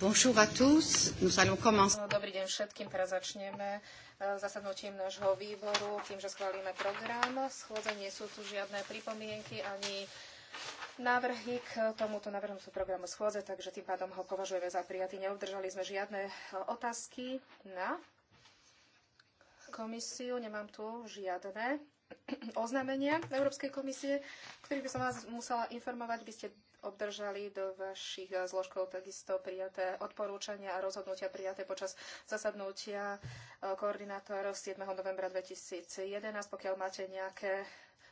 Bonjour à tous. Nous allons commencer. No, dobrý deň všetkým. Teraz začneme eh, zasadnutím nášho výboru, tým, že schválime program. Schôdze nie sú tu žiadne pripomienky ani návrhy k tomuto navrhnutiu programu schôdze, takže tým pádom ho považujeme za prijatý. Neobdržali sme žiadne eh, otázky na komisiu. Nemám tu žiadne oznámenia Európskej komisie, ktorých by som vás musela informovať. By ste obdržali do vašich eh, zložkov takisto prijaté odporúčania a rozhodnutia prijaté počas zasadnutia eh, koordinátorov 7. novembra 2011. Pokiaľ máte nejaké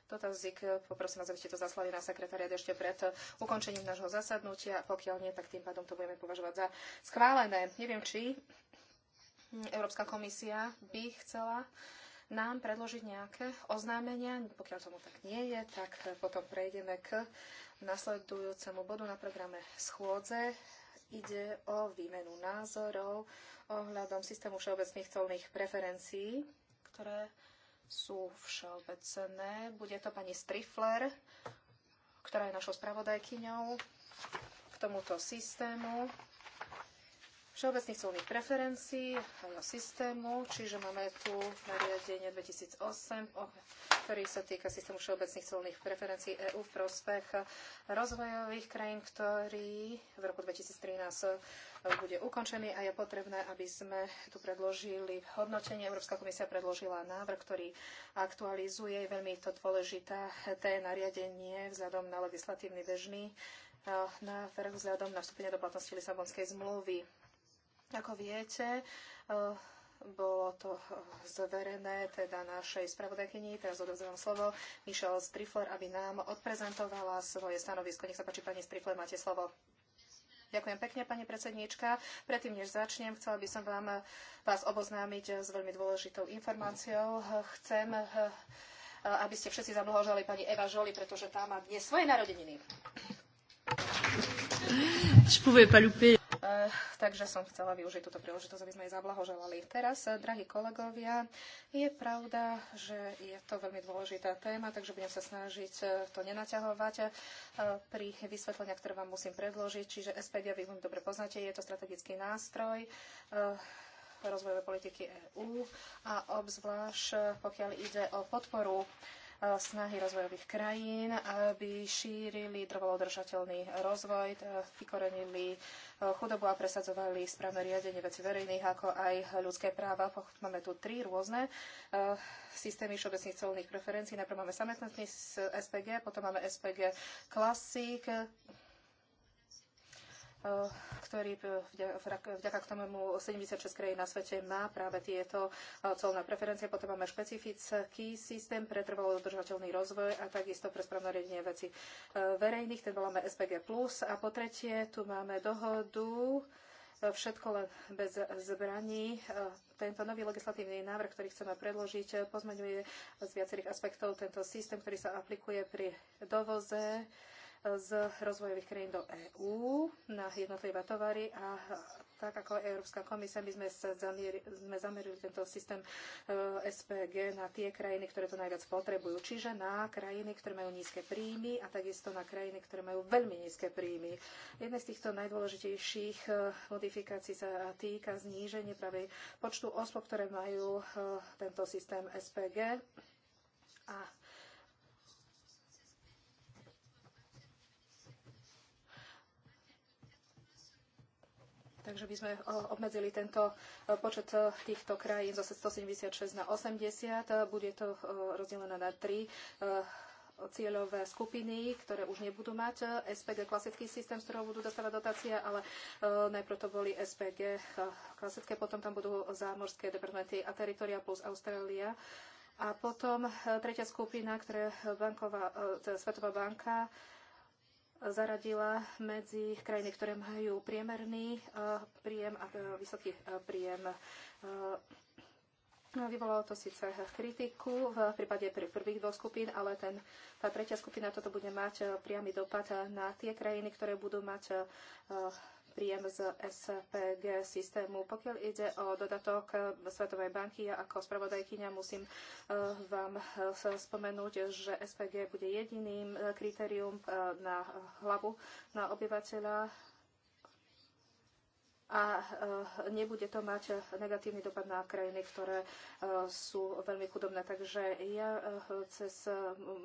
dotazík, poprosím vás, aby ste to zaslali na sekretariat ešte pred eh, ukončením nášho zasadnutia. Pokiaľ nie, tak tým pádom to budeme považovať za schválené. Neviem, či Európska komisia by chcela uh, nám predložiť nejaké oznámenia. Pokiaľ tomu tak nie je, tak potom prejdeme k nasledujúcemu bodu na programe schôdze. Ide o výmenu názorov ohľadom systému všeobecných colných preferencií, ktoré sú všeobecné. Bude to pani Strifler, ktorá je našou spravodajkyňou k tomuto systému všeobecných colných preferencií a systému, čiže máme tu nariadenie 2008, ktorý sa týka systému všeobecných colných preferencií EÚ v prospech rozvojových krajín, ktorý v roku 2013 bude ukončený a je potrebné, aby sme tu predložili hodnotenie. Európska komisia predložila návrh, ktorý aktualizuje veľmi to dôležité té nariadenie vzhľadom na legislatívny bežný eh, návrh vzhľadom na vstúpenie do platnosti Lisabonskej zmluvy. Ako viete, eh, bolo to eh, zverené teda našej spravodajkyni. Teraz odovzdávam slovo Michelle Strifler, aby nám odprezentovala svoje stanovisko. Nech sa páči, pani Strifler, máte slovo. Ďakujem pekne, pani predsedníčka. Predtým, než začnem, chcela by som vám, eh, vás oboznámiť s veľmi dôležitou informáciou. Chcem, aby ste všetci zamlhožali pani Eva Žoli, pretože tá má dnes svoje narodeniny. Je Eh, takže som chcela využiť túto príležitosť, aby sme jej zablahoželali. Teraz, eh, drahí kolegovia, je pravda, že je to veľmi dôležitá téma, takže budem sa snažiť eh, to nenaťahovať pri vysvetleniach, ktoré vám musím predložiť. Čiže SPD, vy veľmi dobre poznáte, je to strategický nástroj rozvojovej politiky EÚ a obzvlášť pokiaľ ide o podporu snahy rozvojových krajín, aby šírili trvalo rozvoj, vykorenili chudobu a presadzovali správne riadenie veci verejných, ako aj ľudské práva. Máme tu tri rôzne eh, systémy všeobecných colných preferencií. Najprv máme sametnostný SPG, potom máme SPG Classic, Eh, ktorý eh, vďaka k tomu 76 krajín na svete má práve tieto eh, colné preferencie. Potom máme špecifický systém pre trvalo udržateľný rozvoj a takisto pre správne riadenie veci verejných, ten voláme SPG+. A po tretie, tu máme dohodu všetko len bez zbraní. Tento nový legislatívny návrh, ktorý chceme predložiť, pozmeňuje z viacerých aspektov tento systém, ktorý sa aplikuje pri dovoze z rozvojových krajín do EÚ na jednotlivé tovary a tak ako Európska komisia, my sme, sa zamierili, sme zamerili tento systém e, SPG na tie krajiny, ktoré to najviac potrebujú. Čiže na krajiny, ktoré majú nízke príjmy a takisto na krajiny, ktoré majú veľmi nízke príjmy. Jedna z týchto najdôležitejších e, modifikácií sa týka zníženie práve počtu osôb, ktoré majú e, tento systém SPG a Takže by sme e, obmedzili tento e, počet e, týchto krajín zo 176 na 80. Bude to rozdelené na tri cieľové skupiny, ktoré už nebudú mať SPG klasický systém, z ktorého budú dostávať dotácie, ale najprv to boli SPG klasické, potom tam budú zámorské departmenty a teritoria plus Austrália. A potom tretia skupina, ktorá banková, teda Svetová banka zaradila medzi krajiny, ktoré majú priemerný eh, príjem a eh, vysoký eh, príjem. No, vyvolalo to síce kritiku v prípade prvých dvoch skupín, ale ten, tá tretia skupina toto bude mať priamy dopad na tie krajiny, ktoré budú mať príjem z SPG systému. Pokiaľ ide o dodatok Svetovej banky, ja ako spravodajkyňa musím e, vám e, spomenúť, že SPG bude jediným e, kritérium na hlavu na obyvateľa a e, nebude to mať negatívny dopad na krajiny, ktoré e, sú veľmi chudobné. Takže ja e, cez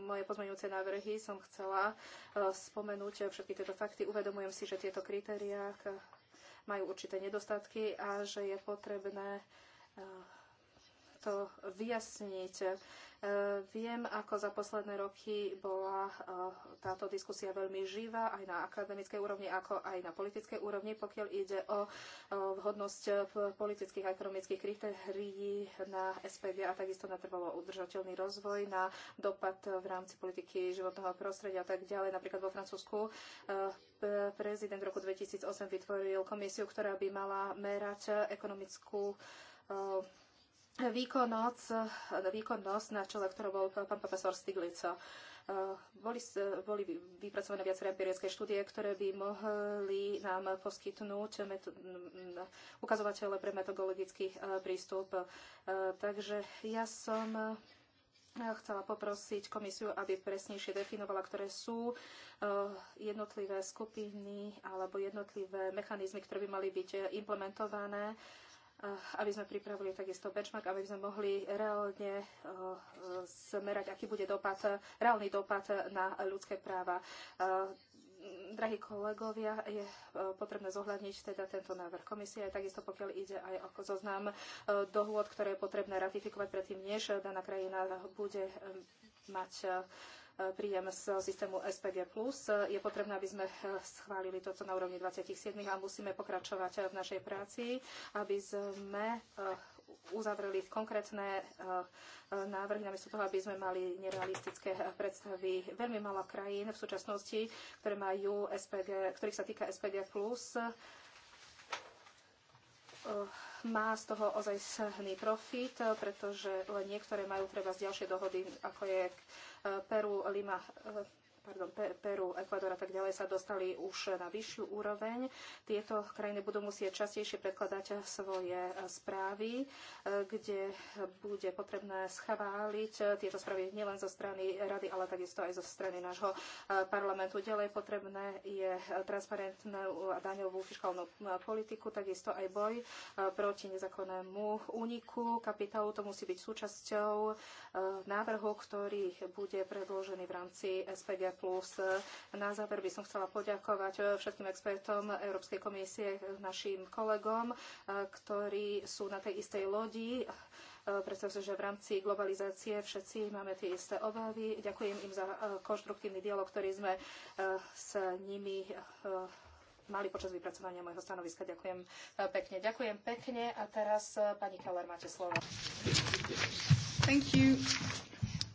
moje pozmeňujúce návrhy som chcela spomenúť všetky tieto fakty. Uvedomujem si, že tieto kritériá majú určité nedostatky a že je potrebné to vyjasniť. E, viem, ako za posledné roky bola e, táto diskusia veľmi živá aj na akademickej úrovni, ako aj na politickej úrovni, pokiaľ ide o vhodnosť politických a ekonomických kritérií na SPG a takisto na trvalo udržateľný rozvoj, na dopad v rámci politiky životného prostredia a tak ďalej. Napríklad vo Francúzsku e, prezident v roku 2008 vytvoril komisiu, ktorá by mala merať ekonomickú výkonnosť, výkonnosť na čele, ktorou bol pán profesor Stiglico. Eh, boli, boli vypracované viaceré empirické štúdie, ktoré by mohli nám poskytnúť mm, ukazovateľe pre metodologický eh, prístup. Eh, takže ja som chcela poprosiť komisiu, aby presnejšie definovala, ktoré sú jednotlivé skupiny alebo jednotlivé mechanizmy, ktoré by mali byť implementované Eh, aby sme pripravili takisto benchmark, aby sme mohli reálne eh, zmerať, aký bude dopad, reálny dopad na ľudské práva eh, drahí kolegovia, je potrebné zohľadniť teda tento návrh komisie, aj takisto pokiaľ ide aj o zoznam dohôd, ktoré je potrebné ratifikovať predtým, než daná krajina bude mať príjem z systému SPG+. Je potrebné, aby sme eh, schválili toto na úrovni 27 a musíme pokračovať eh, v našej práci, aby sme eh, uzavreli konkrétne návrhy, namiesto toho, aby sme mali nerealistické predstavy. Veľmi málo krajín v súčasnosti, ktoré majú SPG, ktorých sa týka SPG+, má z toho ozaj sehný profit, pretože len niektoré majú treba z ďalšie dohody, ako je e, Peru, Lima, e, pardon, Peru, Ekvador a tak ďalej sa dostali už na vyššiu úroveň. Tieto krajiny budú musieť častejšie predkladať svoje e, správy, e, kde bude potrebné schváliť e, tieto správy nielen zo strany rady, ale takisto aj zo strany nášho parlamentu. Ďalej potrebné je transparentnú a daňovú fiskálnu politiku, takisto aj boj proti nezákonnému úniku kapitálu. To musí byť súčasťou návrhu, ktorý bude predložený v rámci SPG plus. Na záver by som chcela poďakovať eh, všetkým expertom Európskej komisie, eh, našim kolegom, eh, ktorí sú na tej istej lodi pretože v rámci globalizácie všetci máme tie isté obavy. Ďakujem im za konštruktívny dialog, ktorý sme s nimi mali počas vypracovania môjho stanoviska. Ďakujem pekne. Ďakujem pekne a teraz pani Keller, máte slovo. Thank you.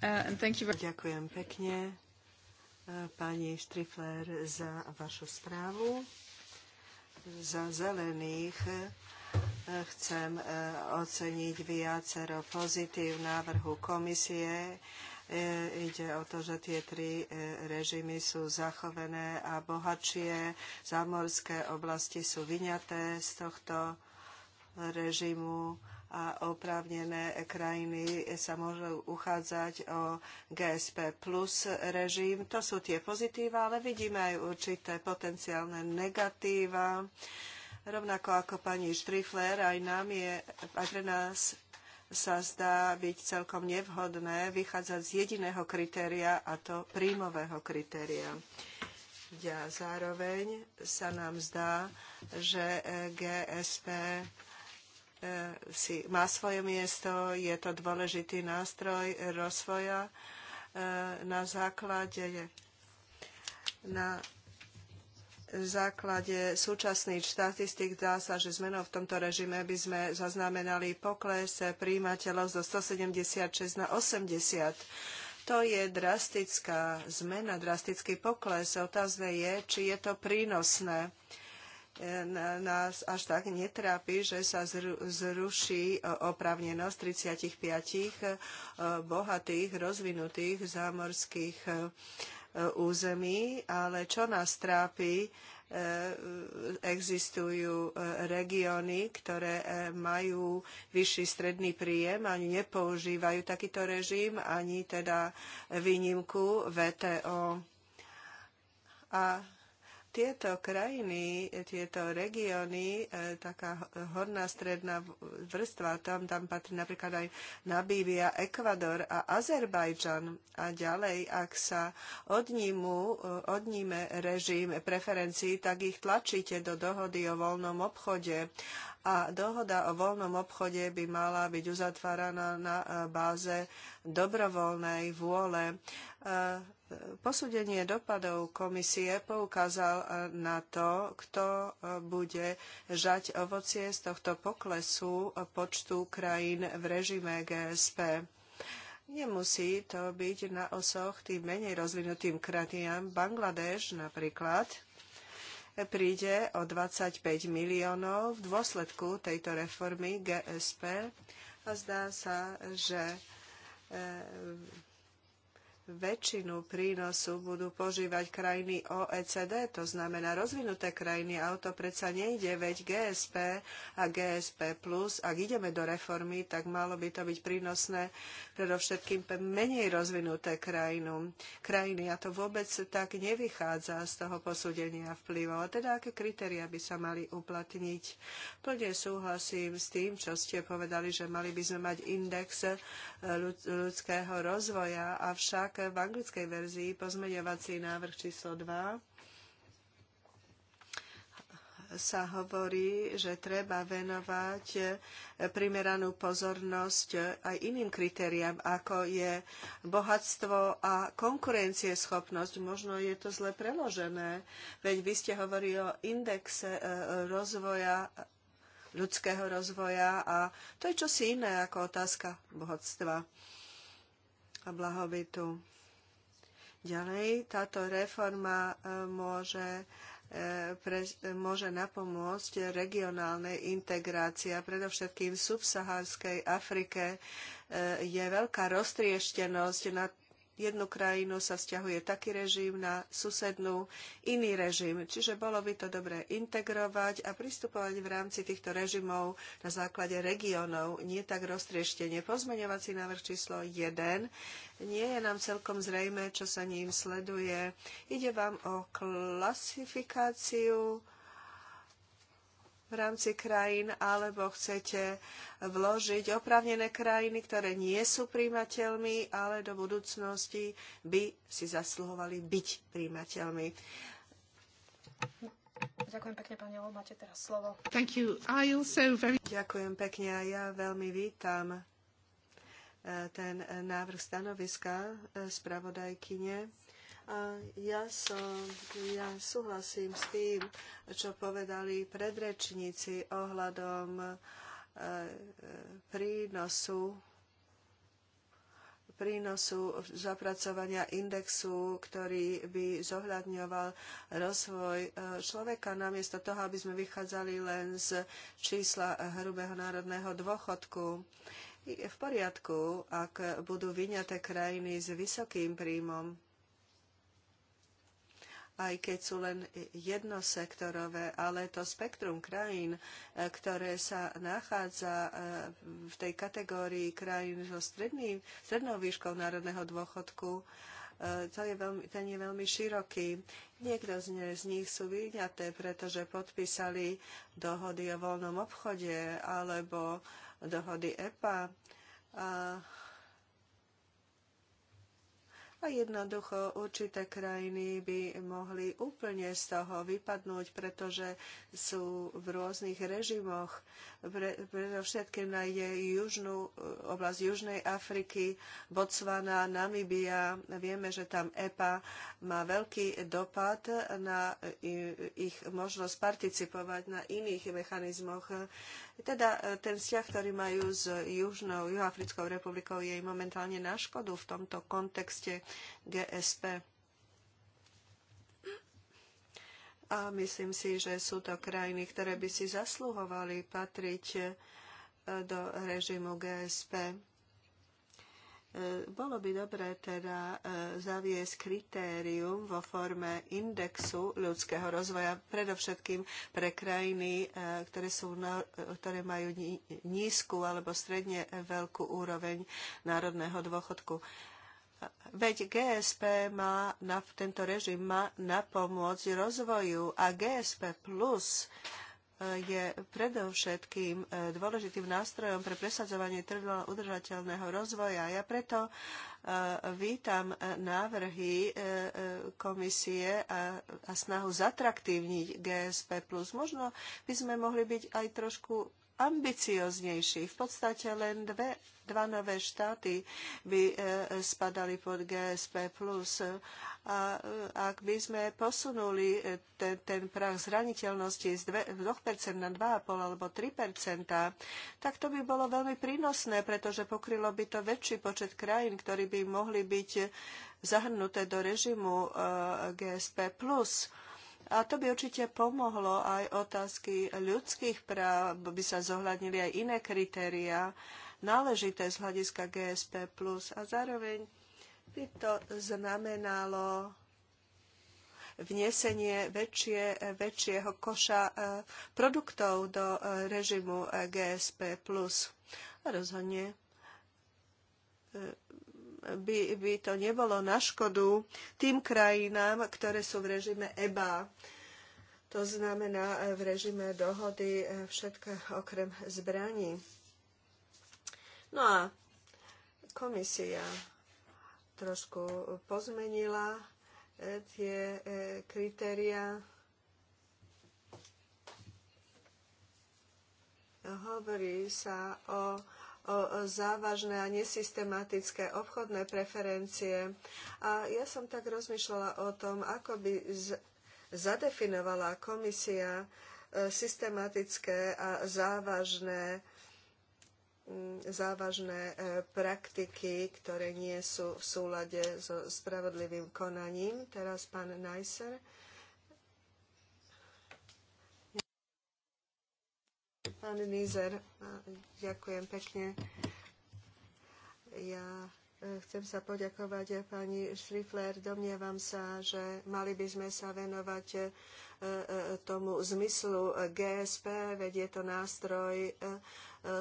Uh, and thank you very... Ďakujem pekne pani Štrifler za vašu správu. Za zelených e, chcem e, oceniť viacero pozitív návrhu komisie. E, ide o to, že tie tri režimy sú zachovené a bohatšie. Zámorské oblasti sú vyňaté z tohto režimu a oprávnené krajiny sa môžu uchádzať o GSP plus režim. To sú tie pozitíva, ale vidíme aj určité potenciálne negatíva. Rovnako ako pani Štrifler, aj, nám je, aj pre nás sa zdá byť celkom nevhodné vychádzať z jediného kritéria, a to príjmového kritéria. Ja zároveň sa nám zdá, že GSP E, si má svoje miesto, je to dôležitý nástroj rozvoja e, na základe na základe súčasných štatistik dá sa, že zmenou v tomto režime by sme zaznamenali pokles príjimateľov zo 176 na 80. To je drastická zmena, drastický pokles. Otázne je, či je to prínosné nás až tak netrápi, že sa zruší e, oprávnenosť 35 e, bohatých, rozvinutých zámorských e, území, ale čo nás trápi, existujú regióny, ktoré majú vyšší stredný príjem, ani nepoužívajú takýto režim, ani teda výnimku VTO. A tieto krajiny, tieto regióny, e, taká horná stredná vrstva, tam, tam patrí napríklad aj Nabívia, Ekvador a Azerbajdžan. A ďalej, ak sa odnímu, e, odníme režim preferencií, tak ich tlačíte do dohody o voľnom obchode. A dohoda o voľnom obchode by mala byť uzatváraná na e, báze dobrovoľnej vôle posúdenie dopadov komisie poukázal e, na to, kto e, bude žať ovocie z tohto poklesu počtu krajín v režime GSP. Nemusí to byť na osoch tým menej rozvinutým krajinám. Bangladeš napríklad príde o 25 miliónov v dôsledku tejto reformy GSP a zdá sa, že e, väčšinu prínosu budú požívať krajiny OECD, to znamená rozvinuté krajiny, a o to predsa nejde, veď GSP a GSP+, ak ideme do reformy, tak malo by to byť prínosné predovšetkým pre menej rozvinuté krajinu, krajiny. A to vôbec tak nevychádza z toho posúdenia vplyvov. A teda aké kritéria by sa mali uplatniť? Plne súhlasím s tým, čo ste povedali, že mali by sme mať index ľudského rozvoja, avšak tak v anglickej verzii pozmeňovací návrh číslo 2 sa hovorí, že treba venovať primeranú pozornosť aj iným kritériám, ako je bohatstvo a konkurencieschopnosť. Možno je to zle preložené, veď vy ste hovorili o indexe e, rozvoja ľudského rozvoja a to je čosi iné ako otázka bohatstva a blahobytu. Ďalej, táto reforma e, môže e, pre, môže napomôcť regionálnej integrácii a predovšetkým v subsahárskej Afrike e, je veľká roztrieštenosť na jednu krajinu sa vzťahuje taký režim na susednú iný režim. Čiže bolo by to dobré integrovať a pristupovať v rámci týchto režimov na základe regiónov, nie tak roztrieštenie. Pozmeňovací návrh číslo 1 nie je nám celkom zrejme, čo sa ním sleduje. Ide vám o klasifikáciu v rámci krajín, alebo chcete vložiť oprávnené krajiny, ktoré nie sú príjmateľmi, ale do budúcnosti by si zasluhovali byť príjmateľmi. Ďakujem pekne, pani Olo, máte teraz slovo. Thank you. I also very... Ďakujem pekne a ja veľmi vítam eh, ten návrh stanoviska eh, spravodajkyne a ja, som, ja súhlasím s tým, čo povedali predrečníci ohľadom e, e, prínosu prínosu zapracovania indexu, ktorý by zohľadňoval rozvoj e, človeka, namiesto toho, aby sme vychádzali len z čísla hrubého národného dôchodku. Je v poriadku, ak budú vyňaté krajiny s vysokým príjmom aj keď sú len jednosektorové, ale to spektrum krajín, e, ktoré sa nachádza e, v tej kategórii krajín so stredným, strednou výškou národného dôchodku, e, to je veľmi, ten je veľmi široký. Niekto z, ne, z nich sú vyňaté, pretože podpísali dohody o voľnom obchode alebo dohody EPA. A, a jednoducho určité krajiny by mohli úplne z toho vypadnúť, pretože sú v rôznych režimoch. Pre, predovšetkým nájde južnú, oblasť Južnej Afriky, Botswana, Namibia. Vieme, že tam EPA má veľký dopad na ich možnosť participovať na iných mechanizmoch teda e, ten vzťah, ktorý majú s Južnou Juhafrickou republikou, je im momentálne na škodu v tomto kontexte GSP. A myslím si, že sú to krajiny, ktoré by si zasluhovali patriť e, do režimu GSP E, bolo by dobré teda e, zaviesť kritérium vo forme indexu ľudského rozvoja, predovšetkým pre krajiny, e, ktoré, sú, ktoré majú nízku alebo stredne veľkú úroveň národného dôchodku. Veď GSP má, tento režim má napomôcť rozvoju a GSP plus je predovšetkým e, dôležitým nástrojom pre presadzovanie trvalo udržateľného rozvoja. Ja preto e, vítam e, návrhy komisie a, a snahu zatraktívniť GSP+. Možno by sme mohli byť aj trošku ambicioznejší. V podstate len dve, dva nové štáty by e, spadali pod GSP+. A e, ak by sme posunuli e, ten, ten prach zraniteľnosti z 2% na 2,5 alebo 3%, tak to by bolo veľmi prínosné, pretože pokrylo by to väčší počet krajín, ktorí by mohli byť zahrnuté do režimu GSP+. A to by určite pomohlo aj otázky ľudských práv, by sa zohľadnili aj iné kritéria náležité z hľadiska GSP+. A zároveň by to znamenalo vnesenie väčšie, väčšieho koša e, produktov do e, režimu e, GSP+. A rozhodne by, by to nebolo na škodu tým krajinám, ktoré sú v režime EBA. To znamená e, v režime dohody e, všetko okrem zbraní. No a komisia trošku pozmenila e, tie kritéria. Hovorí sa o o závažné a nesystematické obchodné preferencie. A ja som tak rozmýšľala o tom, ako by zadefinovala komisia e, systematické a závažné závažné e, praktiky, ktoré nie sú v súlade so spravodlivým konaním. Teraz pán Najser. Pán Nízer, ďakujem pekne. Ja e, chcem sa poďakovať e, pani Šrifler. Domnievam sa, že mali by sme sa venovať e, tomu zmyslu GSP, veď je to nástroj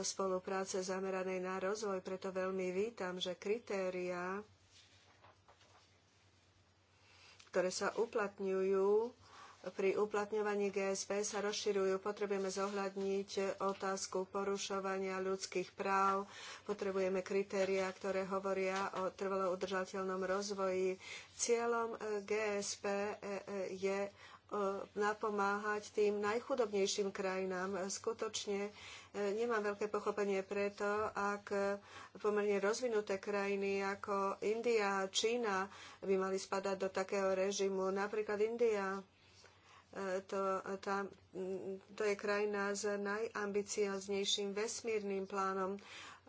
spolupráce zameranej na rozvoj, preto veľmi vítam, že kritéria, ktoré sa uplatňujú pri uplatňovaní GSP sa rozširujú. Potrebujeme zohľadniť otázku porušovania ľudských práv, potrebujeme kritériá, ktoré hovoria o trvalo udržateľnom rozvoji. Cieľom e, GSP e, e, je napomáhať tým najchudobnejším krajinám. Skutočne nemám veľké pochopenie preto, ak pomerne rozvinuté krajiny ako India a Čína by mali spadať do takého režimu. Napríklad India to, tá, to je krajina s najambicioznejším vesmírnym plánom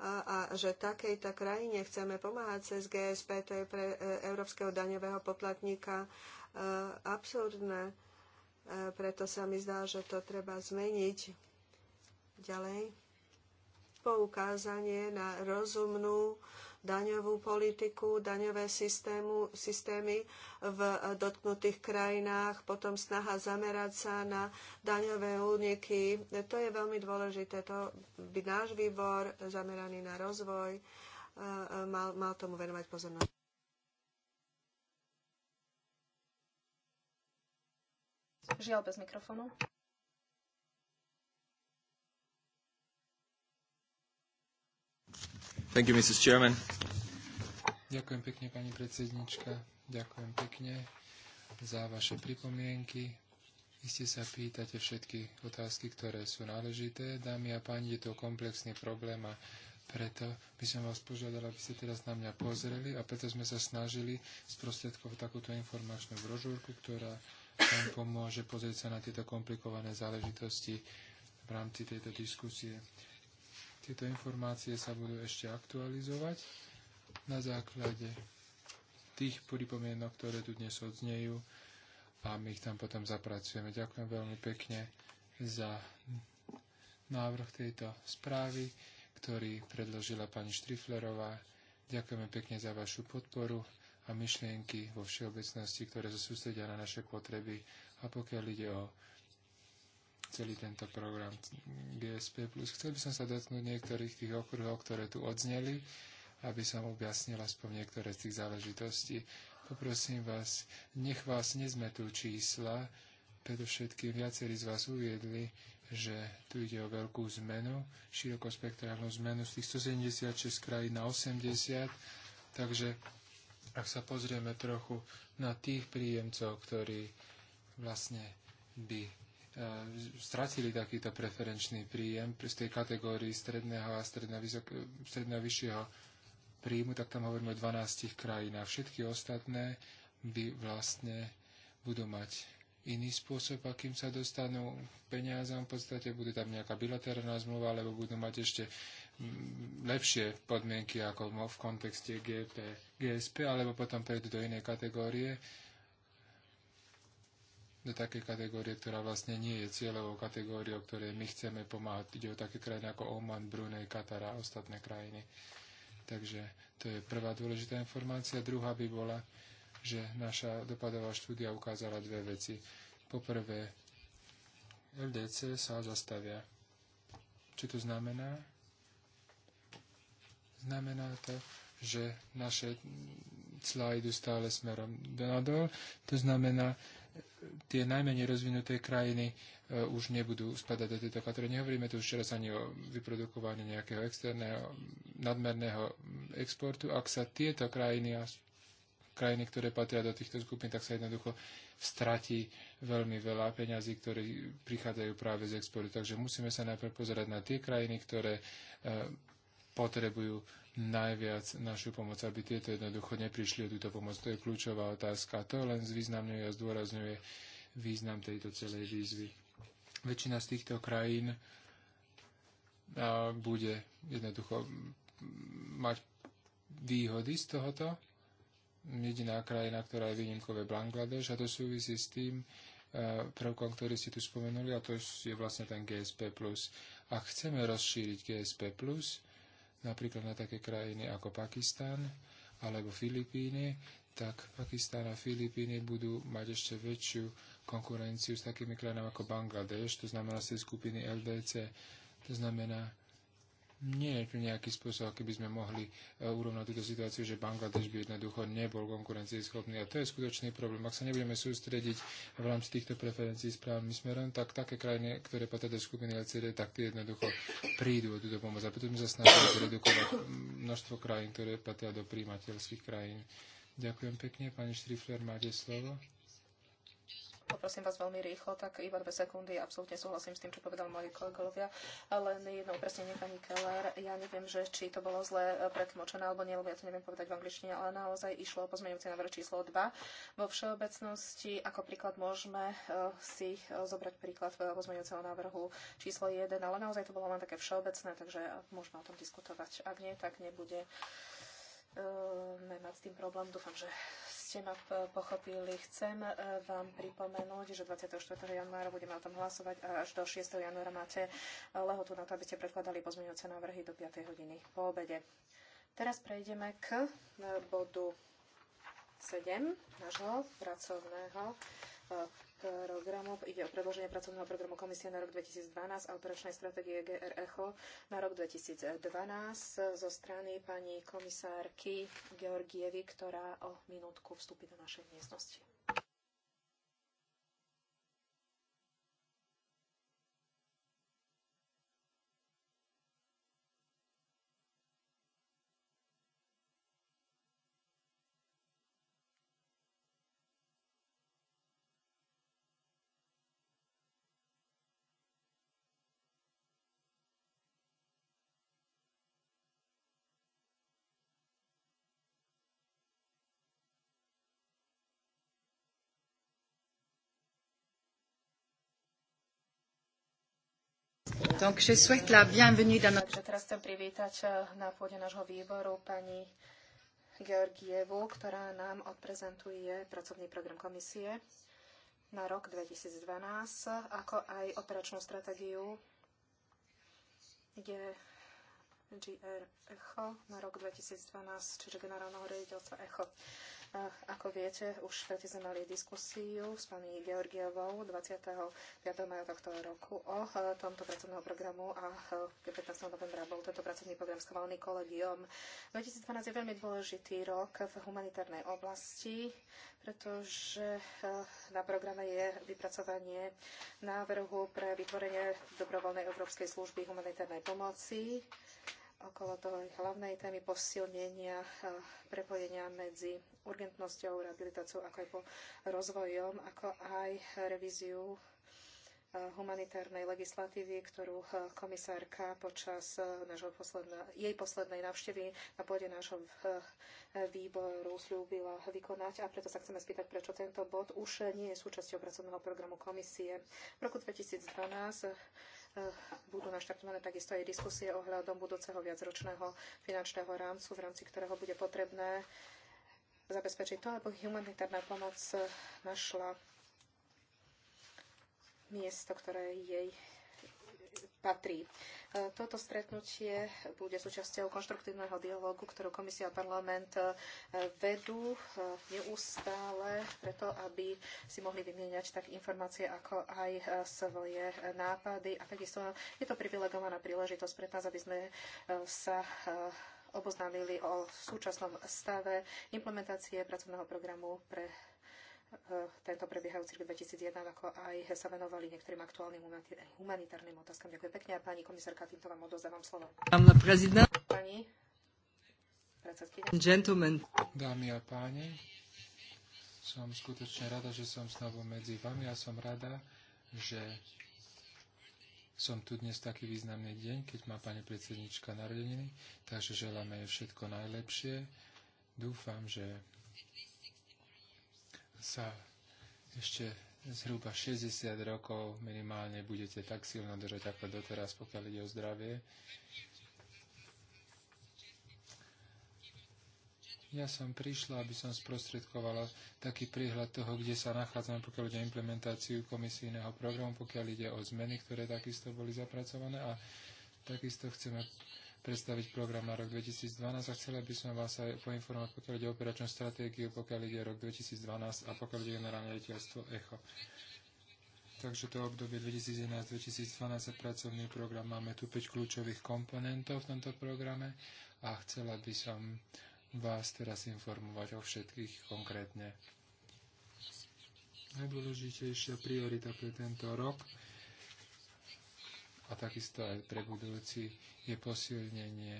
a, a že takejto krajine chceme pomáhať cez GSP, to je pre e, európskeho daňového poplatníka e, absurdné. E, preto sa mi zdá, že to treba zmeniť. Ďalej. Poukázanie na rozumnú e, daňovú politiku, daňové systému, systémy v dotknutých krajinách, potom snaha zamerať sa na daňové úniky. To je veľmi dôležité. To by náš výbor zameraný na rozvoj e, e, mal, mal tomu venovať pozornosť. Žiaľ bez mikrofónu. Thank you, Mrs. Chairman. Ďakujem pekne, pani predsednička. Ďakujem pekne za vaše pripomienky. Iste sa pýtate všetky otázky, ktoré sú náležité. Dámy a páni, je to komplexný problém a preto by som vás požiadal, aby ste teraz na mňa pozreli a preto sme sa snažili sprostredkovať takúto informačnú brožúrku, ktorá vám pomôže pozrieť sa na tieto komplikované záležitosti v rámci tejto diskusie. Tieto informácie sa budú ešte aktualizovať na základe tých pripomienok, ktoré tu dnes odznejú a my ich tam potom zapracujeme. Ďakujem veľmi pekne za návrh tejto správy, ktorý predložila pani Štriflerová. Ďakujeme pekne za vašu podporu a myšlienky vo všeobecnosti, ktoré sa sústredia na naše potreby. A pokiaľ ide o celý tento program GSP+. Chcel by som sa dotknúť niektorých tých okruhov, ktoré tu odzneli, aby som objasnil aspoň niektoré z tých záležitostí. Poprosím vás, nech vás nezmetú čísla, predovšetkým viacerí z vás uviedli, že tu ide o veľkú zmenu, širokospektrálnu zmenu z tých 176 krajín na 80, takže ak sa pozrieme trochu na tých príjemcov, ktorí vlastne by E, stratili takýto preferenčný príjem z tej kategórii stredného a stredného, vyššieho príjmu, tak tam hovoríme o 12 krajinách. Všetky ostatné by vlastne budú mať iný spôsob, akým sa dostanú peniazom. V podstate bude tam nejaká bilaterálna zmluva, alebo budú mať ešte mm, lepšie podmienky ako v kontexte GP, GSP, alebo potom prejdú do inej kategórie do také kategórie, ktorá vlastne nie je cieľovou kategóriou, ktoré my chceme pomáhať. Ide o také krajiny ako Oman, Brunei, Katar a ostatné krajiny. Takže to je prvá dôležitá informácia. Druhá by bola, že naša dopadová štúdia ukázala dve veci. Poprvé, LDC sa zastavia. Čo to znamená? Znamená to, že naše clá idú stále smerom nadol. To znamená, tie najmenej rozvinuté krajiny e, už nebudú spadať do tejto kategórie. Nehovoríme tu už teraz ani o vyprodukovaní nejakého externého nadmerného exportu. Ak sa tieto krajiny a krajiny, ktoré patria do týchto skupín, tak sa jednoducho stratí veľmi veľa peňazí, ktoré prichádzajú práve z exportu. Takže musíme sa najprv pozerať na tie krajiny, ktoré e, potrebujú najviac našu pomoc, aby tieto jednoducho neprišli o túto pomoc. To je kľúčová otázka. To len zvýznamňuje a zdôrazňuje význam tejto celej výzvy. Väčšina z týchto krajín bude jednoducho mať výhody z tohoto. Jediná krajina, ktorá je výnimkou, je Bangladeš a to súvisí s tým, prvkom, ktorý ste tu spomenuli, a to je vlastne ten GSP+. Ak chceme rozšíriť GSP+, napríklad na také krajiny ako Pakistan alebo Filipíny, tak Pakistán a Filipíny budú mať ešte väčšiu konkurenciu s takými krajinami ako Bangladeš, to znamená z tej skupiny LDC. To znamená, nie je tu nejaký spôsob, aký by sme mohli e, urovnať túto situáciu, že Bangladeš by jednoducho nebol konkurencieschopný. A to je skutočný problém. Ak sa nebudeme sústrediť v rámci týchto preferencií správnym smerom, tak také krajiny, ktoré patria do skupiny LCD, tak tie jednoducho prídu o túto pomoc. A preto sme sa snažili zredukovať množstvo krajín, ktoré patria do príjimateľských krajín. Ďakujem pekne. Pani Štrifler, máte slovo. Poprosím vás veľmi rýchlo, tak iba dve sekundy. Absolútne súhlasím s tým, čo povedal moji kolegovia. Len jedno upresnenie pani Keller. Ja neviem, že či to bolo zle pretlmočené alebo nie, lebo ja to neviem povedať v angličtine, ale naozaj išlo o pozmeňujúci návrh číslo 2. Vo všeobecnosti ako príklad môžeme e, si e, zobrať príklad e, pozmeňujúceho návrhu číslo 1, ale naozaj to bolo len také všeobecné, takže môžeme o tom diskutovať. Ak nie, tak nebude nemať s tým problém. Dúfam, že ste ma pochopili, chcem e, vám pripomenúť, že 24. januára budeme o tom hlasovať a až do 6. januára máte e, lehotu na to, aby ste predkladali pozmeňujúce návrhy do 5. hodiny po obede. Teraz prejdeme k e, bodu 7 nášho pracovného programov. Ide o predloženie pracovného programu Komisie na rok 2012 a operačnej stratégie GR ECHO na rok 2012 zo strany pani komisárky Georgievy, ktorá o minútku vstúpi do našej miestnosti. Donc je souhaite la bienvenue dans notre... Takže teraz chcem privítať eh, na pôde nášho výboru pani Georgievu, ktorá nám odprezentuje pracovný program komisie na rok 2012, ako aj operačnú stratégiu je GR ECHO na rok 2012, čiže generálneho riaditeľstva ECHO. Ako viete, už všetci sme mali diskusiu s pani Georgiovou 25. maja tohto roku o eh, tomto pracovnom programu a 15. Eh, novembra bol tento pracovný program schválený kolegiom. 2012 je veľmi dôležitý rok v humanitárnej oblasti, pretože eh, na programe je vypracovanie návrhu pre vytvorenie dobrovoľnej európskej služby humanitárnej pomoci okolo toho hlavnej témy posilnenia prepojenia medzi urgentnosťou, rehabilitáciou, ako aj po rozvojom, ako aj revíziu e, humanitárnej legislatívy, ktorú e, komisárka počas e, nášho posledná, jej poslednej návštevy na pôde nášho výboru slúbila vykonať. A preto sa chceme spýtať, prečo tento bod už nie je súčasťou pracovného programu komisie. V roku 2012 Eh, budú naštartované takisto aj diskusie ohľadom budúceho viacročného finančného rámcu, v rámci ktorého bude potrebné zabezpečiť to, aby humanitárna pomoc našla miesto, ktoré jej patrí. E, toto stretnutie bude súčasťou konštruktívneho dialogu, ktorú komisia a parlament e, vedú e, neustále, preto aby si mohli vymieňať tak informácie, ako aj svoje nápady. A takisto je to privilegovaná príležitosť pre nás, aby sme sa oboznámili o súčasnom stave implementácie pracovného programu pre Eh, tento prebiehajúci rok 2001, ako aj sa venovali niektorým aktuálnym humanitárnym otázkam. Ďakujem pekne a pani komisárka, týmto vám odozdávam slovo. Pani Gentlemen. Dámy a páni, som skutočne rada, že som znovu medzi vami a som rada, že som tu dnes taký významný deň, keď má pani predsednička narodeniny, takže želáme jej všetko najlepšie. Dúfam, že sa ešte zhruba 60 rokov minimálne budete tak silno držať ako doteraz, pokiaľ ide o zdravie. Ja som prišla, aby som sprostredkovala taký príhľad toho, kde sa nachádzame, pokiaľ ide o implementáciu komisijného programu, pokiaľ ide o zmeny, ktoré takisto boli zapracované a takisto chceme predstaviť program na rok 2012 a chcela by som vás aj poinformovať, pokiaľ ide o operačnú stratégiu, pokiaľ ide rok 2012 a pokiaľ ide generálne riaditeľstvo ECHO. Takže to obdobie 2011-2012 pracovný program. Máme tu 5 kľúčových komponentov v tomto programe a chcela by som vás teraz informovať o všetkých konkrétne. Najdôležitejšia priorita pre tento rok a takisto aj pre budúci je posilnenie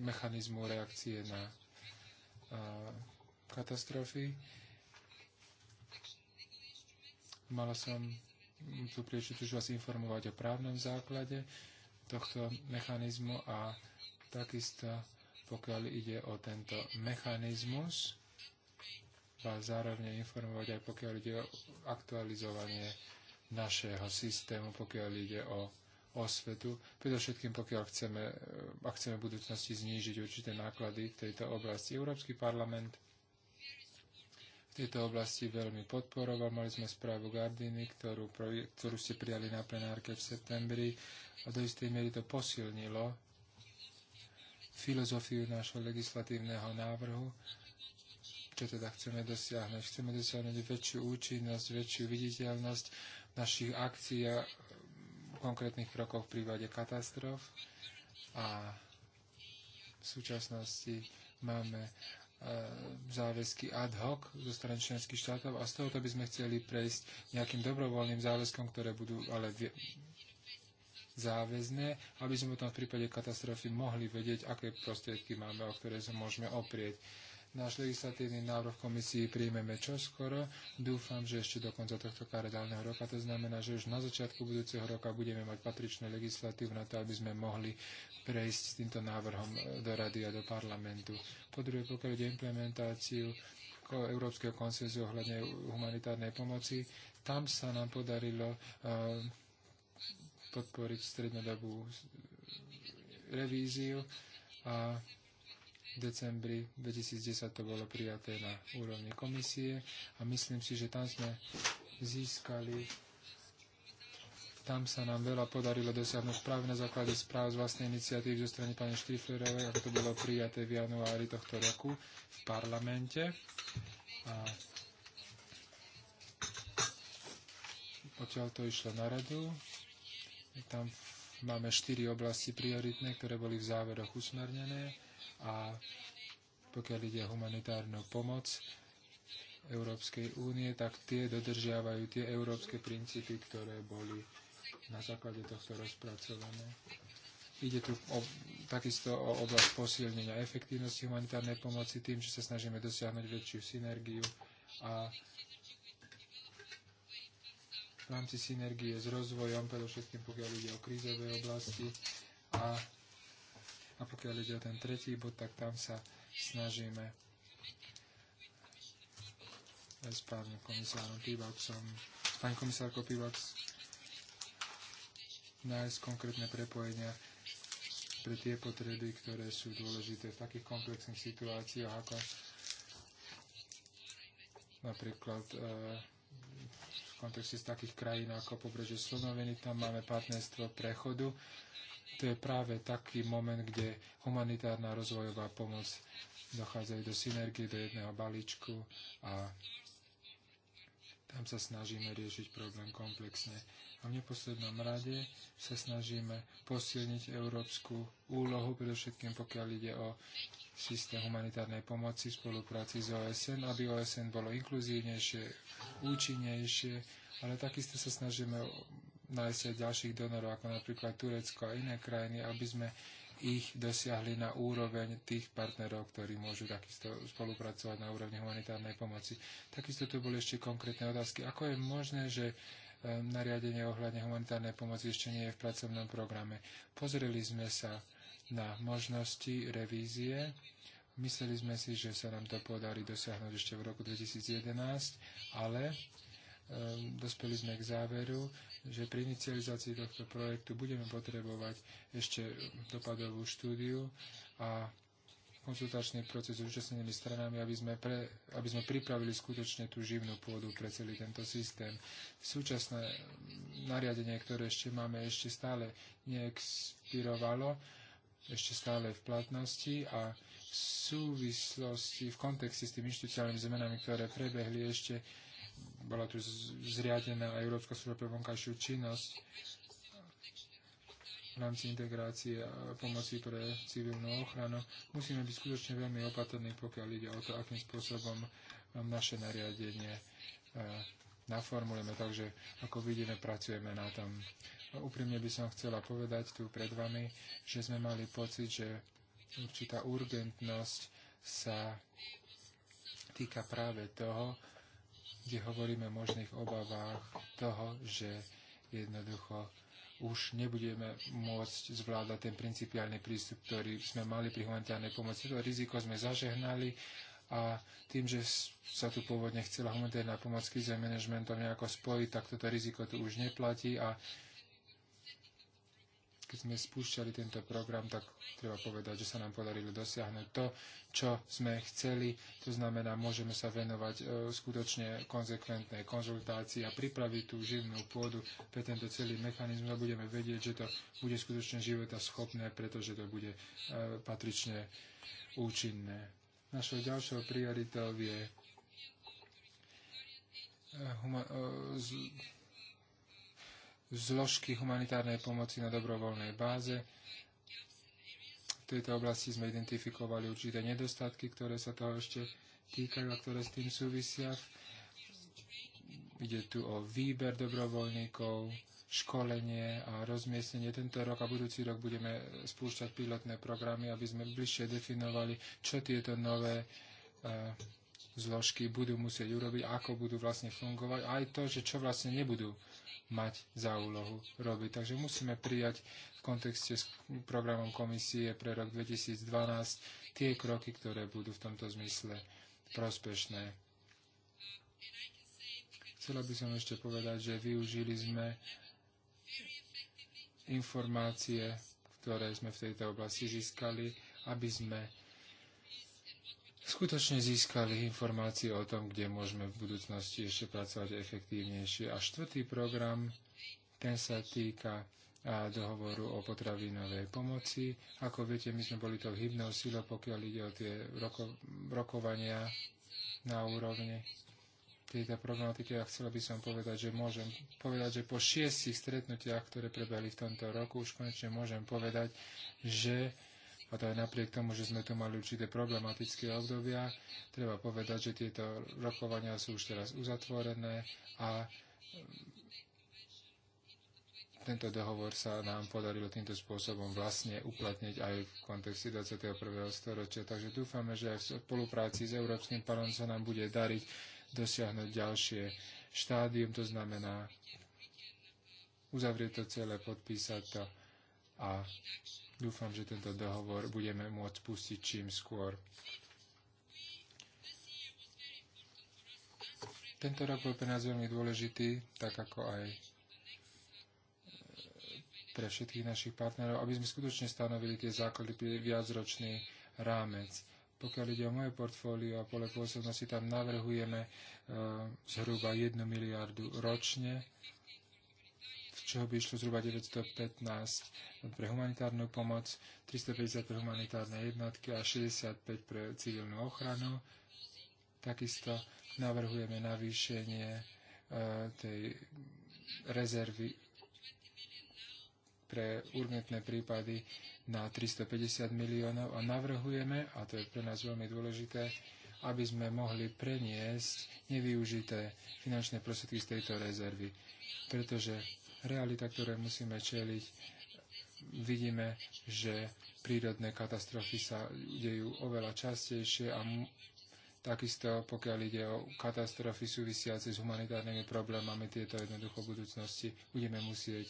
mechanizmu reakcie na katastrofy. Mala som tu príležitosť vás informovať o právnom základe tohto mechanizmu a takisto pokiaľ ide o tento mechanizmus, vás zároveň informovať aj pokiaľ ide o aktualizovanie našeho systému, pokiaľ ide o osvetu, predovšetkým pokiaľ chceme, e, ak chceme v budúcnosti znížiť určité náklady v tejto oblasti. Európsky parlament v tejto oblasti veľmi podporoval. Mali sme správu Gardiny, ktorú, ktorú ste prijali na plenárke v septembri a do istej miery to posilnilo filozofiu nášho legislatívneho návrhu, čo teda chceme dosiahnuť. Chceme dosiahnuť väčšiu účinnosť, väčšiu viditeľnosť našich akcií a konkrétnych krokov v prípade katastrof. A v súčasnosti máme e, záväzky ad hoc zo strany členských štátov a z tohoto by sme chceli prejsť nejakým dobrovoľným záväzkom, ktoré budú ale záväzné, aby sme potom v prípade katastrofy mohli vedieť, aké prostriedky máme, o ktoré sa môžeme oprieť. Náš legislatívny návrh komisii príjmeme čoskoro. Dúfam, že ešte do konca tohto karedálneho roka. To znamená, že už na začiatku budúceho roka budeme mať patričnú legislatívu na to, aby sme mohli prejsť s týmto návrhom e, do rady a do parlamentu. Po druhé, pokiaľ ide implementáciu Európskeho konsenzu ohľadne humanitárnej pomoci, tam sa nám podarilo e, podporiť strednodobú revíziu a decembri 2010 to bolo prijaté na úrovni komisie a myslím si, že tam sme získali tam sa nám veľa podarilo dosiahnuť práve na základe správ z vlastnej iniciatívy zo strany pani Štiflerovej, ako to bolo prijaté v januári tohto roku v parlamente. A odtiaľ to išlo na radu. Tam máme štyri oblasti prioritné, ktoré boli v záveroch usmernené a pokiaľ ide o humanitárnu pomoc Európskej únie, tak tie dodržiavajú tie európske princípy, ktoré boli na základe tohto rozpracované. Ide tu o, takisto o oblasť posilnenia efektívnosti humanitárnej pomoci tým, že sa snažíme dosiahnuť väčšiu synergiu a v rámci synergie s rozvojom, predovšetkým pokiaľ ide o krízové oblasti a a pokiaľ ide o ten tretí bod, tak tam sa snažíme s pánom komisárom Pivaxom, s pani komisárkou Pivax nájsť konkrétne prepojenia pre tie potreby, ktoré sú dôležité v takých komplexných situáciách, ako napríklad e, v kontexte z takých krajín ako pobreže Slonoviny, tam máme partnerstvo prechodu to je práve taký moment, kde humanitárna rozvojová pomoc dochádzajú do synergie, do jedného balíčku a tam sa snažíme riešiť problém komplexne. A v neposlednom rade sa snažíme posilniť európsku úlohu, predovšetkým pokiaľ ide o systém humanitárnej pomoci v spolupráci s OSN, aby OSN bolo inkluzívnejšie, účinnejšie, ale takisto sa snažíme nájsť aj ďalších donorov, ako napríklad Turecko a iné krajiny, aby sme ich dosiahli na úroveň tých partnerov, ktorí môžu takisto spolupracovať na úrovni humanitárnej pomoci. Takisto tu boli ešte konkrétne otázky. Ako je možné, že nariadenie ohľadne humanitárnej pomoci ešte nie je v pracovnom programe? Pozreli sme sa na možnosti revízie. Mysleli sme si, že sa nám to podarí dosiahnuť ešte v roku 2011, ale Ehm, dospeli sme k záveru, že pri inicializácii tohto projektu budeme potrebovať ešte dopadovú štúdiu a konzultačný proces s účastnenými stranami, aby sme, pre, aby sme pripravili skutočne tú živnú pôdu pre celý tento systém. Súčasné nariadenie, ktoré ešte máme, ešte stále neexpirovalo, ešte stále v platnosti a v súvislosti, v kontexte s tými inštitucionálnymi zmenami, ktoré prebehli, ešte bola tu zriadená Európska služba pre vonkajšiu činnosť v rámci integrácie a pomoci pre civilnú ochranu. Musíme byť skutočne veľmi opatrní, pokiaľ ide o to, akým spôsobom naše nariadenie eh, naformulujeme. Takže, ako vidíme, pracujeme na tom. No, úprimne by som chcela povedať tu pred vami, že sme mali pocit, že určitá urgentnosť sa týka práve toho, kde hovoríme o možných obavách toho, že jednoducho už nebudeme môcť zvládať ten principiálny prístup, ktorý sme mali pri humanitárnej pomoci. To riziko sme zažehnali a tým, že sa tu pôvodne chcela humanitárna pomoc krizovým manažmentom nejako spojiť, tak toto riziko tu už neplatí a keď sme spúšťali tento program, tak treba povedať, že sa nám podarilo dosiahnuť to, čo sme chceli. To znamená, môžeme sa venovať e, skutočne konzekventnej konzultácii a pripraviť tú živnú pôdu pre tento celý mechanizm a budeme vedieť, že to bude skutočne života schopné, pretože to bude e, patrične účinné. Našou ďalšou prioritou je e, e zložky humanitárnej pomoci na dobrovoľnej báze. V tejto oblasti sme identifikovali určité nedostatky, ktoré sa toho ešte týkajú a ktoré s tým súvisia. Ide tu o výber dobrovoľníkov, školenie a rozmiestnenie. Tento rok a budúci rok budeme spúšťať pilotné programy, aby sme bližšie definovali, čo tieto nové uh, zložky budú musieť urobiť, ako budú vlastne fungovať, aj to, že čo vlastne nebudú mať za úlohu robiť. Takže musíme prijať v kontexte s programom komisie pre rok 2012 tie kroky, ktoré budú v tomto zmysle prospešné. Chcela by som ešte povedať, že využili sme informácie, ktoré sme v tejto oblasti získali, aby sme skutočne získali informácie o tom, kde môžeme v budúcnosti ešte pracovať efektívnejšie. A štvrtý program, ten sa týka dohovoru o potravinovej pomoci. Ako viete, my sme boli to hybnou síľou, pokiaľ ide o tie roko, rokovania na úrovni tejto problematiky. A chcela by som povedať, že môžem povedať, že po šiestich stretnutiach, ktoré prebehli v tomto roku, už konečne môžem povedať, že a to aj napriek tomu, že sme tu mali určité problematické obdobia, treba povedať, že tieto rokovania sú už teraz uzatvorené a e, tento dohovor sa nám podarilo týmto spôsobom vlastne uplatniť aj v kontexte 21. storočia. Takže dúfame, že aj v spolupráci s Európskym parlamentom sa nám bude dariť dosiahnuť ďalšie štádium, to znamená uzavrieť to celé, podpísať to a dúfam, že tento dohovor budeme môcť pustiť čím skôr. Tento rok bol pre nás veľmi dôležitý, tak ako aj e, pre všetkých našich partnerov, aby sme skutočne stanovili tie základy viacročný rámec. Pokiaľ ide o moje portfólio a pole pôsobnosti, tam navrhujeme e, zhruba 1 miliardu ročne čoho by išlo zhruba 915 pre humanitárnu pomoc, 350 pre humanitárne jednotky a 65 pre civilnú ochranu. Takisto navrhujeme navýšenie e, tej rezervy pre urgentné prípady na 350 miliónov a navrhujeme, a to je pre nás veľmi dôležité, aby sme mohli preniesť nevyužité finančné prostriedky z tejto rezervy. Pretože realita, ktoré musíme čeliť. Vidíme, že prírodné katastrofy sa dejú oveľa častejšie a Takisto, pokiaľ ide o katastrofy súvisiace s humanitárnymi problémami, tieto jednoducho v budúcnosti budeme musieť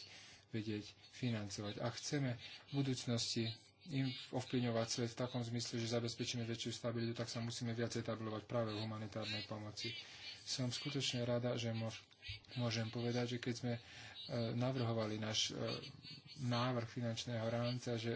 vedieť financovať. A chceme v budúcnosti im ovplyvňovať svet v takom zmysle, že zabezpečíme väčšiu stabilitu, tak sa musíme viac etablovať práve v humanitárnej pomoci. Som skutočne rada, že môžem povedať, že keď sme E, navrhovali náš e, návrh finančného rámca, že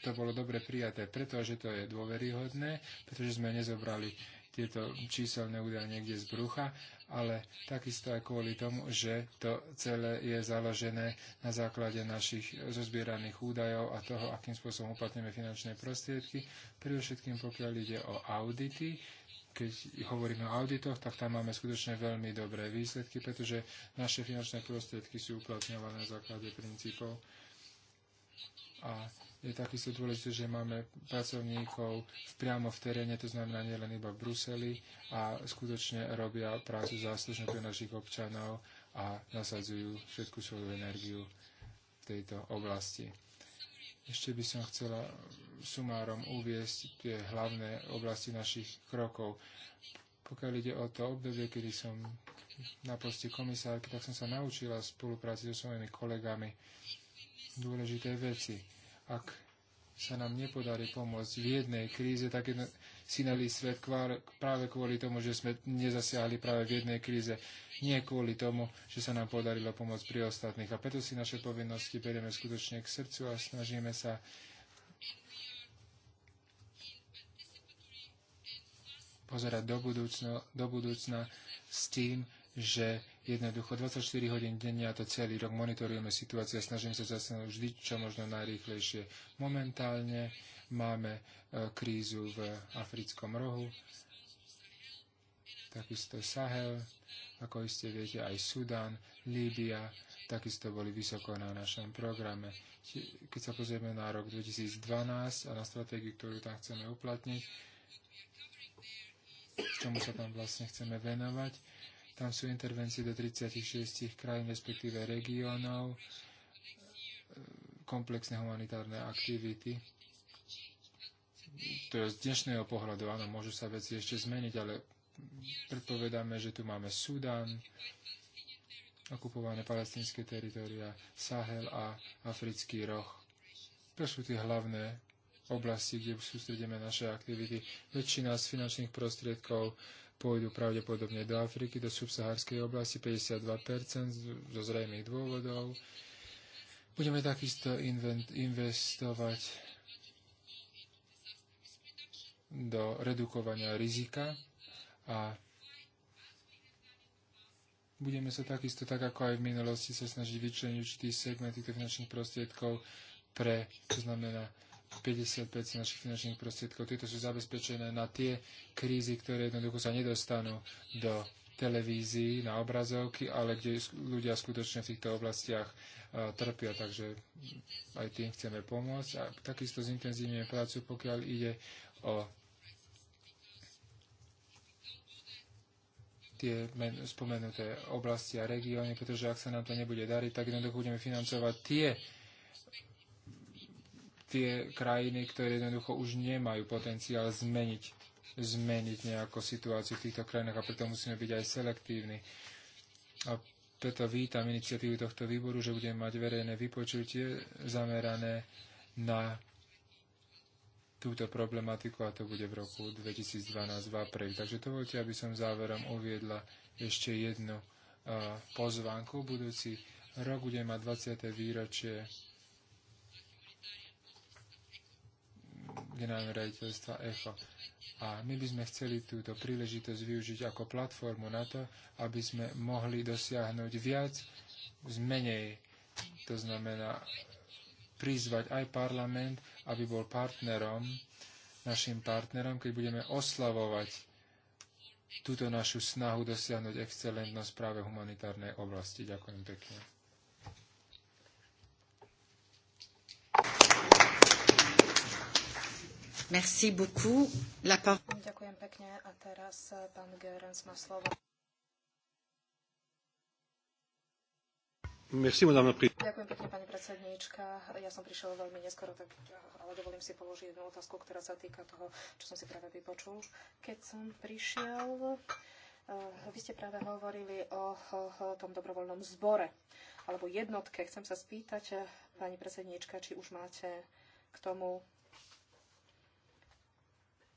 to bolo dobre prijaté, pretože to je dôveryhodné, pretože sme nezobrali tieto číselné údaje niekde z brucha, ale takisto aj kvôli tomu, že to celé je založené na základe našich zozbieraných údajov a toho, akým spôsobom uplatneme finančné prostriedky. Predovšetkým pokiaľ ide o audity, keď hovoríme o auditoch, tak tam máme skutočne veľmi dobré výsledky, pretože naše finančné prostriedky sú uplatňované na základe princípov. A je takisto dôležité, že máme pracovníkov priamo v teréne, to znamená nielen iba v Bruseli a skutočne robia prácu záslužnú pre našich občanov a nasadzujú všetku svoju energiu v tejto oblasti. Ešte by som chcela sumárom uviesť tie hlavné oblasti našich krokov. Pokiaľ ide o to obdobie, kedy som na poste komisárky, tak som sa naučila spolupráci so svojimi kolegami dôležité veci. Ak sa nám nepodarí pomôcť v jednej kríze, tak jedno, synali svet práve kvôli tomu, že sme nezasiahli práve v jednej kríze, nie kvôli tomu, že sa nám podarilo pomôcť pri ostatných. A preto si naše povinnosti berieme skutočne k srdcu a snažíme sa pozerať do budúcna, do budúcna s tým, že jednoducho 24 hodín denne a to celý rok monitorujeme situáciu a snažíme sa zase vždy čo možno najrýchlejšie. Momentálne máme krízu v africkom rohu, takisto Sahel, ako iste viete, aj Sudan, Líbia, takisto boli vysoko na našom programe. Keď sa pozrieme na rok 2012 a na stratégiu, ktorú tam chceme uplatniť, čomu sa tam vlastne chceme venovať, tam sú intervencie do 36 krajín, respektíve regiónov, e, komplexné humanitárne aktivity to je z dnešného pohľadu, áno, môžu sa veci ešte zmeniť, ale predpovedáme, že tu máme Sudan, okupované palestinské teritoria, Sahel a Africký roh. To sú tie hlavné oblasti, kde sústredíme naše aktivity. Väčšina z finančných prostriedkov pôjdu pravdepodobne do Afriky, do subsaharskej oblasti, 52% zo zrejmých dôvodov. Budeme takisto invent, investovať do redukovania rizika a budeme sa takisto, tak ako aj v minulosti, sa snažiť vyčleniť určitý segment týchto finančných prostriedkov pre, to znamená 50% našich finančných prostriedkov. Tieto sú zabezpečené na tie krízy, ktoré jednoducho sa nedostanú do televízií, na obrazovky, ale kde ľudia skutočne v týchto oblastiach e, trpia, takže aj tým chceme pomôcť. A takisto zintenzívne prácu, pokiaľ ide o tie spomenuté oblasti a regióny, pretože ak sa nám to nebude dariť, tak jednoducho budeme financovať tie, tie krajiny, ktoré jednoducho už nemajú potenciál zmeniť, zmeniť nejakú situáciu v týchto krajinách a preto musíme byť aj selektívni. A preto vítam iniciatívu tohto výboru, že budeme mať verejné vypočutie zamerané na túto problematiku a to bude v roku 2012 v apríli. Takže dovolte, aby som záverom uviedla ešte jednu e, pozvánku. Budúci rok bude mať 20. výročie generálneho raditeľstva ECHO. A my by sme chceli túto príležitosť využiť ako platformu na to, aby sme mohli dosiahnuť viac z menej. To znamená, prizvať aj parlament, aby bol partnerom, našim partnerom, keď budeme oslavovať túto našu snahu dosiahnuť excelentnosť práve v humanitárnej oblasti. Ďakujem pekne. Merci beaucoup. La Ďakujem pekne a teraz eh, pán Gerens má slovo. Merci, madame la Ďakujem pekne, pani predsedníčka. Ja som prišiel veľmi neskoro, tak, eh, ale dovolím si položiť jednu otázku, ktorá sa týka toho, čo som si práve vypočul. Keď som prišiel, eh, vy ste práve hovorili o tom dobrovoľnom zbore alebo jednotke. Chcem sa spýtať, eh, pani predsedníčka, či už máte k tomu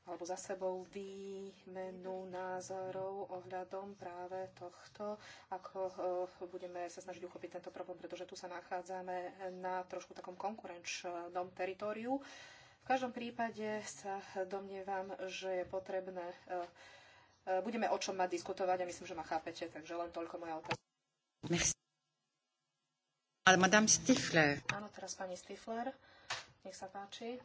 alebo za sebou výmenu názorov ohľadom práve tohto, ako eh, budeme sa snažiť uchopiť tento problém, pretože tu sa nachádzame na trošku takom konkurenčnom teritoriu. V každom prípade sa domnievam, že je potrebné, eh, budeme o čom mať diskutovať a myslím, že ma chápete, takže len toľko moja otázka. Ale Madame Stifler. Áno, teraz pani Stifler. Nech sa páči.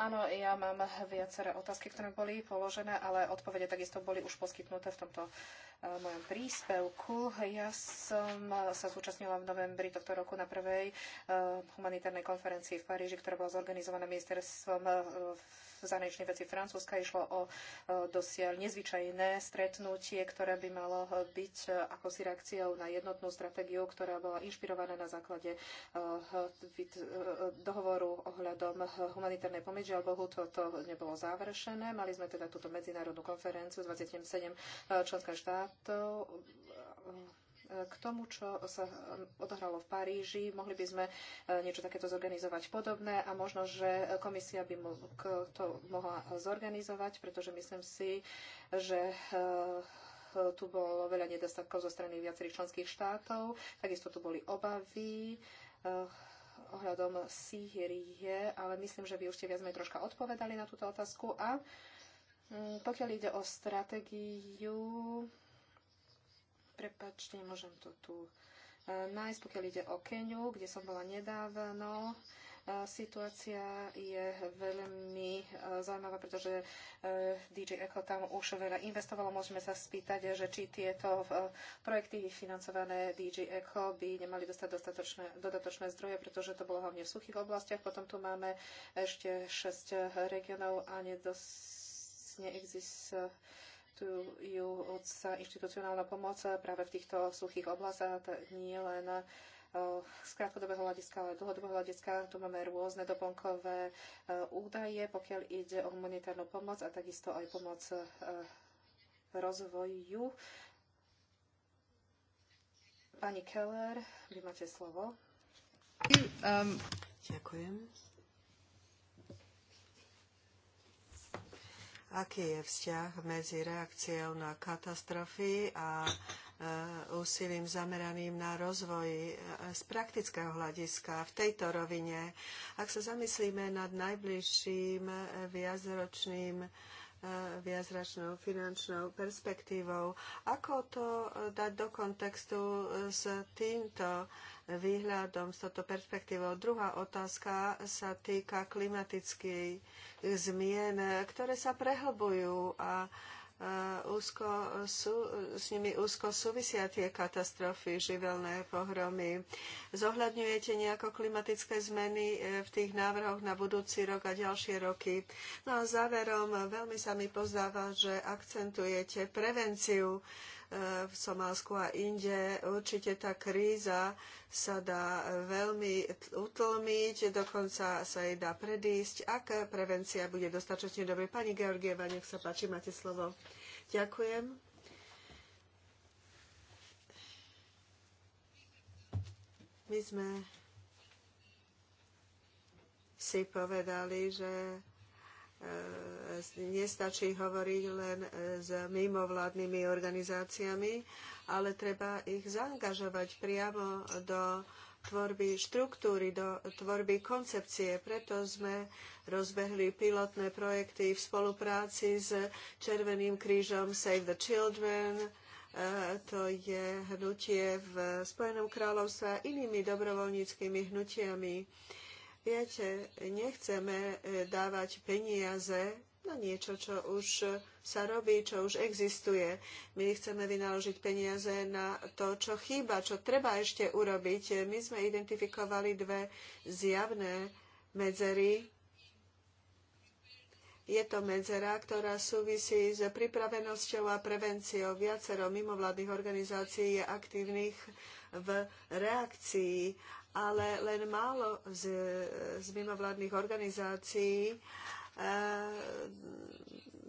Áno, ja mám viaceré otázky, ktoré boli položené, ale odpovede takisto boli už poskytnuté v tomto eh, mojom príspevku. Ja som eh, sa zúčastnila v novembri tohto roku na prvej eh, humanitárnej konferencii v Paríži, ktorá bola zorganizovaná ministerstvom zahraničných vecí Francúzska išlo o dosiaľ nezvyčajné stretnutie, ktoré by malo byť e, ako si reakciou na jednotnú stratégiu, ktorá bola inšpirovaná na základe e, e, dohovoru ohľadom humanitárnej pomoci. Žiaľ Bohu, toto nebolo završené. Mali sme teda túto medzinárodnú konferenciu s 27 členských štátov k tomu, čo sa hm, odohralo v Paríži. Mohli by sme e, niečo takéto zorganizovať podobné a možno, že komisia by to mohla zorganizovať, pretože myslím si, že e, tu bolo veľa nedostatkov zo strany viacerých členských štátov, takisto tu boli obavy e, ohľadom Sýrie, ale myslím, že vy už ste viac menej troška odpovedali na túto otázku. A hm, pokiaľ ide o stratégiu Prepačte, nemôžem to tu e, nájsť, pokiaľ ide o Keniu, kde som bola nedávno. E, situácia je veľmi e, zaujímavá, pretože DJ Echo tam už veľa investovalo. Môžeme sa spýtať, že či tieto projekty financované DJ Echo by nemali dostať dostatočné, dodatočné zdroje, pretože to bolo hlavne v suchých oblastiach. Potom tu máme ešte 6 regionov a nedos, neexistuje poskytujú sa inštitucionálna pomoc práve v týchto suchých oblastiach, nie len eh, z krátkodobého hľadiska, ale dlhodobého hľadiska. Tu máme rôzne doplnkové eh, údaje, pokiaľ ide o humanitárnu pomoc a takisto aj pomoc eh, rozvoju. Pani Keller, vy máte slovo. Um, ďakujem. aký je vzťah medzi reakciou na katastrofy a e, úsilím zameraným na rozvoj e, z praktického hľadiska v tejto rovine. Ak sa zamyslíme nad najbližším e, viacročným viacračnou finančnou perspektívou. Ako to dať do kontextu s týmto výhľadom, s touto perspektívou. Druhá otázka sa týka klimatických zmien, ktoré sa prehlbujú a e, úzko, sú, s nimi úzko súvisia tie katastrofy, živelné pohromy. Zohľadňujete nejako klimatické zmeny e, v tých návrhoch na budúci rok a ďalšie roky. No a záverom veľmi sa mi pozdáva, že akcentujete prevenciu v Somálsku a inde. Určite tá kríza sa dá veľmi utlmiť, dokonca sa jej dá predísť, ak prevencia bude dostatočne dobre. Pani Georgieva, nech sa páči, máte slovo. Ďakujem. My sme si povedali, že E, nestačí hovoriť len e, s mimovládnymi organizáciami, ale treba ich zaangažovať priamo do tvorby štruktúry, do tvorby koncepcie. Preto sme rozbehli pilotné projekty v spolupráci s Červeným krížom Save the Children, e, to je hnutie v Spojenom kráľovstve a inými dobrovoľníckými hnutiami Viete, nechceme e, dávať peniaze na niečo, čo už sa robí, čo už existuje. My chceme vynaložiť peniaze na to, čo chýba, čo treba ešte urobiť. My sme identifikovali dve zjavné medzery. Je to medzera, ktorá súvisí s pripravenosťou a prevenciou. Viacero mimovládnych organizácií je aktívnych v reakcii, ale len málo z, z mimovládnych organizácií e,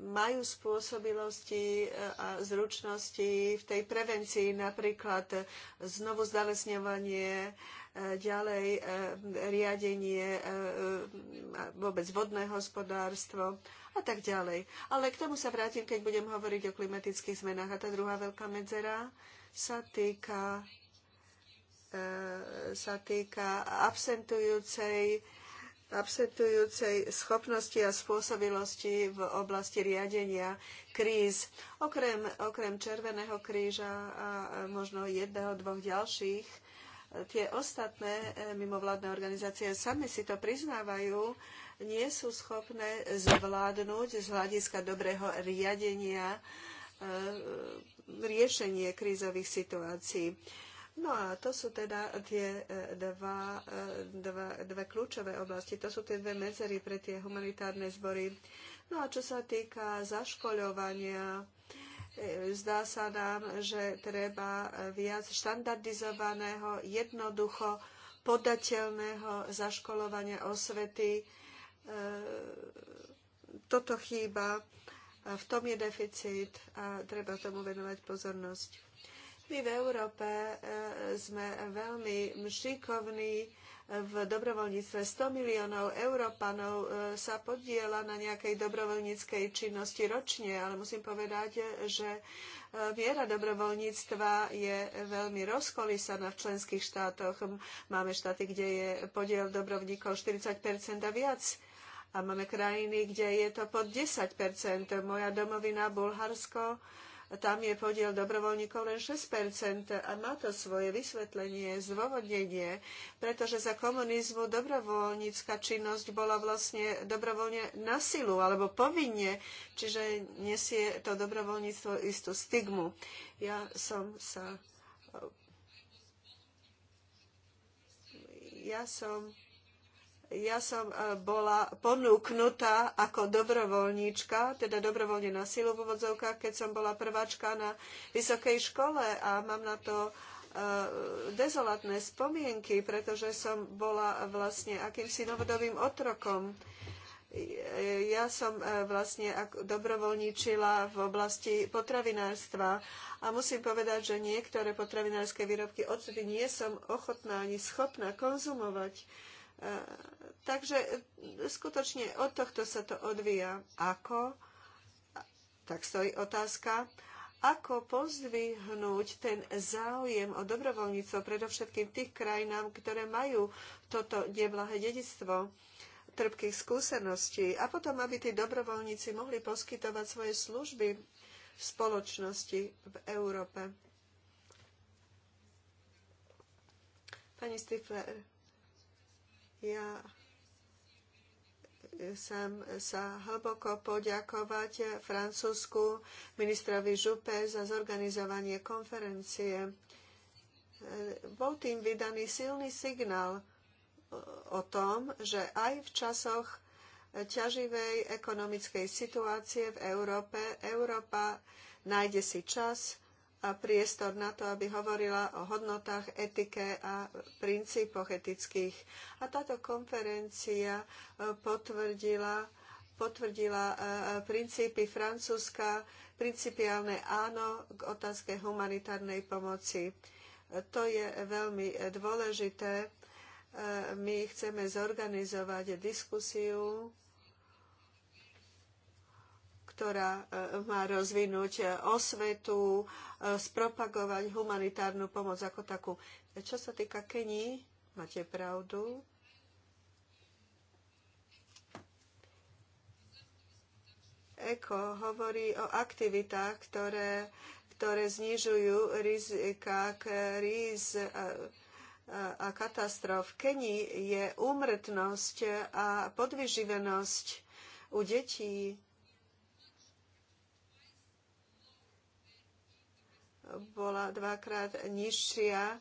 majú spôsobilosti e, a zručnosti v tej prevencii, napríklad znovu zalesňovanie, e, ďalej riadenie vôbec vodné hospodárstvo a tak ďalej. Ale k tomu sa vrátim, keď budem hovoriť o klimatických zmenách. A tá druhá veľká medzera sa týka E, sa týka absentujúcej absentujúcej schopnosti a spôsobilosti v oblasti riadenia kríz. Okrem, okrem Červeného kríža a možno jedného, dvoch ďalších, tie ostatné e, mimovládne organizácie sami si to priznávajú, nie sú schopné zvládnuť z hľadiska dobrého riadenia e, riešenie krízových situácií No a to sú teda tie e, dva, e, dva, dve kľúčové oblasti. To sú tie dve medzery pre tie humanitárne zbory. No a čo sa týka zaškoľovania, e, zdá sa nám, že treba viac štandardizovaného, jednoducho podateľného zaškolovania osvety. Toto chýba, v tom je deficit a treba tomu venovať pozornosť. My v Európe e, sme veľmi šikovní v dobrovoľníctve. 100 miliónov Európanov e, sa podiela na nejakej dobrovoľníckej činnosti ročne, ale musím povedať, že viera e, dobrovoľníctva je veľmi rozkolísaná v členských štátoch. Máme štáty, kde je podiel dobrovníkov 40 a viac a máme krajiny, kde je to pod 10 Moja domovina Bulharsko tam je podiel dobrovoľníkov len 6% a má to svoje vysvetlenie, zdôvodnenie, pretože za komunizmu dobrovoľnícka činnosť bola vlastne dobrovoľne na silu alebo povinne, čiže nesie to dobrovoľníctvo istú stigmu. Ja som sa ja som ja som e, bola ponúknutá ako dobrovoľníčka, teda dobrovoľne na silu v úvodzovkách, keď som bola prváčka na vysokej škole a mám na to e, dezolátne spomienky, pretože som bola vlastne akýmsi novodobým otrokom. Ja som e, vlastne dobrovoľníčila v oblasti potravinárstva a musím povedať, že niektoré potravinárske výrobky odtedy nie som ochotná ani schopná konzumovať Takže e, skutočne od tohto sa to odvíja. Ako? Tak stojí otázka, ako pozdvihnúť ten záujem o dobrovoľníctvo, predovšetkým v tých krajinám, ktoré majú toto neblahé dedictvo trpkých skúseností a potom, aby tí dobrovoľníci mohli poskytovať svoje služby v spoločnosti v Európe. Pani Stifler, ja Chcem sa hlboko poďakovať francúzsku ministrovi Župe za zorganizovanie konferencie. Bol tým vydaný silný signál o tom, že aj v časoch ťaživej ekonomickej situácie v Európe Európa nájde si čas priestor na to, aby hovorila o hodnotách, etike a princípoch etických. A táto konferencia e, potvrdila, potvrdila e, princípy Francúzska, principiálne áno k otázke humanitárnej pomoci. E, to je veľmi dôležité. My chceme zorganizovať diskusiu ktorá e, má rozvinúť e, osvetu, e, spropagovať humanitárnu pomoc ako takú. Čo sa týka Kení, máte pravdu. Eko hovorí o aktivitách, ktoré, ktoré znižujú rizika kríz a katastrof. V Kenii je úmrtnosť a podvyživenosť u detí bola dvakrát nižšia e,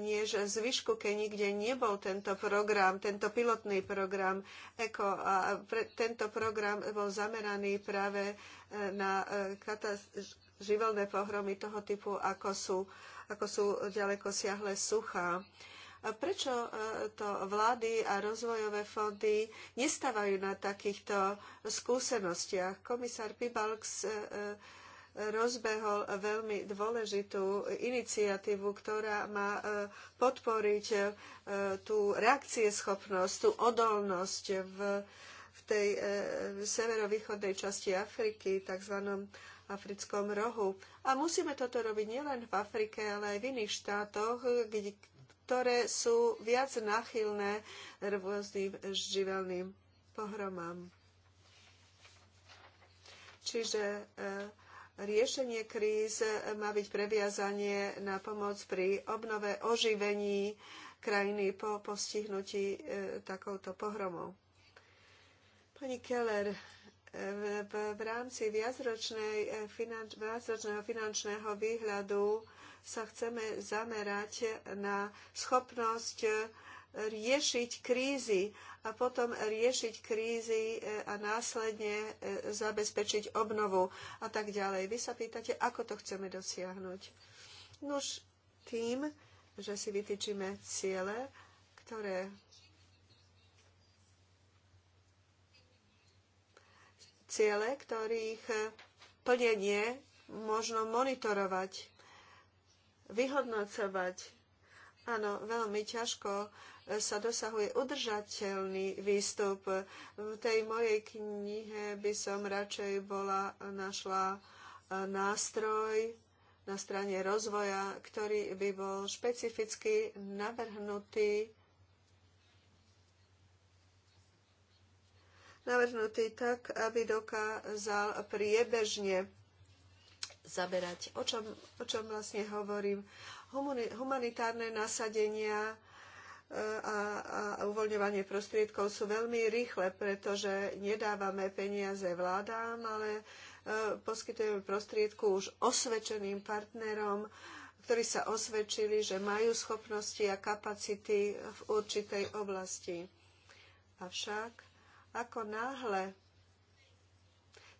než zvyšku, keď nikde nebol tento program, tento pilotný program. Eko, a pre, tento program bol zameraný práve e, na živelné e, pohromy toho typu, ako sú, ako sú ďaleko siahle suchá. A prečo to vlády a rozvojové fondy nestávajú na takýchto skúsenostiach? Komisár Pibalks e, rozbehol veľmi dôležitú iniciatívu, ktorá má e, podporiť e, tú reakcieschopnosť, tú odolnosť v, v tej e, severovýchodnej časti Afriky, tzv. africkom rohu. A musíme toto robiť nielen v Afrike, ale aj v iných štátoch, kde, ktoré sú viac nachylné rôznym živelným pohromám. Čiže e, riešenie kríz e, má byť previazanie na pomoc pri obnove oživení krajiny po postihnutí e, takouto pohromou. Pani Keller, e, v, v, v rámci viacročnej, finanč, viacročného finančného výhľadu sa chceme zamerať na schopnosť riešiť krízy a potom riešiť krízy e, a následne e, zabezpečiť obnovu a tak ďalej. Vy sa pýtate, ako to chceme dosiahnuť. Už tým, že si vytýčime ciele, ktoré ciele, ktorých plnenie možno monitorovať, vyhodnocovať. Áno, veľmi ťažko sa dosahuje udržateľný výstup. V tej mojej knihe by som radšej bola e, našla e, nástroj na strane rozvoja, ktorý by bol špecificky navrhnutý navrhnutý tak, aby dokázal priebežne zaberať. O čom, o čom vlastne hovorím? Humanitárne nasadenia a, a uvoľňovanie prostriedkov sú veľmi rýchle, pretože nedávame peniaze vládám, ale e, poskytujeme prostriedku už osvedčeným partnerom, ktorí sa osvedčili, že majú schopnosti a kapacity v určitej oblasti. Avšak ako náhle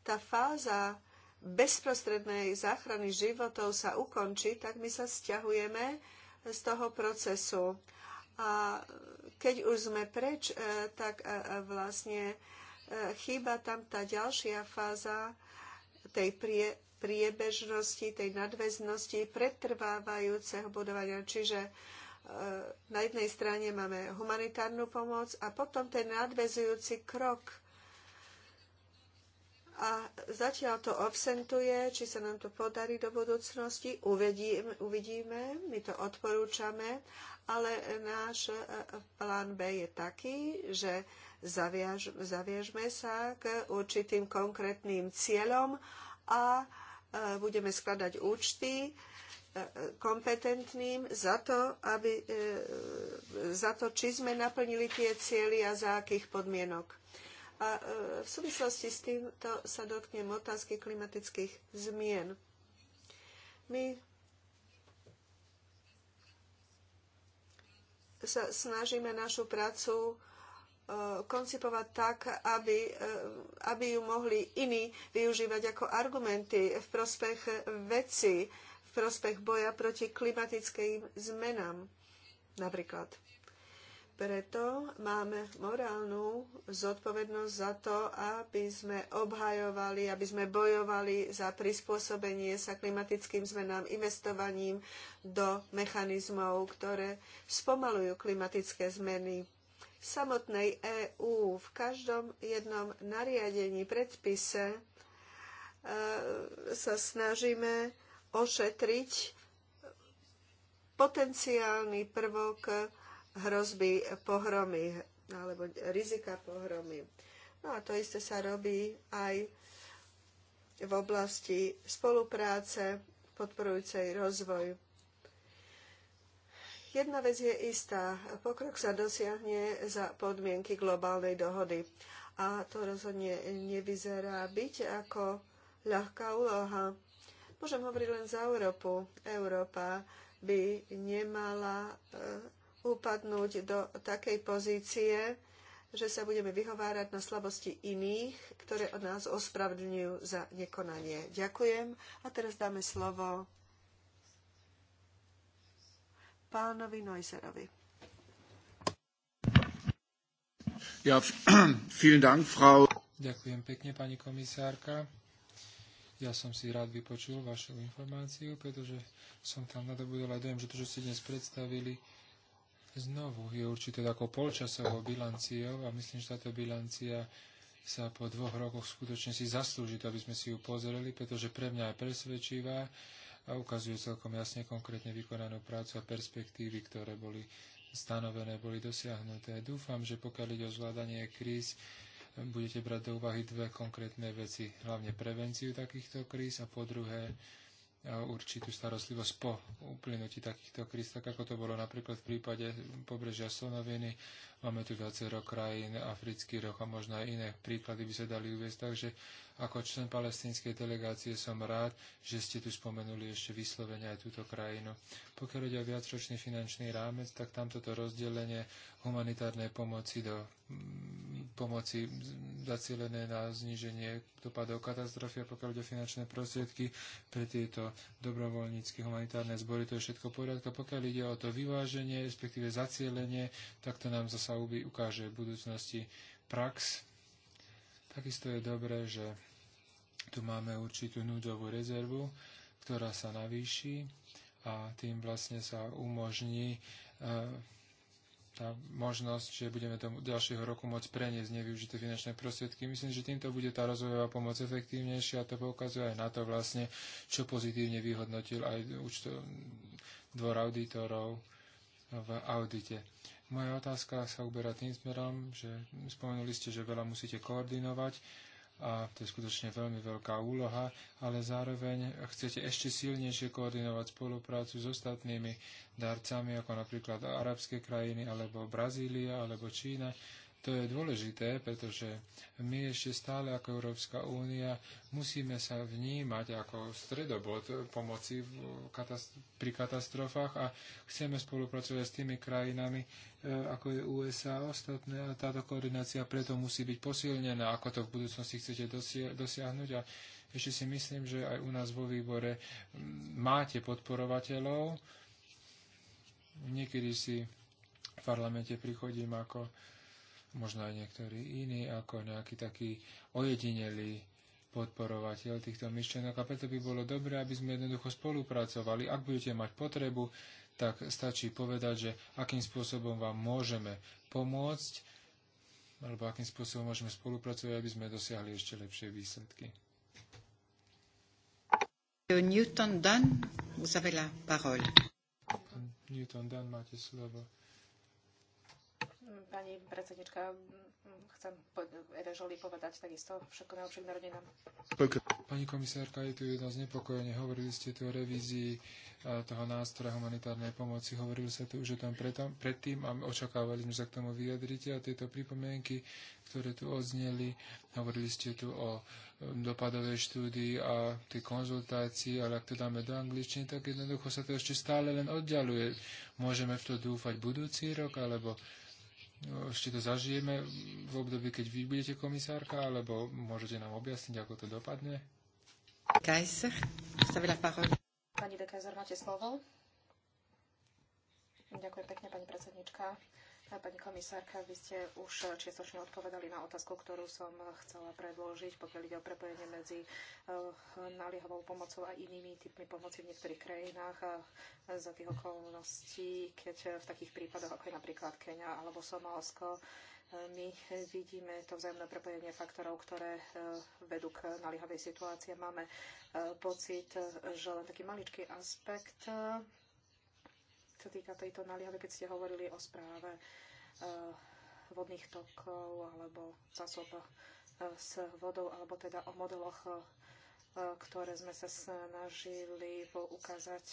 tá fáza bezprostrednej záchrany životov sa ukončí, tak my sa stiahujeme z toho procesu. A keď už sme preč, e, tak e, e, vlastne chýba tam tá ďalšia fáza tej prie, priebežnosti, tej nadväznosti, pretrvávajúceho budovania. Čiže na jednej strane máme humanitárnu pomoc a potom ten nadväzujúci krok. A zatiaľ to obsentuje, či sa nám to podarí do budúcnosti, uvidíme, uvidíme my to odporúčame, ale náš e, plán B je taký, že zaviaž, zaviažme sa k určitým konkrétnym cieľom a e, budeme skladať účty e, kompetentným za to, aby, za to, či sme naplnili tie cieľy a za akých podmienok. A v súvislosti s týmto sa dotknem otázky klimatických zmien. My sa snažíme našu prácu e, koncipovať tak, aby, e, aby ju mohli iní využívať ako argumenty v prospech veci, v prospech boja proti klimatickým zmenám napríklad. Preto máme morálnu zodpovednosť za to, aby sme obhajovali, aby sme bojovali za prispôsobenie sa klimatickým zmenám investovaním do mechanizmov, ktoré spomalujú klimatické zmeny samotnej EÚ v každom jednom nariadení, predpise e, sa snažíme ošetriť potenciálny prvok hrozby pohromy alebo rizika pohromy. No a to isté sa robí aj v oblasti spolupráce podporujúcej rozvoj. Jedna vec je istá. Pokrok sa dosiahne za podmienky globálnej dohody. A to rozhodne nevyzerá byť ako ľahká úloha. Môžem hovoriť len za Európu. Európa by nemala e, upadnúť do takej pozície, že sa budeme vyhovárať na slabosti iných, ktoré od nás ospravedlňujú za nekonanie. Ďakujem a teraz dáme slovo pánovi Neuserovi. Ja, vielen Dank, Frau. Ďakujem pekne, pani komisárka. Ja som si rád vypočul vašu informáciu, pretože som tam nadobudol aj dojem, že to, čo ste dnes predstavili, znovu je určite takou polčasovou bilanciou a myslím, že táto bilancia sa po dvoch rokoch skutočne si zaslúži, aby sme si ju pozreli, pretože pre mňa je presvedčivá a ukazuje celkom jasne konkrétne vykonanú prácu a perspektívy, ktoré boli stanovené, boli dosiahnuté. Dúfam, že pokiaľ ide o zvládanie kríz, budete brať do úvahy dve konkrétne veci, hlavne prevenciu takýchto kríz a po druhé určitú starostlivosť po uplynutí takýchto kríz, tak ako to bolo napríklad v prípade pobrežia Slonoviny Máme tu viacero krajín, africký roh a možno aj iné príklady by sa dali uviezť. Takže ako člen palestinskej delegácie som rád, že ste tu spomenuli ešte vyslovene aj túto krajinu. Pokiaľ ide o viacročný finančný rámec, tak tam toto rozdelenie humanitárnej pomoci do mm, pomoci zacielené na zníženie dopadov katastrofy a pokiaľ ide o finančné prostriedky pre tieto dobrovoľnícky humanitárne zbory, to je všetko v poriadku. Pokiaľ ide o to vyváženie, respektíve zacielenie, tak to nám zasa stavby ukáže v budúcnosti prax. Takisto je dobré, že tu máme určitú núdzovú rezervu, ktorá sa navýši a tým vlastne sa umožní e, tá možnosť, že budeme tomu ďalšieho roku môcť preniesť nevyužité finančné prostriedky. Myslím, že týmto bude tá rozvojová pomoc efektívnejšia a to poukazuje aj na to vlastne, čo pozitívne vyhodnotil aj účto dvor auditorov v audite. Moja otázka sa uberá tým smerom, že spomenuli ste, že veľa musíte koordinovať a to je skutočne veľmi veľká úloha, ale zároveň chcete ešte silnejšie koordinovať spoluprácu s ostatnými darcami, ako napríklad arabské krajiny, alebo Brazília, alebo Čína, to je dôležité, pretože my ešte stále ako Európska únia musíme sa vnímať ako stredobod pomoci katast- pri katastrofách a chceme spolupracovať s tými krajinami, e, ako je USA a ostatné. A táto koordinácia preto musí byť posilnená, ako to v budúcnosti chcete dosi- dosiahnuť. A ešte si myslím, že aj u nás vo výbore máte podporovateľov. Niekedy si v parlamente prichodím ako možno aj niektorí iní, ako nejaký taký ojedinelý podporovateľ týchto myšlienok. A preto by bolo dobré, aby sme jednoducho spolupracovali. Ak budete mať potrebu, tak stačí povedať, že akým spôsobom vám môžeme pomôcť, alebo akým spôsobom môžeme spolupracovať, aby sme dosiahli ešte lepšie výsledky. Newton Dunn, vous avez la parole. Newton Dunn, máte slovo. Pani predsednička, chcem Eve povedať takisto všetko najlepšie k narodinám. Pani komisárka, je tu jedno znepokojenie. Hovorili ste tu o revízii toho nástroja humanitárnej pomoci. Hovorili sa tu už o tom predtým a očakávali sme sa k tomu vyjadrite a tieto pripomienky, ktoré tu odzneli, hovorili ste tu o um, dopadovej štúdii a tej konzultácii, ale ak to dáme do angličtiny, tak jednoducho sa to ešte stále len oddialuje. Môžeme v to dúfať budúci rok alebo ešte to zažijeme v období, keď vy budete komisárka, alebo môžete nám objasniť, ako to dopadne? parol. Pani de Kaiser, máte slovo. Ďakujem pekne, pani predsednička. Pani komisárka, vy ste už čiastočne odpovedali na otázku, ktorú som chcela predložiť, pokiaľ ide o prepojenie medzi eh, naliehavou pomocou a inými typmi pomoci v niektorých krajinách eh, za tých okolností, keď eh, v takých prípadoch, ako je napríklad Kenia alebo Somálsko, my vidíme to vzájomné prepojenie faktorov, ktoré vedú k naliehavej situácii. Máme pocit, že len taký maličký aspekt sa týka tejto naliehavej, keď ste hovorili o správe eh, vodných tokov alebo zásob eh, s vodou, alebo teda o modeloch, eh, ktoré sme sa snažili ukázať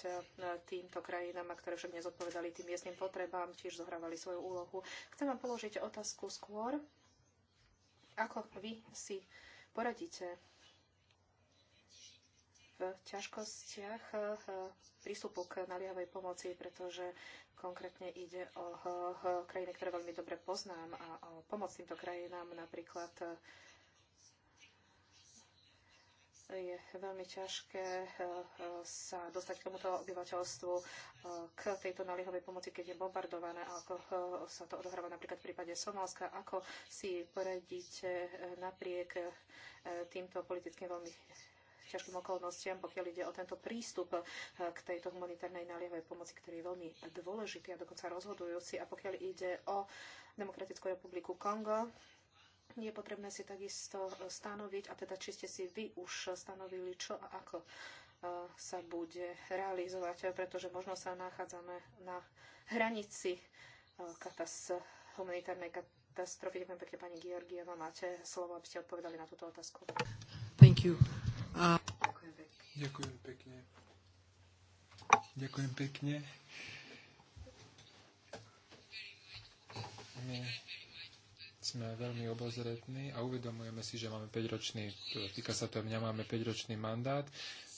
týmto krajinám, a ktoré však nezodpovedali tým miestnym potrebám, tiež zohrávali svoju úlohu. Chcem vám položiť otázku skôr, ako vy si poradíte v ťažkostiach eh, prístupu k naliehavej pomoci, pretože konkrétne ide o eh, krajiny, ktoré veľmi dobre poznám a o pomoc týmto krajinám napríklad eh, je veľmi ťažké sa dostať k tomuto obyvateľstvu k tejto naliehovej pomoci, keď je bombardované, ako sa to odohráva napríklad v prípade Somálska, ako si poradíte napriek týmto politickým veľmi ťažkým okolnostiam, pokiaľ ide o tento prístup eh, k tejto humanitárnej naliehavej pomoci, ktorý je veľmi dôležitý a dokonca rozhodujúci. A pokiaľ ide o Demokratickú republiku Kongo, je potrebné si takisto stanoviť, a teda či ste si vy už stanovili, čo a ako eh, sa bude realizovať, pretože možno sa nachádzame na hranici eh, katas- humanitárnej katastrofy. Ďakujem pekne, pani Georgieva. Máte slovo, aby ste odpovedali na túto otázku. Thank you. A... Ďakujem pekne. Ďakujem pekne. My sme veľmi obozretní a uvedomujeme si, že máme 5-ročný, týka sa to mňa, máme 5-ročný mandát.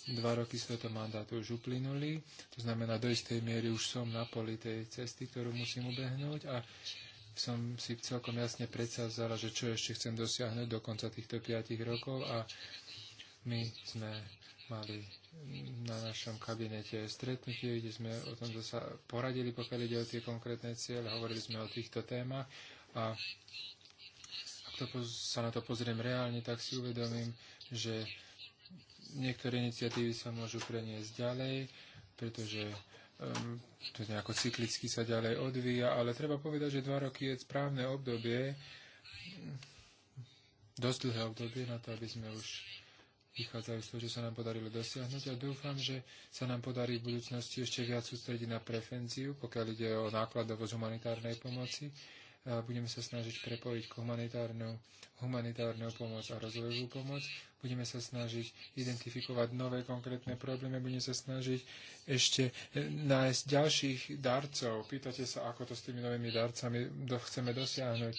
Dva roky z tohto mandátu už uplynuli, to znamená, do istej miery už som na poli tej cesty, ktorú musím ubehnúť a som si celkom jasne predsazala, že čo ešte chcem dosiahnuť do konca týchto 5 rokov a my sme mali na našom kabinete stretnutie, kde sme o tom zase poradili, pokiaľ ide o tie konkrétne cieľe, hovorili sme o týchto témach a ak to, sa na to pozriem reálne, tak si uvedomím, že niektoré iniciatívy sa môžu preniesť ďalej, pretože um, to nejako cyklicky sa ďalej odvíja, ale treba povedať, že dva roky je správne obdobie, dosť dlhé obdobie na to, aby sme už vychádzajú z toho, čo sa nám podarilo dosiahnuť a dúfam, že sa nám podarí v budúcnosti ešte viac sústrediť na prevenciu, pokiaľ ide o nákladovosť humanitárnej pomoci. A budeme sa snažiť prepojiť k humanitárnu, humanitárnu pomoc a rozvojovú pomoc. Budeme sa snažiť identifikovať nové konkrétne problémy, budeme sa snažiť ešte e, nájsť ďalších darcov. Pýtate sa, ako to s tými novými darcami chceme dosiahnuť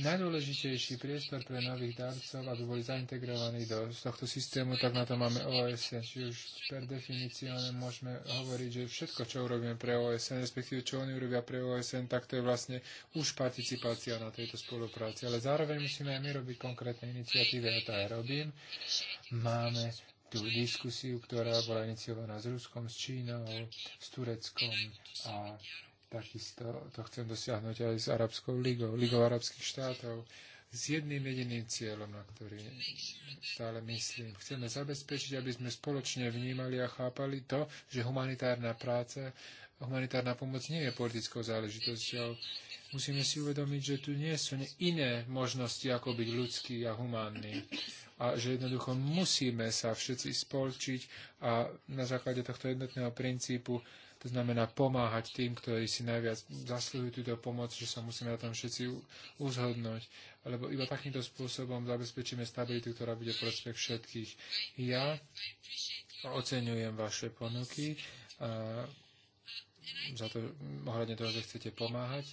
najdôležitejší priestor pre nových darcov, aby boli zaintegrovaní do tohto systému, tak na to máme OSN. Či už per definícii môžeme hovoriť, že všetko, čo urobíme pre OSN, respektíve čo oni urobia pre OSN, tak to je vlastne už participácia na tejto spolupráci. Ale zároveň musíme aj my robiť konkrétne iniciatívy, ja to aj robím. Máme tú diskusiu, ktorá bola iniciovaná s Ruskom, s Čínou, s Tureckom a Takisto to chcem dosiahnuť aj s Arabskou ligou, ligou arabských štátov, s jedným jediným cieľom, na ktorý stále myslím. Chceme zabezpečiť, aby sme spoločne vnímali a chápali to, že humanitárna práca, humanitárna pomoc nie je politickou záležitosťou. Musíme si uvedomiť, že tu nie sú iné možnosti, ako byť ľudský a humánny a že jednoducho musíme sa všetci spolčiť a na základe tohto jednotného princípu to znamená pomáhať tým, ktorí si najviac zaslúhujú túto pomoc, že sa musíme na tom všetci uzhodnúť. Lebo iba takýmto spôsobom zabezpečíme stabilitu, ktorá bude prospech všetkých. Ja oceňujem vaše ponuky za to, ohľadne toho, že chcete pomáhať.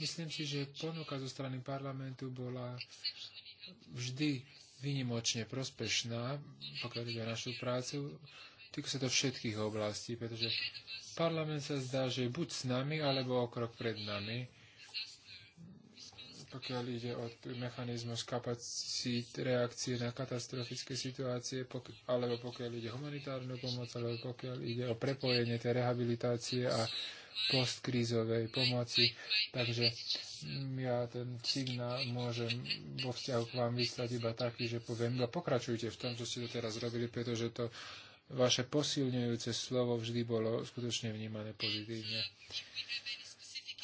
Myslím si, že ponuka zo strany parlamentu bola vždy vynimočne prospešná, pokiaľ ide o našu prácu. Týka sa to všetkých oblastí, pretože parlament sa zdá, že je buď s nami, alebo o krok pred nami, pokiaľ ide o mechanizmus kapacít reakcie na katastrofické situácie, pok- alebo pokiaľ ide o humanitárnu pomoc, alebo pokiaľ ide o prepojenie tej rehabilitácie a postkrízovej pomoci. Takže mm, ja ten signál môžem vo vzťahu k vám vyslať iba taký, že poviem, iba no pokračujte v tom, čo ste to teraz robili, pretože to vaše posilňujúce slovo vždy bolo skutočne vnímané pozitívne.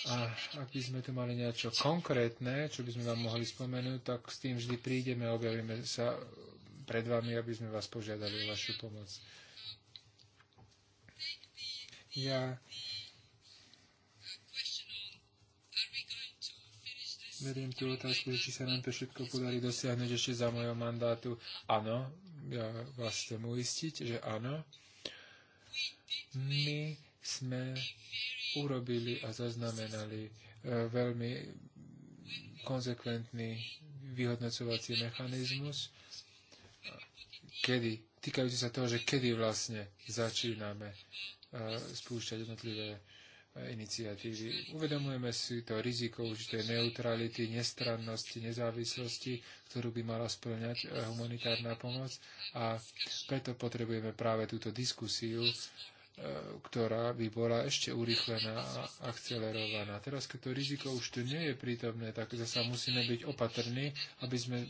A ak by sme tu mali niečo konkrétne, čo by sme vám mohli spomenúť, tak s tým vždy prídeme a objavíme sa pred vami, aby sme vás požiadali o vašu pomoc. Ja Beriem tú otázku, že či sa nám to všetko podarí dosiahnuť ešte za mojho mandátu. Áno, ja vás chcem uistiť, že áno, my sme urobili a zaznamenali e, veľmi konzekventný vyhodnocovací mechanizmus, kedy, týkajúci sa toho, že kedy vlastne začíname e, spúšťať jednotlivé E, iniciatívy. Uvedomujeme si to riziko určitej neutrality, nestrannosti, nezávislosti, ktorú by mala splňať e, humanitárna pomoc a preto potrebujeme práve túto diskusiu E, ktorá by bola ešte urýchlená a akcelerovaná. Teraz, keď to riziko už tu nie je prítomné, tak zase musíme byť opatrní, aby sme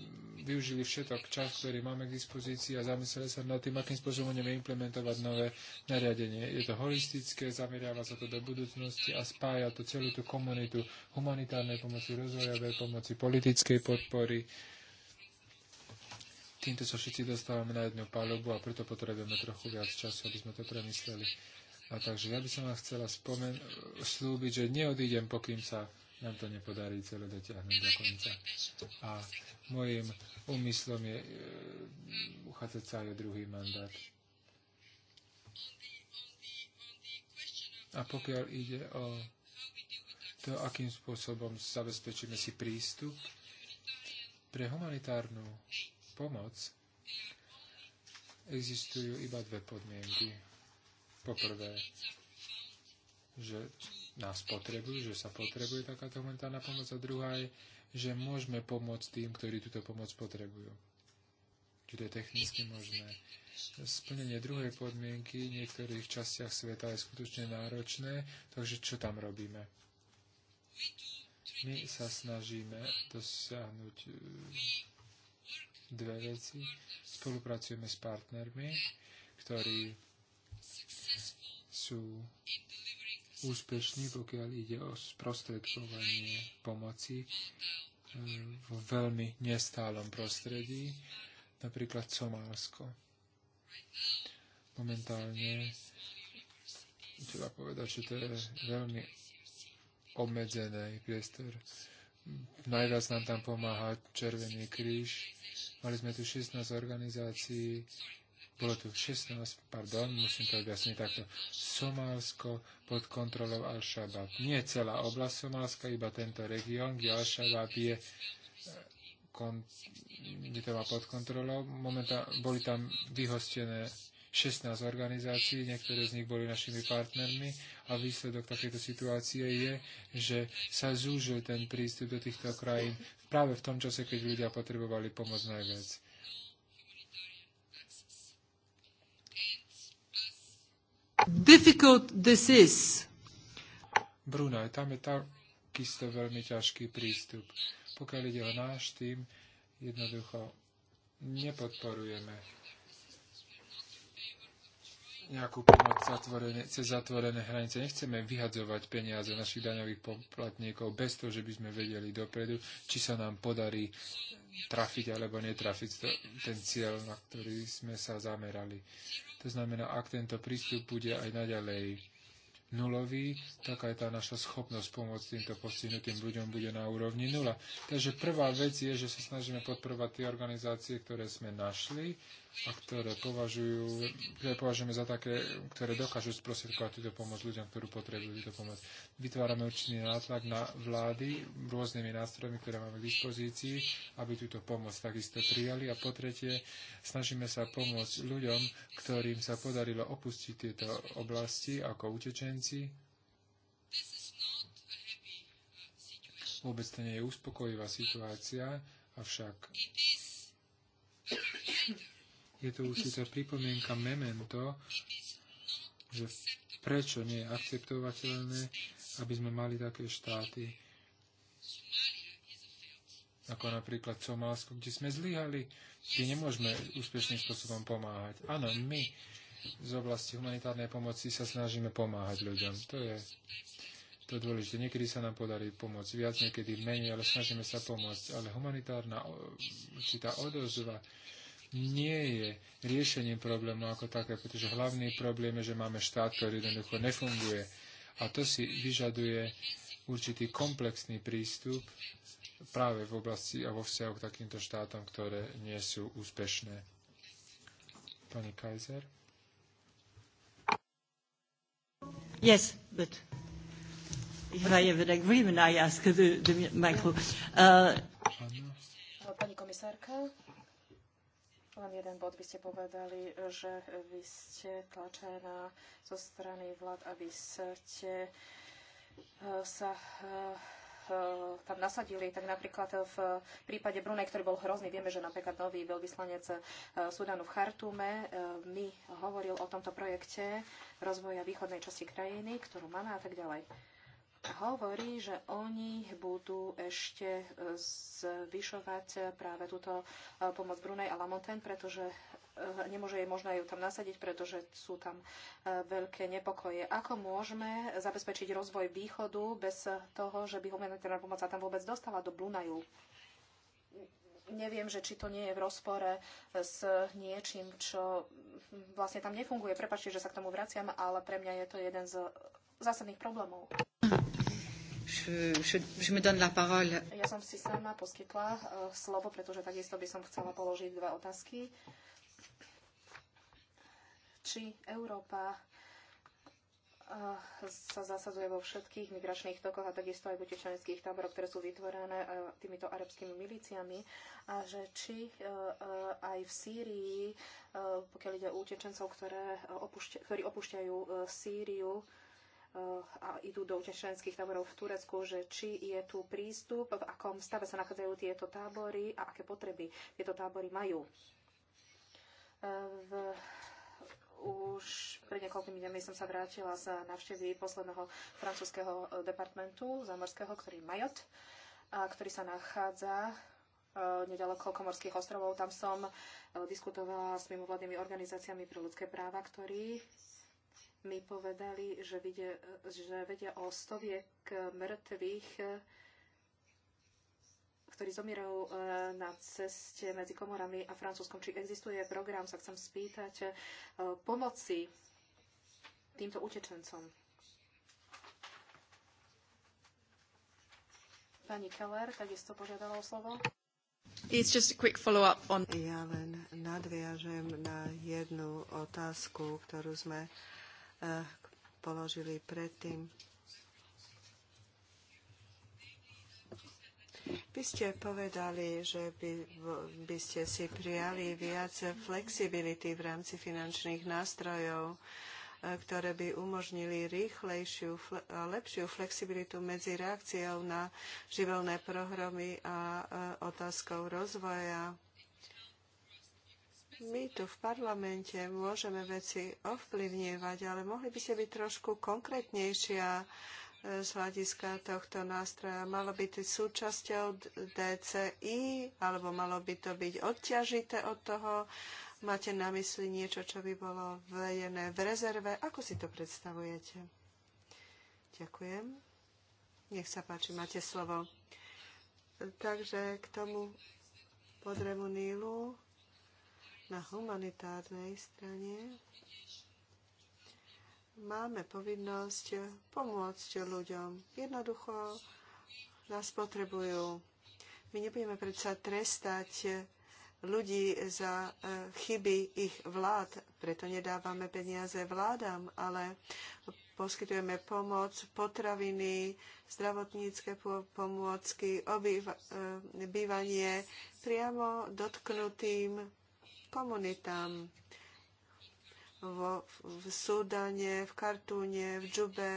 využili všetok čas, ktorý máme k dispozícii a zamysleli sa nad tým, akým spôsobom budeme implementovať nové nariadenie. Je to holistické, zameriava sa to do budúcnosti a spája to celú tú komunitu humanitárnej pomoci, rozvojovej pomoci, politickej podpory, týmto sa všetci dostávame na jednu palubu a preto potrebujeme trochu viac času, aby sme to premysleli. A takže ja by som vám chcela spomen- slúbiť, že neodídem, pokým sa nám to nepodarí celé dotiahnuť do konca. A môjim úmyslom je e, uchádzať sa aj o druhý mandát. A pokiaľ ide o to, akým spôsobom zabezpečíme si prístup pre humanitárnu pomoc, existujú iba dve podmienky. Poprvé, že nás potrebujú, že sa potrebuje takáto humanitárna pomoc a druhá je, že môžeme pomôcť tým, ktorí túto pomoc potrebujú. Čiže to je technicky možné. Splnenie druhej podmienky v niektorých častiach sveta je skutočne náročné, takže čo tam robíme? My sa snažíme dosiahnuť dve veci. Spolupracujeme s partnermi, ktorí sú úspešní, pokiaľ ide o sprostredkovanie pomoci e, v veľmi nestálom prostredí, napríklad Somálsko. Momentálne treba povedať, že to je veľmi obmedzený priestor. Najviac nám tam pomáha Červený kríž, Mali sme tu 16 organizácií, bolo tu 16, pardon, musím to objasniť takto, Somálsko pod kontrolou Al-Shabaab. Nie celá oblasť Somálska, iba tento región, kde Al-Shabaab je eh, kon, kde to má pod kontrolou. Momentá, boli tam vyhostené 16 organizácií, niektoré z nich boli našimi partnermi a výsledok takéto situácie je, že sa zúžil ten prístup do týchto krajín práve v tom čase, keď ľudia potrebovali pomoc najviac. Difficult this is. Brunaj, tam je takisto veľmi ťažký prístup. Pokiaľ ide o náš tým, jednoducho nepodporujeme nejakú pomoc zatvorene, cez zatvorené hranice. Nechceme vyhadzovať peniaze našich daňových poplatníkov bez toho, že by sme vedeli dopredu, či sa nám podarí trafiť alebo netrafiť to, ten cieľ, na ktorý sme sa zamerali. To znamená, ak tento prístup bude aj naďalej nulový, tak aj tá naša schopnosť pomôcť týmto postihnutým ľuďom bude na úrovni nula. Takže prvá vec je, že sa snažíme podporovať tie organizácie, ktoré sme našli, a ktoré, považujú, ktoré považujeme za také, ktoré dokážu sprostredkovať túto pomoc ľuďom, ktorú potrebujú túto pomoc. Vytvárame určitý nátlak na vlády rôznymi nástrojmi, ktoré máme k dispozícii, aby túto pomoc takisto prijali. A po tretie, snažíme sa pomôcť ľuďom, ktorým sa podarilo opustiť tieto oblasti ako utečenci. Vôbec to nie je uspokojivá situácia, avšak je to určitá pripomienka memento, že prečo nie je akceptovateľné, aby sme mali také štáty, ako napríklad Somálsko, kde sme zlyhali, kde nemôžeme úspešným spôsobom pomáhať. Áno, my z oblasti humanitárnej pomoci sa snažíme pomáhať ľuďom. To je to je dôležité. Niekedy sa nám podarí pomôcť viac, niekedy menej, ale snažíme sa pomôcť. Ale humanitárna určitá odozva, nie je riešením problému ako také, pretože hlavný problém je, že máme štát, ktorý jednoducho nefunguje. A to si vyžaduje určitý komplexný prístup práve v oblasti a vo vzťahu k takýmto štátom, ktoré nie sú úspešné. Pani Kaiser? Yes, but if I have an agreement, I ask the, the micro. Uh... Pani komisárka, len jeden bod by ste povedali, že vy ste tlačená zo strany vlád, aby ste eh, sa eh, eh, tam nasadili, tak napríklad v prípade Brunej, ktorý bol hrozný, vieme, že napríklad nový veľvyslanec Sudanu v Chartume mi hovoril o tomto projekte rozvoja východnej časti krajiny, ktorú máme a tak ďalej hovorí, že oni budú ešte e, zvyšovať e, práve túto e, pomoc Brunej a Lamonten, pretože nemôže jej možno ju tam nasadiť, pretože sú tam veľké nepokoje. Ako môžeme zabezpečiť rozvoj východu bez toho, že by humanitárna pomoc sa tam vôbec dostala do Brunaju? Neviem, že či to nie je v rozpore s niečím, čo vlastne tam nefunguje. Prepačte, že sa k tomu vraciam, ale pre mňa je to jeden z zásadných problémov. Je, je, je me donne la parole. Ja som si sama poskytla uh, eh, slovo, pretože takisto by som chcela položiť dve otázky. Či Európa uh, sa zasadzuje vo všetkých migračných tokoch a takisto aj v utečeneckých táboroch, ktoré sú vytvorené uh, týmito arabskými milíciami a že či aj v Sýrii, pokiaľ ide o utečencov, ktoré opušťa, ktorí opúšťajú Sýriu, a idú do utečenských táborov v Turecku, že či je tu prístup, v akom stave sa nachádzajú tieto tábory a aké potreby tieto tábory majú. V už pred niekoľkými dňami som sa vrátila z návštevy posledného francúzského departmentu zamorského, ktorý je Majot, a ktorý sa nachádza e, nedaleko Komorských ostrovov. Tam som e, diskutovala s mimovládnymi organizáciami pre ľudské práva, ktorí mi povedali, že, vidie, že vedia o stoviek mŕtvych, eh, ktorí zomierajú eh, na ceste medzi komorami a Francúzskom. Či existuje program, sa chcem spýtať, eh, pomoci týmto utečencom? Pani Keller takisto požiadala o slovo. It's just a quick follow-up on... Ja len nadviažem na jednu otázku, ktorú sme uh, Eh, položili predtým. Vy ste povedali, že by, by ste si prijali viac flexibility v rámci finančných nástrojov, eh, ktoré by umožnili rýchlejšiu a eh, lepšiu flexibilitu medzi reakciou na živelné programy a otázkou rozvoja my tu v parlamente môžeme veci ovplyvňovať, ale mohli by ste byť trošku konkrétnejšia e, z hľadiska tohto nástroja. Malo by to súčasťou DCI, alebo malo by to byť odťažité od toho? Máte na mysli niečo, čo by bolo vejené v rezerve? Ako si to predstavujete? Ďakujem. Nech sa páči, máte slovo. Takže k tomu podremu Nílu na humanitárnej strane máme povinnosť pomôcť ľuďom. Jednoducho nás potrebujú. My nebudeme predsa trestať ľudí za e, chyby ich vlád. Preto nedávame peniaze vládam, ale poskytujeme pomoc, potraviny, zdravotnícke pomôcky, obýva, e, bývanie priamo dotknutým komunitám vo, v Súdane, v Kartúne, v Džube.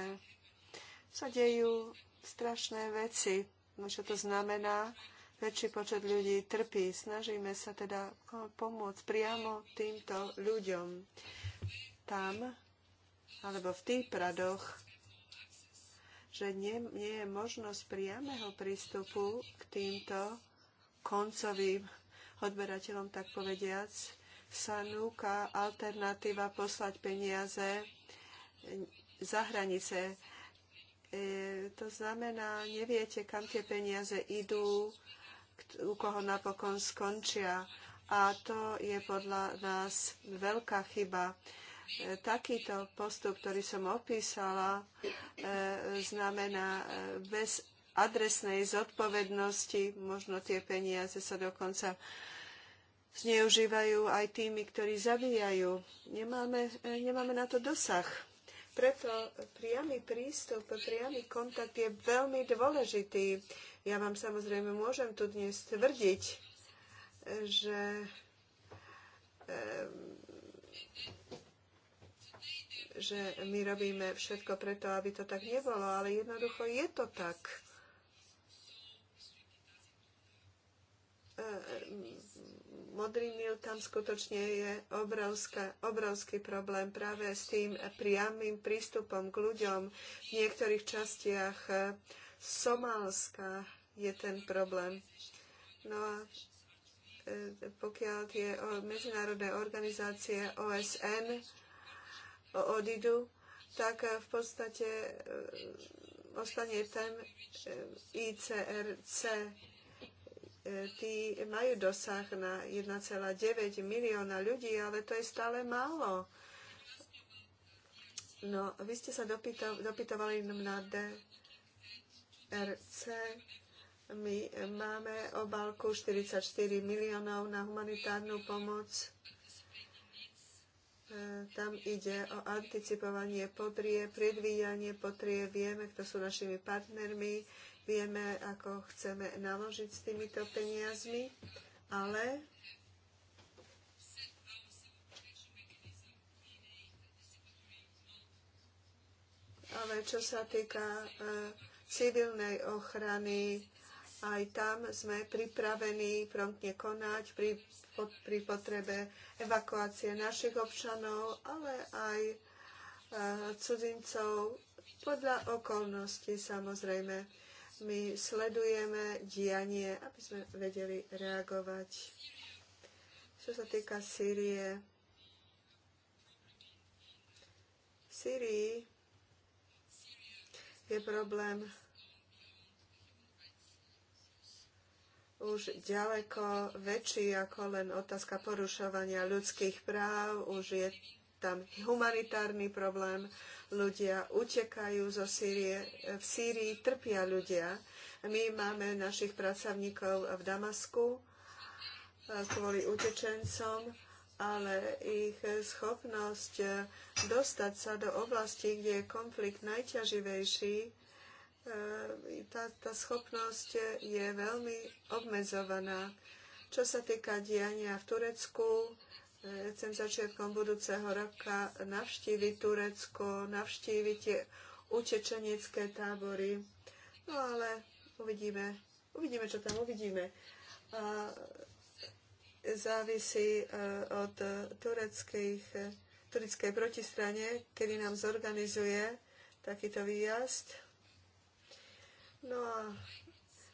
Sa dejú strašné veci. No čo to znamená? Väčší počet ľudí trpí. Snažíme sa teda no, pomôcť priamo týmto ľuďom. Tam, alebo v tých pradoch, že nie, nie je možnosť priameho prístupu k týmto koncovým odberateľom, tak povediac, sa núka alternatíva poslať peniaze za hranice. E, to znamená, neviete, kam tie peniaze idú, u koho napokon skončia. A to je podľa nás veľká chyba e, takýto postup, ktorý som opísala, e, znamená e, bez adresnej zodpovednosti, možno tie peniaze sa dokonca zneužívajú aj tými, ktorí zabíjajú. Nemáme, eh, nemáme na to dosah. Preto priamy prístup, priamy kontakt je veľmi dôležitý. Ja vám samozrejme môžem tu dnes tvrdiť, že že my robíme všetko preto, aby to tak nebolo, ale jednoducho je to tak modrý mil tam skutočne je obrovská, obrovský problém práve s tým priamým prístupom k ľuďom. V niektorých častiach eh, Somálska je ten problém. No a eh, pokiaľ tie medzinárodné organizácie OSN odídu, tak eh, v podstate ostane ten ICRC tí majú dosah na 1,9 milióna ľudí, ale to je stále málo. No, vy ste sa dopytovali na DRC. My máme obálku 44 miliónov na humanitárnu pomoc. E, tam ide o anticipovanie potrie, predvíjanie potrie. Vieme, kto sú našimi partnermi vieme, ako chceme naložiť s týmito peniazmi, ale ale čo sa týka e, civilnej ochrany, aj tam sme pripravení promptne konať pri, pri potrebe evakuácie našich občanov, ale aj e, cudzincov podľa okolností samozrejme my sledujeme dianie, aby sme vedeli reagovať. Čo sa týka Sýrie, v Sýrii je problém už ďaleko väčší ako len otázka porušovania ľudských práv, už je tam humanitárny problém, ľudia utekajú zo Sýrie, v Sýrii trpia ľudia. My máme našich pracovníkov v Damasku eh, kvôli utečencom, ale ich schopnosť eh, dostať sa do oblasti, kde je konflikt najťaživejší, eh, tá, tá schopnosť je veľmi obmedzovaná. Čo sa týka diania v Turecku, chcem začiatkom budúceho roka navštíviť Turecko, navštíviť tie utečenecké tábory. No ale uvidíme, uvidíme, čo tam uvidíme. A závisí e, od tureckých, e, tureckej protistrane, kedy nám zorganizuje takýto výjazd. No a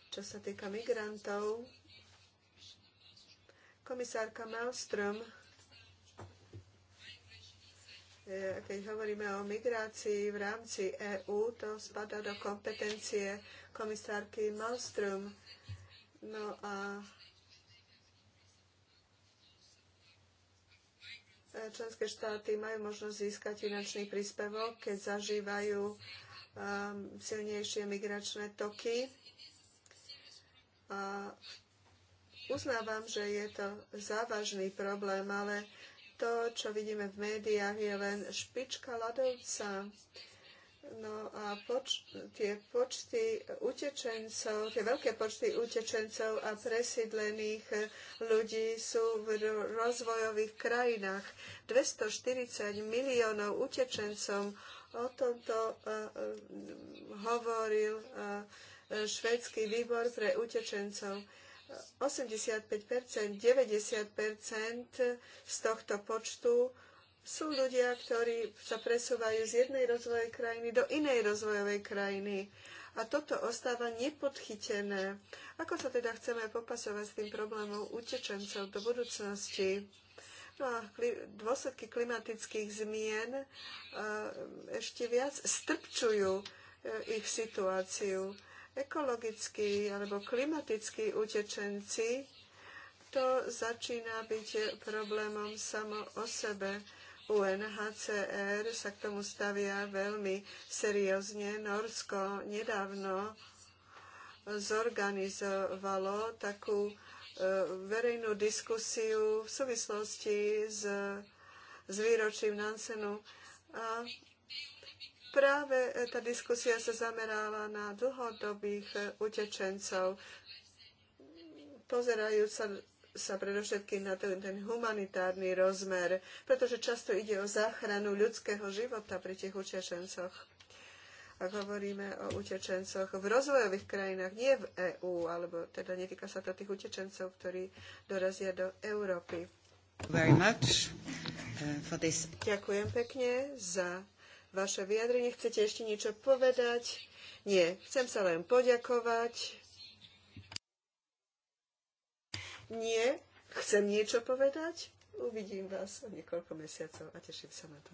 čo sa týka migrantov, komisárka Malmström E, keď hovoríme o migrácii v rámci EÚ, to spada do kompetencie komisárky Malmström. No a e, členské štáty majú možnosť získať finančný príspevok, keď zažívajú e, silnejšie migračné toky. A uznávam, že je to závažný problém, ale to, čo vidíme v médiách, je len špička ľadovca. No a poč- tie počty utečencov, tie veľké počty utečencov a presídlených ľudí sú v rozvojových krajinách. 240 miliónov utečencov. o tomto e, e, hovoril e, švedský výbor pre utečencov. 85 90 z tohto počtu sú ľudia, ktorí sa presúvajú z jednej rozvojovej krajiny do inej rozvojovej krajiny. A toto ostáva nepodchytené. Ako sa teda chceme popasovať s tým problémom utečencov do budúcnosti? No a dôsledky klimatických zmien e, ešte viac strpčujú e, ich situáciu ekologickí alebo klimatickí utečenci, to začína byť problémom samo o sebe. UNHCR sa k tomu stavia veľmi seriózne. Norsko nedávno zorganizovalo takú e, verejnú diskusiu v súvislosti s, s výročím Nansenu a Práve e, tá diskusia sa zamerala na dlhodobých e, utečencov, pozerajúc sa sa predovšetkým na ten, ten humanitárny rozmer, pretože často ide o záchranu ľudského života pri tých utečencoch. Ak hovoríme o utečencoch v rozvojových krajinách, nie v EÚ, alebo teda netýka sa to tých utečencov, ktorí dorazia do Európy. Uh, Ďakujem pekne za vaše vyjadrenie. Chcete ešte niečo povedať? Nie, chcem sa len poďakovať. Nie, chcem niečo povedať. Uvidím vás o niekoľko mesiacov a teším sa na to.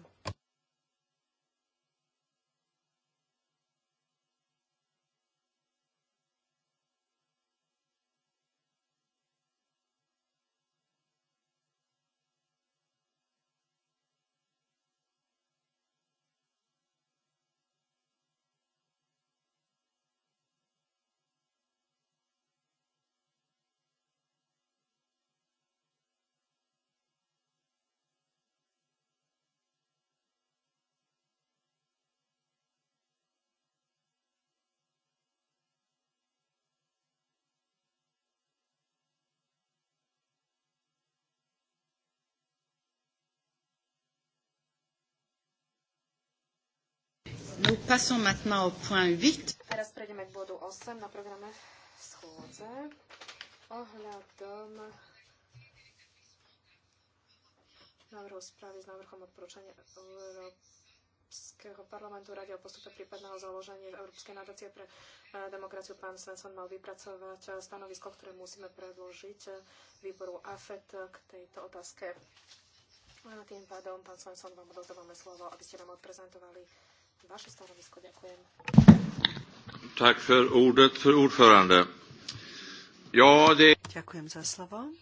Nous passons maintenant au point 8. Teraz prejdeme k bodu 8 na programe schôdze ohľadom návrhu správy s návrhom odporúčania Európskeho parlamentu Rade o postupe prípadného založenia Európskej nadácie pre eh, demokraciu. Pán Svensson mal vypracovať eh, stanovisko, ktoré musíme predložiť eh, výboru AFET k tejto otázke. A tým pádom, pán Svensson, vám odovzdávame slovo, aby ste nám odprezentovali vaše stanovisko. Ďakujem. Tak för ordet, för ordförande. Ja, det... Ďakujem za slovo.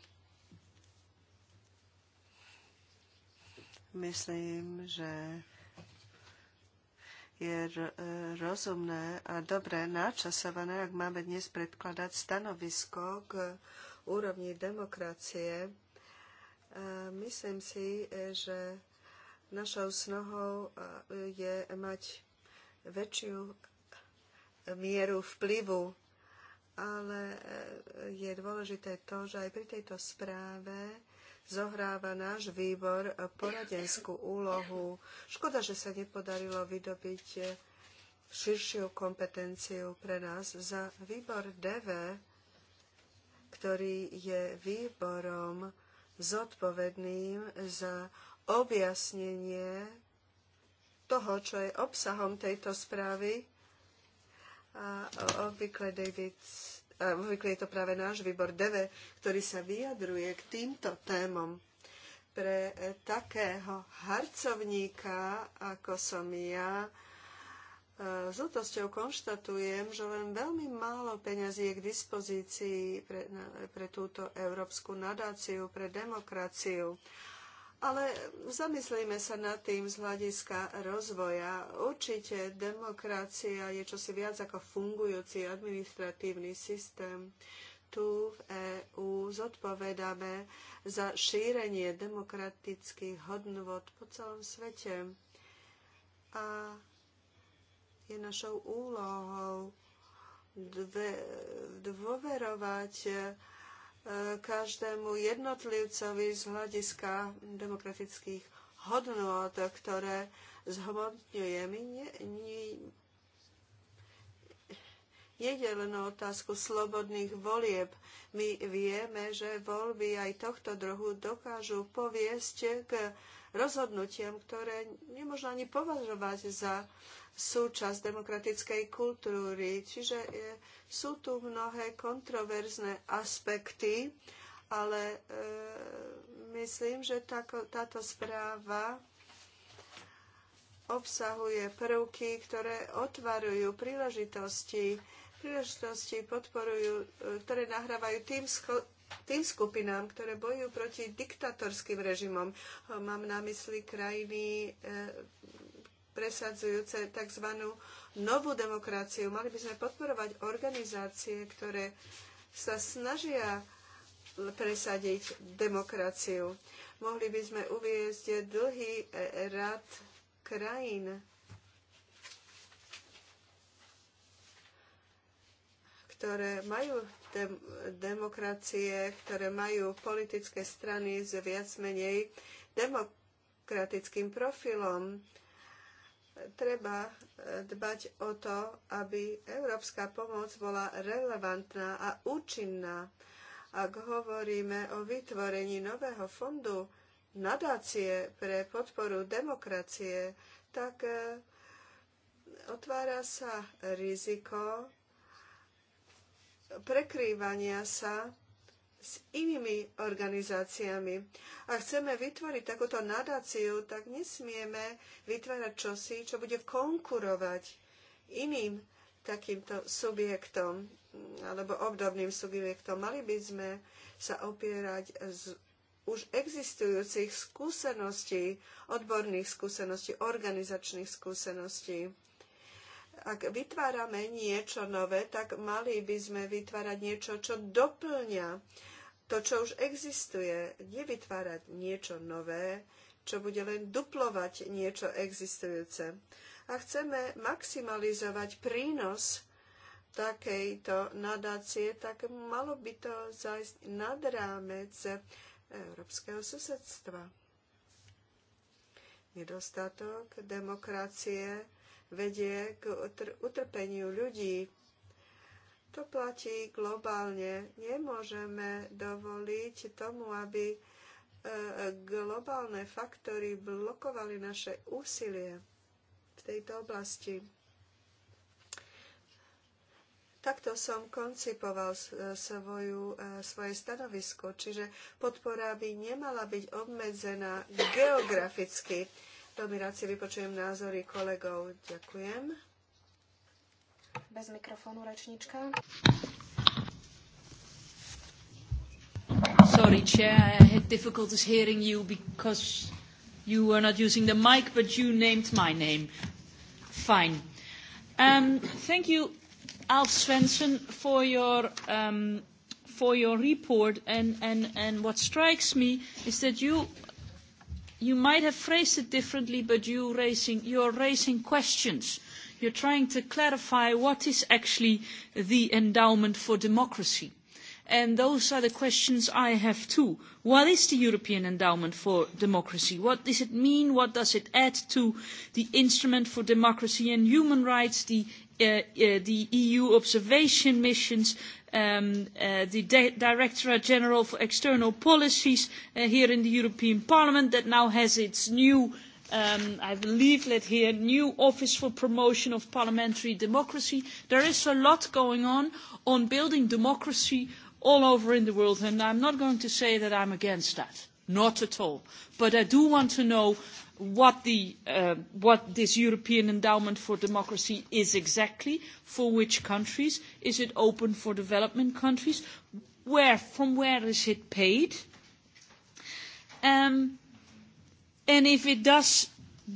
Myslím, že je e, rozumné a dobre načasované, ak máme dnes predkladať stanovisko k úrovni demokracie. E, myslím si, e, že Našou snohou e, je mať väčšiu mieru vplyvu, ale e, je dôležité to, že aj pri tejto správe zohráva náš výbor poradenskú úlohu. Škoda, že sa nepodarilo vydobiť širšiu kompetenciu pre nás za výbor DV, ktorý je výborom zodpovedným za objasnenie toho, čo je obsahom tejto správy. A obvykle, David, a obvykle je to práve náš výbor DV, ktorý sa vyjadruje k týmto témom. Pre takého harcovníka, ako som ja, e, s útosťou konštatujem, že len veľmi málo peňazí je k dispozícii pre, pre túto Európsku nadáciu pre demokraciu. Ale zamyslíme sa nad tým z hľadiska rozvoja. Určite demokracia je čosi viac ako fungujúci administratívny systém. Tu v EÚ zodpovedáme za šírenie demokratických hodnôt po celom svete. A je našou úlohou dve, dôverovať každému jednotlivcovi z hľadiska demokratických hodnot, ktoré zhmotňuje. My nie, nie, je len o otázku slobodných volieb. My vieme, že voľby aj tohto druhu dokážu poviesť k rozhodnutiam, ktoré nemôžno ani považovať za súčasť demokratickej kultúry. Čiže je, sú tu mnohé kontroverzné aspekty, ale e, myslím, že tako, táto správa obsahuje prvky, ktoré otvarujú príležitosti, príležitosti podporujú, e, ktoré nahrávajú tým, tým skupinám, ktoré bojujú proti diktatorským režimom. Mám na mysli krajiny e, presadzujúce tzv. novú demokraciu. Mali by sme podporovať organizácie, ktoré sa snažia presadiť demokraciu. Mohli by sme uviezť dlhý rad krajín, ktoré majú dem- demokracie, ktoré majú politické strany s viac menej demokratickým profilom treba e, dbať o to, aby európska pomoc bola relevantná a účinná. Ak hovoríme o vytvorení nového fondu nadácie pre podporu demokracie, tak e, otvára sa riziko prekrývania sa s inými organizáciami. A chceme vytvoriť takúto nadáciu, tak nesmieme vytvárať čosi, čo bude konkurovať iným takýmto subjektom alebo obdobným subjektom. Mali by sme sa opierať z už existujúcich skúseností, odborných skúseností, organizačných skúseností ak vytvárame niečo nové, tak mali by sme vytvárať niečo, čo doplňa to, čo už existuje, nevytvárať niečo nové, čo bude len duplovať niečo existujúce. A chceme maximalizovať prínos takejto nadácie, tak malo by to zajsť nad rámec európskeho susedstva. Nedostatok demokracie vedie k utrpeniu ľudí to platí globálne. Nemôžeme dovoliť tomu, aby e, globálne faktory blokovali naše úsilie v tejto oblasti. Takto som koncipoval e, svoju, e, svoje stanovisko, čiže podpora by nemala byť obmedzená geograficky. si vypočujem názory kolegov. Ďakujem bez mikrofónu rečnička. Sorry, Chair, I had difficulties hearing you because you were not using the mic, but you named my name. Fine. Um, thank you, Alf Svensson, for your um, for your report and, and, and what strikes me is that you you might have phrased it differently but you raising, you're raising questions you are trying to clarify what is actually the endowment for democracy. And those are the questions I have too. What is the European Endowment for Democracy? What does it mean? What does it add to the Instrument for Democracy and Human Rights, the, uh, uh, the EU observation missions, um, uh, the Directorate General for External Policies uh, here in the European Parliament that now has its new Um, I have a leaflet here, new office for promotion of parliamentary democracy. There is a lot going on on building democracy all over in the world, and I am not going to say that I am against that. Not at all. But I do want to know what, the, uh, what this European Endowment for Democracy is exactly, for which countries, is it open for development countries, where, from where is it paid? Um, And if it does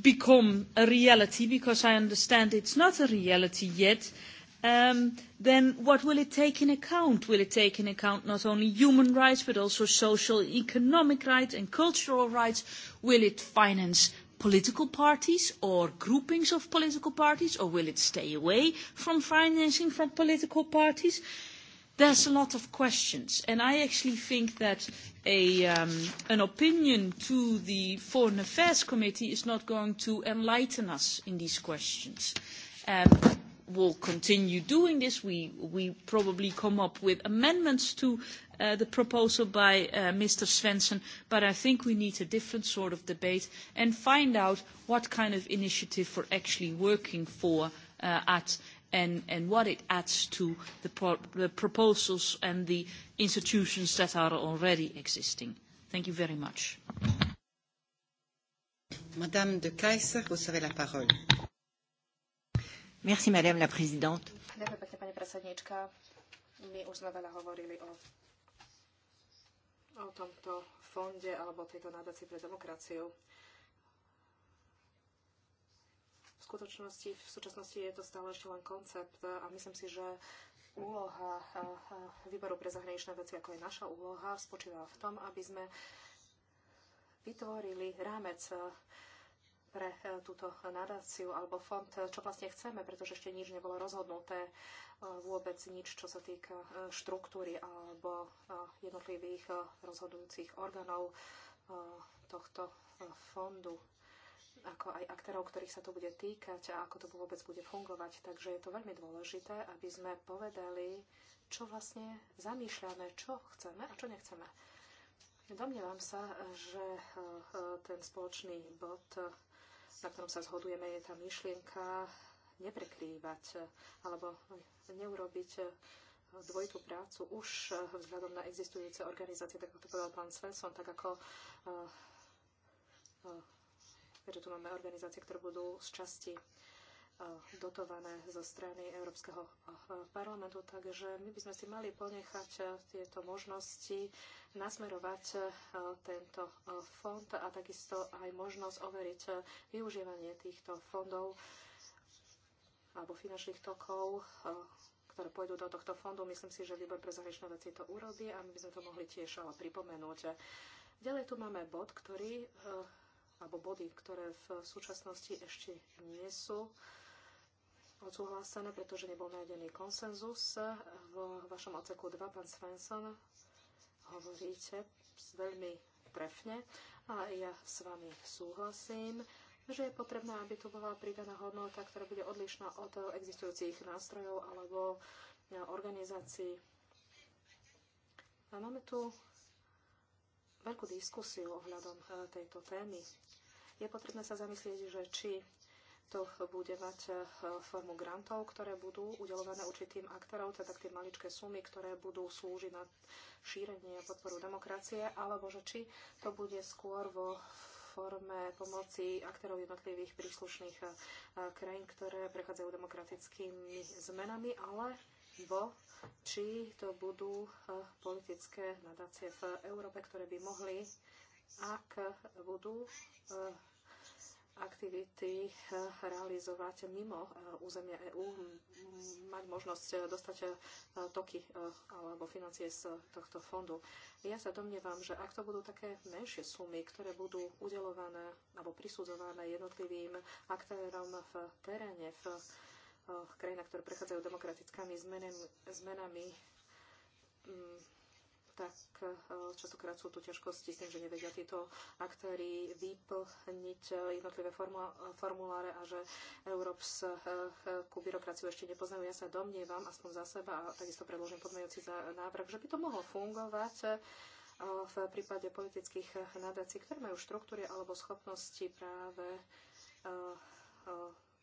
become a reality, because I understand it's not a reality yet, um, then what will it take in account? Will it take in account not only human rights, but also social, economic rights and cultural rights? Will it finance political parties or groupings of political parties, or will it stay away from financing from political parties? Uh, there's a lot of questions, and I actually think that a, um, an opinion to the Foreign Affairs Committee is not going to enlighten us in these questions. Um, will continue doing this. We, we probably come up with amendments to uh, the proposal by uh, Mr. Svensson, but I think we need a different sort of debate and find out what kind of initiative we're actually working for uh, at and, and what it adds to the, pro the proposals and the institutions that are already existing. Thank you very much. Madame de Kaiser, vous avez la parole. Merci, madame la présidente. My už sme veľa hovorili o, o tomto fonde alebo tejto nadácii pre demokraciu. skutočnosti v súčasnosti je to stále ešte len koncept a myslím si, že úloha výboru pre zahraničné veci, ako je naša úloha, spočíva v tom, aby sme vytvorili rámec pre túto nadáciu alebo fond, čo vlastne chceme, pretože ešte nič nebolo rozhodnuté, vôbec nič, čo sa týka štruktúry alebo jednotlivých rozhodujúcich orgánov tohto fondu ako aj aktérov, ktorých sa to bude týkať a ako to vôbec bude fungovať. Takže je to veľmi dôležité, aby sme povedali, čo vlastne zamýšľame, čo chceme a čo nechceme. Domnievam sa, že e, e, ten spoločný bod, e, na ktorom sa zhodujeme, je tá myšlienka neprekrývať alebo neurobiť dvojitú prácu už vzhľadom na existujúce organizácie, tak ako to povedal pán Svensson, tak ako Takže tu máme organizácie, ktoré budú z časti eh, dotované zo strany Európskeho eh, parlamentu, takže my by sme si mali ponechať eh, tieto možnosti, nasmerovať tento fond a takisto aj možnosť overiť využívanie týchto fondov alebo finančných tokov, ktoré pôjdu do tohto fondu. Myslím si, že výbor pre zahraničné veci to urobí a my by sme to mohli tiež pripomenúť. Ďalej tu máme bod, ktorý alebo body, ktoré v súčasnosti ešte nie sú odsúhlasené, pretože nebol nájdený konsenzus. V vašom odseku 2, pán Svensson, hovoríte veľmi trefne a ja s vami súhlasím že je potrebné, aby tu bola pridaná hodnota, ktorá bude odlišná od existujúcich nástrojov alebo organizácií. A máme tu veľkú diskusiu ohľadom e, tejto témy. Je potrebné sa zamyslieť, že či to bude mať e, formu grantov, ktoré budú udelované určitým aktorom, teda tie maličké sumy, ktoré budú slúžiť na šírenie a podporu demokracie, alebo že či to bude skôr vo forme pomoci aktorov jednotlivých príslušných e, krajín, ktoré prechádzajú demokratickými zmenami, ale vo, či to budú e, politické nadácie v Európe, ktoré by mohli, ak budú e, aktivity e, realizovať mimo územia EÚ, mať možnosť dostať toky alebo financie z tohto fondu. Ja sa domnievam, že ak to budú také menšie sumy, ktoré budú udelované alebo prisudzované jednotlivým aktérom v teréne, v v krajinách, ktoré prechádzajú demokratickými zmenami, zmenami tak e, častokrát sú tu ťažkosti s tým, že nevedia títo aktéry vyplniť jednotlivé formuláre a že európsku byrokraciu ešte nepoznajú. Ja sa domnievam, aspoň za seba, a takisto predložím podmajúci návrh, že by to mohlo fungovať e, v prípade politických nadácií, ktoré majú štruktúry alebo schopnosti práve e,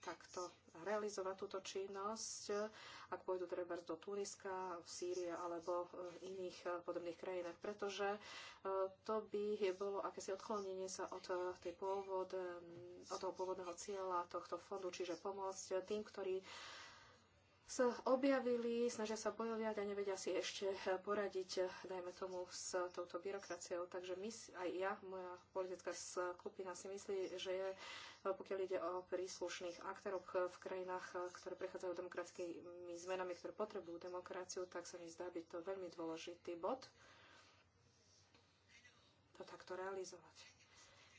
takto realizovať túto činnosť, ak pôjdu treba do Tuniska, v Sýrie alebo v iných eh, podobných krajinách, pretože eh, to by bolo akési odklonenie sa od, eh, tej pôvod, od toho pôvodného cieľa tohto fondu, čiže pomôcť tým, ktorí sa objavili, snažia sa bojovať a nevedia si ešte poradiť, dajme tomu, s touto byrokraciou. Takže my, aj ja, moja politická skupina si myslí, že je, pokiaľ ide o príslušných aktérov v krajinách, ktoré prechádzajú demokratickými zmenami, ktoré potrebujú demokraciu, tak sa mi zdá byť to veľmi dôležitý bod to takto realizovať.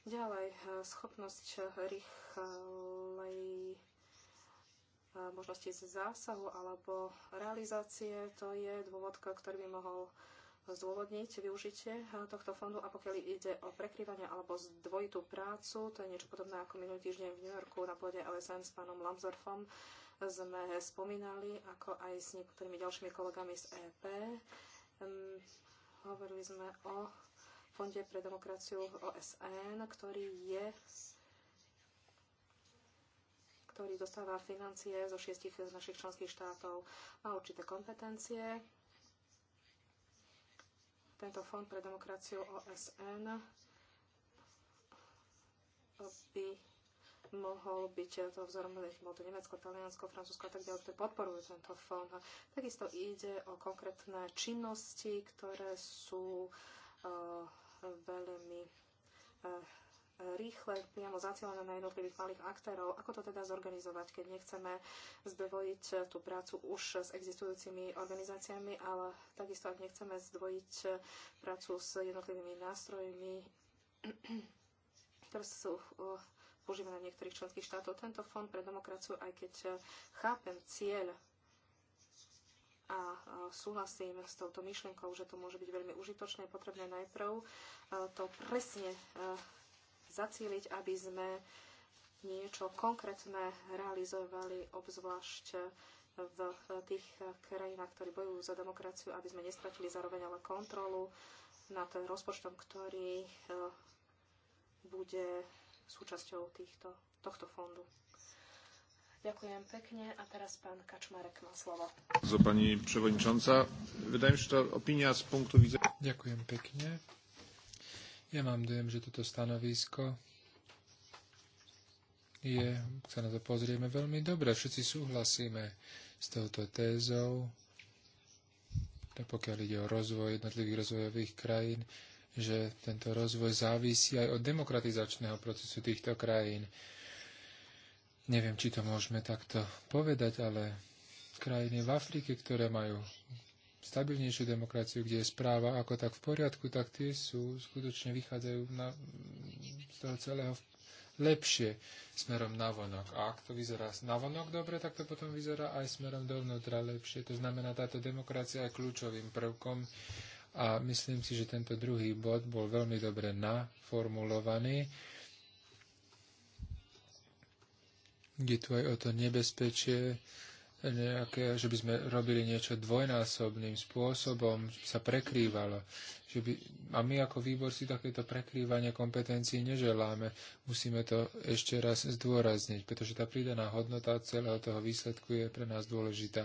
Ďalej, eh, schopnosť eh, rýchlej E, možnosti zásahu alebo realizácie, to je dôvod, ktorý by mohol zdôvodniť využitie e, tohto fondu a pokiaľ ide o prekrývanie alebo dvojitú prácu, to je niečo podobné ako minulý týždeň v New Yorku na pôde LSN s pánom Lamsorfom sme spomínali, ako aj s niektorými ďalšími kolegami z EP. Um, hovorili sme o Fonde pre demokraciu OSN, ktorý je ktorý dostáva financie zo šiestich z našich členských štátov, má určité kompetencie. Tento fond pre demokraciu OSN by mohol byť to vzorom, bolo to Nemecko, Taliansko, Francúzsko a tak ďalej, ktoré podporujú tento fond. Takisto ide o konkrétne činnosti, ktoré sú uh, veľmi uh, rýchle, priamo zacielené na jednotlivých malých aktérov. Ako to teda zorganizovať, keď nechceme zdvojiť eh, tú prácu už s existujúcimi organizáciami, ale takisto ak nechceme zdvojiť eh, prácu s jednotlivými nástrojmi, ktoré sú eh, používané v niektorých členských štátov. Tento fond pre demokraciu, aj keď chápem cieľ a súhlasím s touto myšlienkou, že to môže byť veľmi užitočné, potrebné najprv to presne zacíliť, aby sme niečo konkrétne realizovali, obzvlášť v tých krajinách, ktorí bojujú za demokraciu, aby sme nestratili zároveň ale kontrolu nad rozpočtom, ktorý eh, bude súčasťou týchto, tohto fondu. Ďakujem pekne a teraz pán Kačmarek má slovo. Pani przewodnicząca, wydaje mi się, że opinia z punktu widzenia... Ďakujem pekne. Ja mám dojem, že toto stanovisko je, sa na to pozrieme veľmi dobre, všetci súhlasíme s touto tézou, pokiaľ ide o rozvoj jednotlivých rozvojových krajín, že tento rozvoj závisí aj od demokratizačného procesu týchto krajín. Neviem, či to môžeme takto povedať, ale krajiny v Afrike, ktoré majú stabilnejšiu demokraciu, kde je správa ako tak v poriadku, tak tie sú, skutočne vychádzajú na, z toho celého lepšie smerom na vonok. A ak to vyzerá na vonok dobre, tak to potom vyzerá aj smerom dovnútra lepšie. To znamená, táto demokracia je kľúčovým prvkom a myslím si, že tento druhý bod bol veľmi dobre naformulovaný. Je tu aj o to nebezpečie, nejaké, že by sme robili niečo dvojnásobným spôsobom, sa prekrývalo. Že by, a my ako výbor si takéto prekrývanie kompetencií neželáme. Musíme to ešte raz zdôrazniť, pretože tá prídaná hodnota celého toho výsledku je pre nás dôležitá.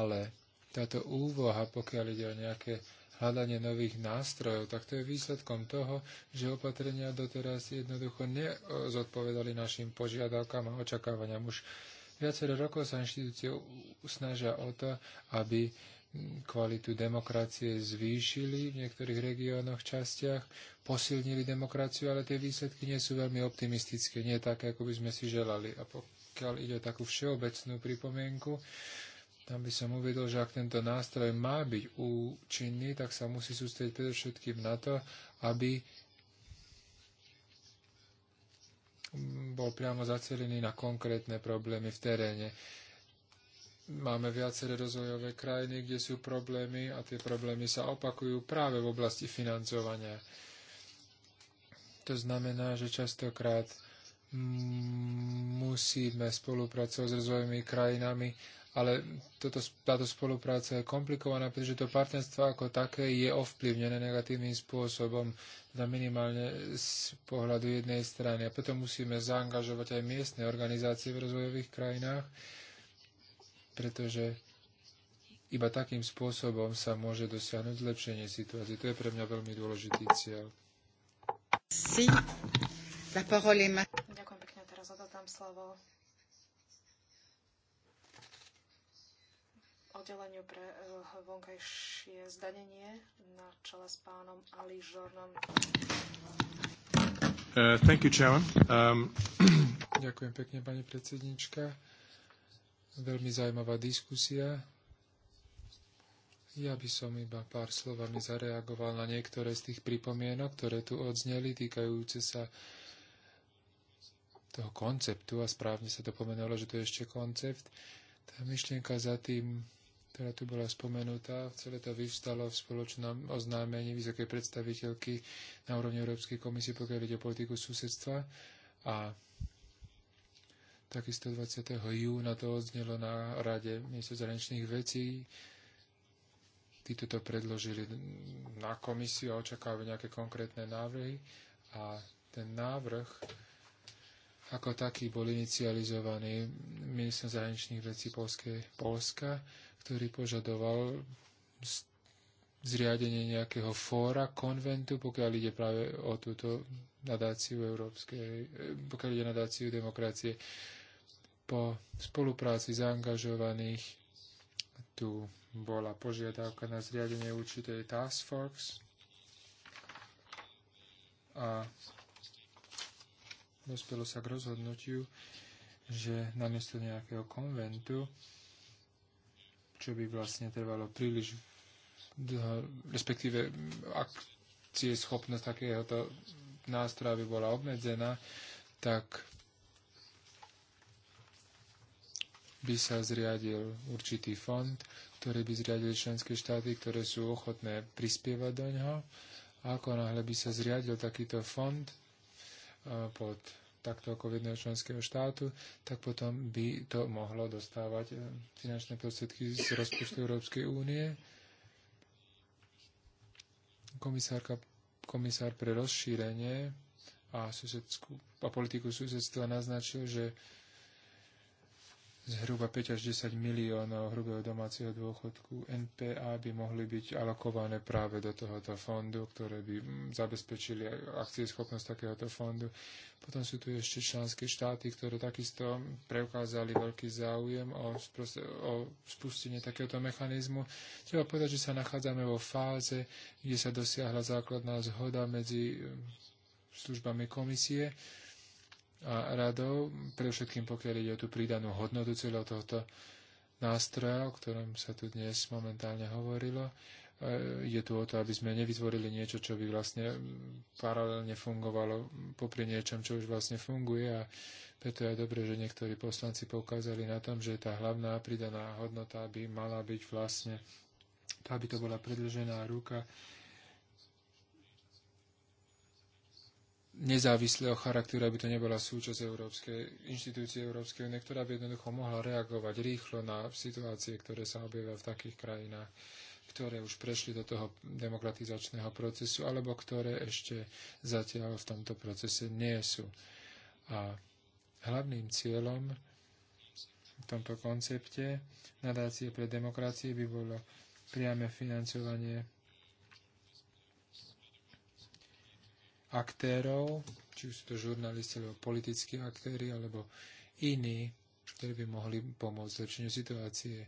Ale táto úvoha, pokiaľ ide o nejaké hľadanie nových nástrojov, tak to je výsledkom toho, že opatrenia doteraz jednoducho nezodpovedali našim požiadavkám a očakávaniam. Už Viacero rokov sa inštitúcie snažia o to, aby kvalitu demokracie zvýšili v niektorých regiónoch, častiach, posilnili demokraciu, ale tie výsledky nie sú veľmi optimistické, nie také, ako by sme si želali. A pokiaľ ide o takú všeobecnú pripomienku, tam by som uvedol, že ak tento nástroj má byť účinný, tak sa musí sústrediť predovšetkým na to, aby bol priamo zacelený na konkrétne problémy v teréne. Máme viaceré rozvojové krajiny, kde sú problémy a tie problémy sa opakujú práve v oblasti financovania. To znamená, že častokrát musíme spolupracovať s rozvojovými krajinami ale toto, táto spolupráca je komplikovaná, pretože to partnerstvo ako také je ovplyvnené negatívnym spôsobom, na minimálne z pohľadu jednej strany. A preto musíme zaangažovať aj miestne organizácie v rozvojových krajinách, pretože iba takým spôsobom sa môže dosiahnuť zlepšenie situácie. To je pre mňa veľmi dôležitý cieľ. Ďakujem pekne, teraz odotám slovo oddeleniu pre eh, vonkajšie zdanenie na čele s pánom Ali Žornom. Uh, thank you, Chairman. Um... Ďakujem pekne, pani predsednička. Veľmi zaujímavá diskusia. Ja by som iba pár slovami zareagoval na niektoré z tých pripomienok, ktoré tu odzneli, týkajúce sa toho konceptu, a správne sa to pomenovalo, že to je ešte koncept. Tá myšlienka za tým ktorá tu bola spomenutá. Celé to vyvstalo v spoločnom oznámení vysokej predstaviteľky na úrovni Európskej komisie, pokiaľ ide o politiku susedstva. A takisto 20. júna to odznelo na Rade miestov zahraničných vecí. Títo to predložili na komisiu a očakávajú nejaké konkrétne návrhy. A ten návrh ako taký bol inicializovaný ministrom zahraničných vecí Polske, Polska ktorý požadoval zriadenie nejakého fóra, konventu, pokiaľ ide práve o túto nadáciu európskej, eh, pokiaľ ide nadáciu demokracie. Po spolupráci zaangažovaných tu bola požiadavka na zriadenie určitej task force a dospelo sa k rozhodnutiu, že namiesto nejakého konventu čo by vlastne trvalo príliš dlho, respektíve akcie schopnosť takéhoto nástroja by bola obmedzená, tak by sa zriadil určitý fond, ktorý by zriadili členské štáty, ktoré sú ochotné prispievať do ňoho. A ako náhle by sa zriadil takýto fond pod takto ako jedného členského štátu, tak potom by to mohlo dostávať eh, finančné prostriedky z rozpočtu Európskej únie. Komisárka, komisár pre rozšírenie a, susedskú, a politiku susedstva naznačil, že zhruba 5 až 10 miliónov hrubého domáceho dôchodku NPA by mohli byť alokované práve do tohoto fondu, ktoré by mm, zabezpečili schopnosť takéhoto fondu. Potom sú tu ešte členské štáty, ktoré takisto preukázali veľký záujem o, o spustenie takéhoto mechanizmu. Treba povedať, že sa nachádzame vo fáze, kde sa dosiahla základná zhoda medzi mm, službami komisie a radou, všetkým pokiaľ ide o tú pridanú hodnotu celého tohoto nástroja, o ktorom sa tu dnes momentálne hovorilo. E, je tu o to, aby sme nevytvorili niečo, čo by vlastne paralelne fungovalo popri niečom, čo už vlastne funguje a preto je dobre, že niektorí poslanci poukázali na tom, že tá hlavná pridaná hodnota by mala byť vlastne, aby to bola predlžená ruka nezávislého charakteru, aby to nebola súčasť Európskej inštitúcie Európskej únie, ktorá by jednoducho mohla reagovať rýchlo na situácie, ktoré sa objavia v takých krajinách, ktoré už prešli do toho demokratizačného procesu, alebo ktoré ešte zatiaľ v tomto procese nie sú. A hlavným cieľom v tomto koncepte nadácie pre demokracie by bolo priame financovanie aktérov, či už sú to žurnalisti, alebo politickí aktéry, alebo iní, ktorí by mohli pomôcť zlepšeniu situácie.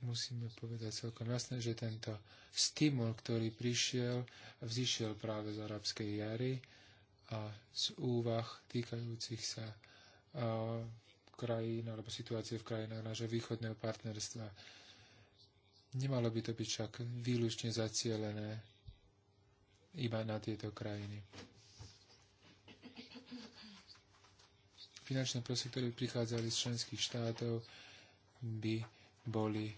Musíme povedať celkom jasné, že tento stimul, ktorý prišiel, vzýšiel práve z arabskej jary a z úvah týkajúcich sa uh, krajín alebo situácie v krajinách nášho východného partnerstva. Nemalo by to byť však výlučne zacielené iba na tieto krajiny. Finančné prostriedky, ktoré prichádzali z členských štátov, by boli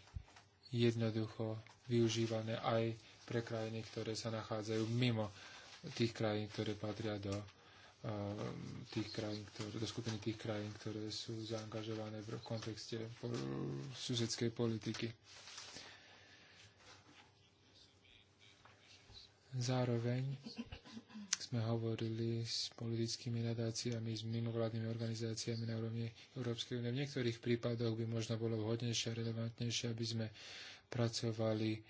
jednoducho využívané aj pre krajiny, ktoré sa nachádzajú mimo tých krajín, ktoré patria do, eh, tých krajín, ktoré, do skupiny tých krajín, ktoré sú zaangažované v kontexte susedskej politiky. Zároveň sme hovorili s politickými nadáciami, s mimovládnymi organizáciami na úrovni Európskej únie. V niektorých prípadoch by možno bolo vhodnejšie a relevantnejšie, aby sme pracovali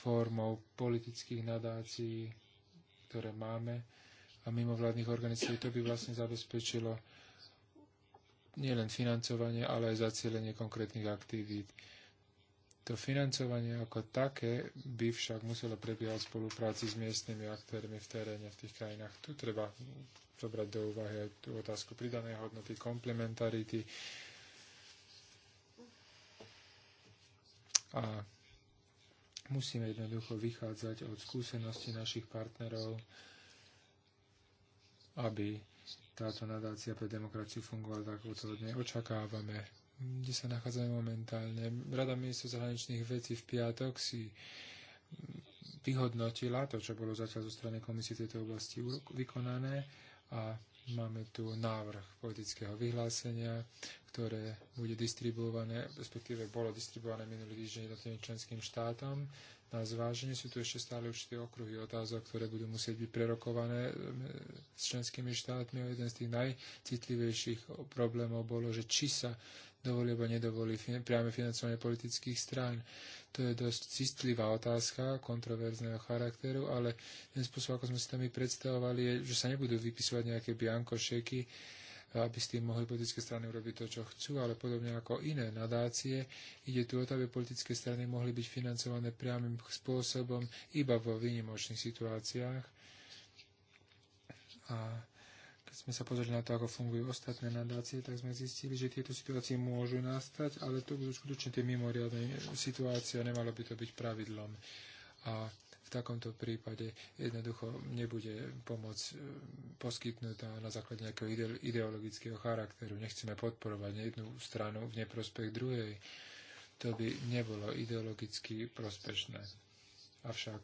formou politických nadácií, ktoré máme a mimovládnych organizácií. To by vlastne zabezpečilo nielen financovanie, ale aj zacielenie konkrétnych aktivít. To financovanie ako také by však muselo prebiehať v spolupráci s miestnymi aktérmi v teréne v tých krajinách. Tu treba zobrať do úvahy aj tú otázku pridanej hodnoty, komplementarity a musíme jednoducho vychádzať od skúsenosti našich partnerov, aby táto nadácia pre demokraciu fungovala tak, ako to od nej očakávame kde sa nachádzame momentálne. Rada ministra zahraničných vecí v piatok si vyhodnotila to, čo bolo zatiaľ zo strany komisie v tejto oblasti vykonané a máme tu návrh politického vyhlásenia, ktoré bude distribuované, respektíve bolo distribuované minulý týždeň jednotlivým členským štátom. Na zváženie sú tu ešte stále určité okruhy otázok, ktoré budú musieť byť prerokované eh, s členskými štátmi. jeden z tých najcitlivejších problémov bolo, že či sa dovolí alebo nedovolí priame financovanie politických strán. To je dosť cistlivá otázka, kontroverzného charakteru, ale ten spôsob, ako sme si to my predstavovali, je, že sa nebudú vypisovať nejaké biankošeky, aby s tým mohli politické strany urobiť to, čo chcú, ale podobne ako iné nadácie, ide tu o to, aby politické strany mohli byť financované priamým spôsobom iba vo výnimočných situáciách. A keď sme sa pozreli na to, ako fungujú ostatné nadácie, tak sme zistili, že tieto situácie môžu nastať, ale to budú skutočne tie mimoriadne situácie a nemalo by to byť pravidlom. A v takomto prípade jednoducho nebude pomoc e, poskytnutá na základe nejakého ideologického charakteru. Nechceme podporovať jednu stranu v neprospech druhej. To by nebolo ideologicky prospešné. Avšak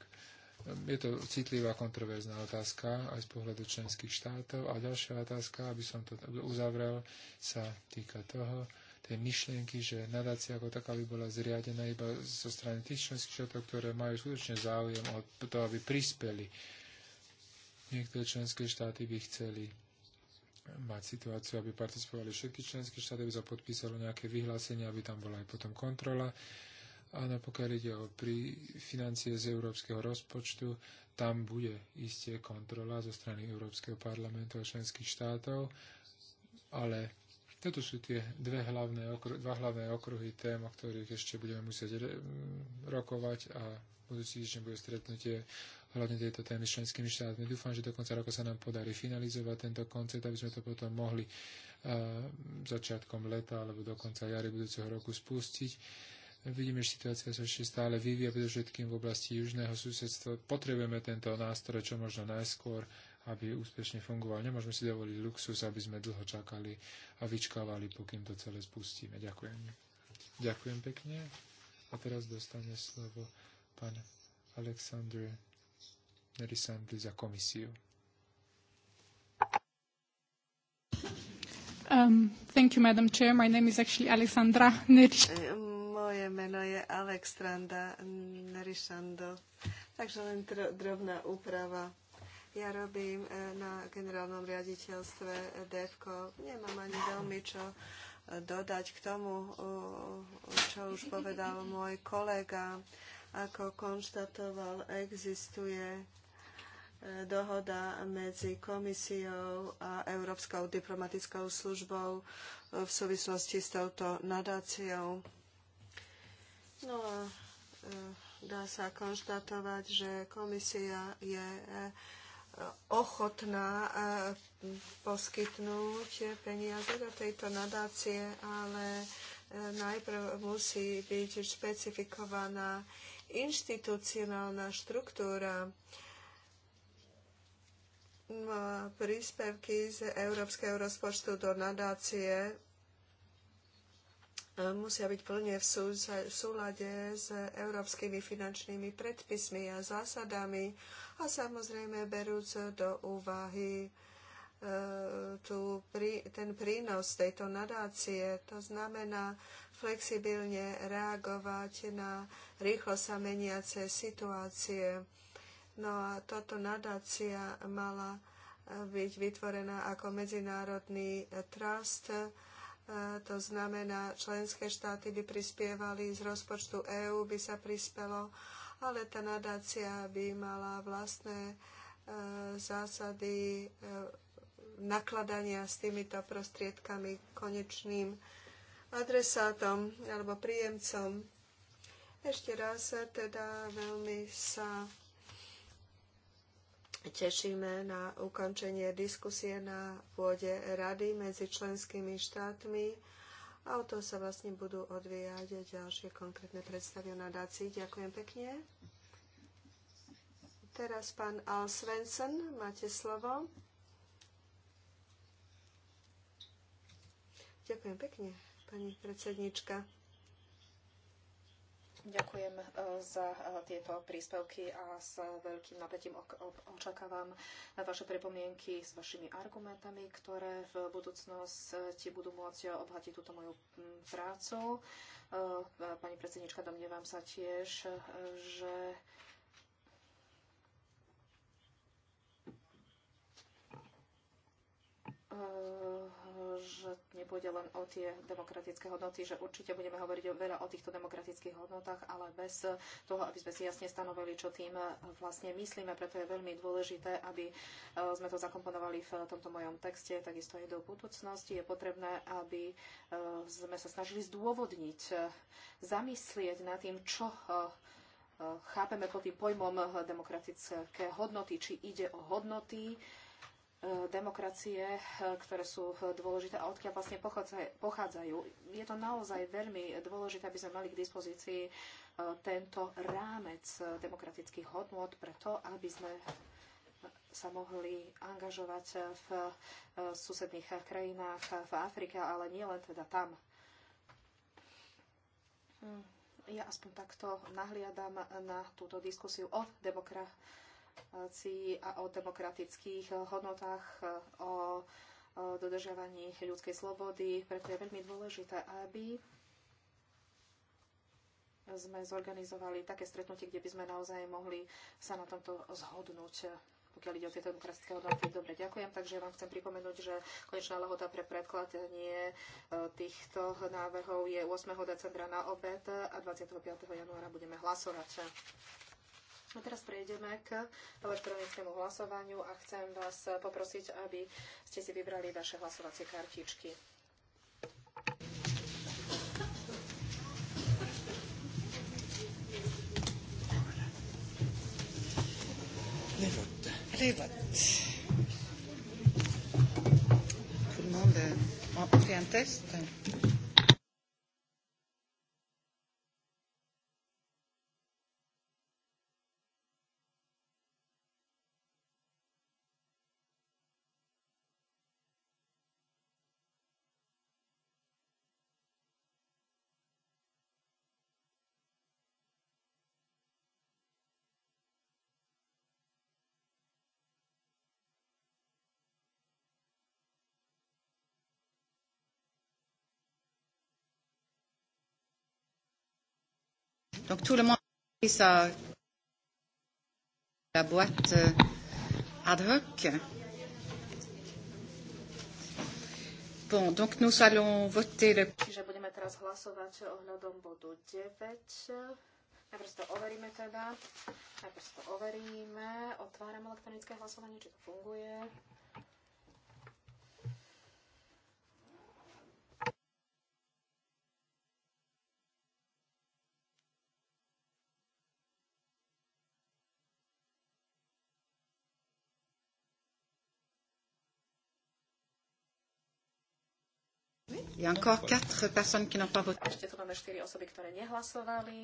je to citlivá kontroverzná otázka aj z pohľadu členských štátov. A ďalšia otázka, aby som to uzavrel, sa týka toho, tej myšlienky, že nadácia ako taká by bola zriadená iba zo strany tých členských štátov, ktoré majú skutočne záujem o to, aby prispeli. Niektoré členské štáty by chceli mať situáciu, aby participovali všetky členské štáty, aby sa podpísalo nejaké vyhlásenie, aby tam bola aj potom kontrola. Áno, pokiaľ ide o pri financie z európskeho rozpočtu, tam bude isté kontrola zo strany Európskeho parlamentu a členských štátov, ale toto sú tie dve hlavné okru, dva hlavné okruhy tém, o ktorých ešte budeme musieť rokovať a budúci týždeň bude stretnutie hľadne tejto témy s členskými štátmi. Dúfam, že do konca roka sa nám podarí finalizovať tento koncept, aby sme to potom mohli uh, začiatkom leta alebo do konca jary budúceho roku spustiť Vidíme, že situácia sa ešte stále vyvíja, predovšetkým v oblasti južného susedstva. Potrebujeme tento nástroj čo možno najskôr, aby úspešne fungoval. Nemôžeme si dovoliť luxus, aby sme dlho čakali a vyčkávali, pokým to celé spustíme. Ďakujem. Ďakujem pekne. A teraz dostane slovo pán Aleksandr Nerisandli za komisiu. Um, thank you, Madam Chair. My name is actually Alexandra Neri. Moje meno je Alexandra Nerisando. Takže len drobná úprava. Ja robím e, na generálnom riaditeľstve DEVKO. Nemám ani veľmi čo e, dodať k tomu, e, čo už povedal môj kolega. Ako konštatoval, existuje dohoda medzi komisiou a Európskou diplomatickou službou v súvislosti s touto nadáciou. No a e, dá sa konštatovať, že komisia je e, ochotná e, poskytnúť peniaze do tejto nadácie, ale najprv musí byť špecifikovaná inštitucionálna štruktúra no príspevky z európskeho rozpočtu do nadácie musia byť plne v, súlade s európskymi finančnými predpismi a zásadami a samozrejme berúc do úvahy e, tú, ten prínos tejto nadácie. To znamená flexibilne reagovať na rýchlo sa meniace situácie. No a táto nadácia mala e, byť vytvorená ako medzinárodný trust, to znamená, členské štáty by prispievali z rozpočtu EÚ, by sa prispelo, ale tá nadácia by mala vlastné e, zásady e, nakladania s týmito prostriedkami konečným adresátom alebo príjemcom. Ešte raz e, teda veľmi sa tešíme na ukončenie diskusie na pôde rady medzi členskými štátmi a o to sa vlastne budú odvíjať ďalšie konkrétne predstavy o nadácii. Ďakujem pekne. Teraz pán Al Svensson, máte slovo. Ďakujem pekne, pani predsednička. Ďakujem e, za e, tieto príspevky a s veľkým napätím očakávam na vaše pripomienky s vašimi argumentami, ktoré v budúcnosti budú môcť obhatiť túto moju prácu. E, pani predsednička, domnievam sa tiež, že že nepôjde len o tie demokratické hodnoty, že určite budeme hovoriť o, veľa o týchto demokratických hodnotách, ale bez toho, aby sme si jasne stanovili, čo tým eh, vlastne myslíme. Preto je veľmi dôležité, aby eh, sme to zakomponovali v tomto mojom texte, takisto aj do budúcnosti. Je potrebné, aby eh, sme sa snažili zdôvodniť, zamyslieť nad tým, čo chápeme pod tým pojmom demokratické hodnoty, či ide o hodnoty, demokracie, ktoré sú dôležité a odkiaľ vlastne pochádzajú. Je to naozaj veľmi dôležité, aby sme mali k dispozícii e, tento rámec demokratických hodnôt preto, aby sme sa mohli angažovať v e, susedných krajinách v Afrike, ale nielen teda tam. Hm, ja aspoň takto nahliadam na túto diskusiu o demokracii demokracii a o demokratických hodnotách, o dodržiavaní ľudskej slobody. Preto je veľmi dôležité, aby sme zorganizovali také stretnutie, kde by sme naozaj mohli sa na tomto zhodnúť pokiaľ ide o tieto demokratické hodnoty. Dobre, ďakujem. Takže vám chcem pripomenúť, že konečná lehota pre predkladanie e, týchto návrhov je 8. decembra na obed a 25. januára budeme hlasovať. A teraz prejdeme k elektronickému hlasovaniu a chcem vás poprosiť, aby ste si vybrali vaše hlasovacie kartičky. Tout le monde, a pris un test. Donc tout le monde a pris sa la boîte euh, ad hoc. Bon, donc nous allons voter le... Čiže budeme teraz hlasovať ohľadom bodu 9. Najprv si to overíme teda. Najprv si to overíme. Otváram elektronické hlasovanie, či to funguje. A ešte tu máme 4 osoby, ktoré nehlasovali.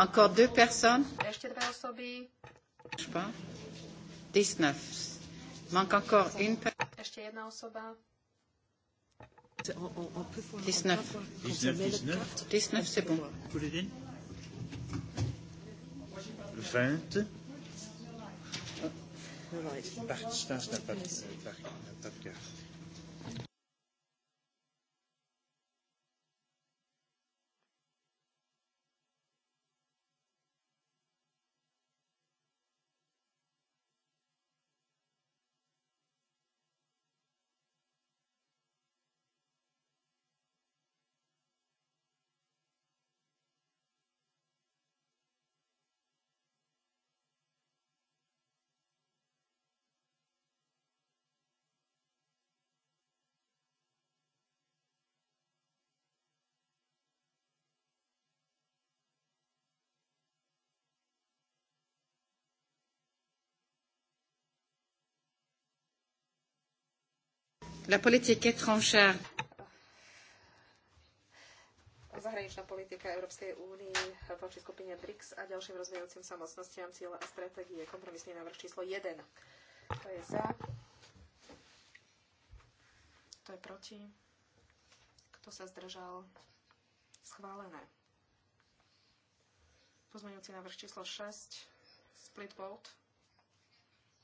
Encore deux personnes. Ešte dve pas. 19. Manque encore une personne. 19. 19, c'est bon. 20. Right. Bart Stas n'a pas de carte. La politique étrangère. Zahraničná politika Európskej únie voči skupine BRICS a ďalším rozvíjajúcim sa mocnostiam cieľa a stratégie. Kompromisný návrh číslo 1. To je za. To je proti. Kto sa zdržal? Schválené. Pozmeňujúci návrh číslo 6. Split vote.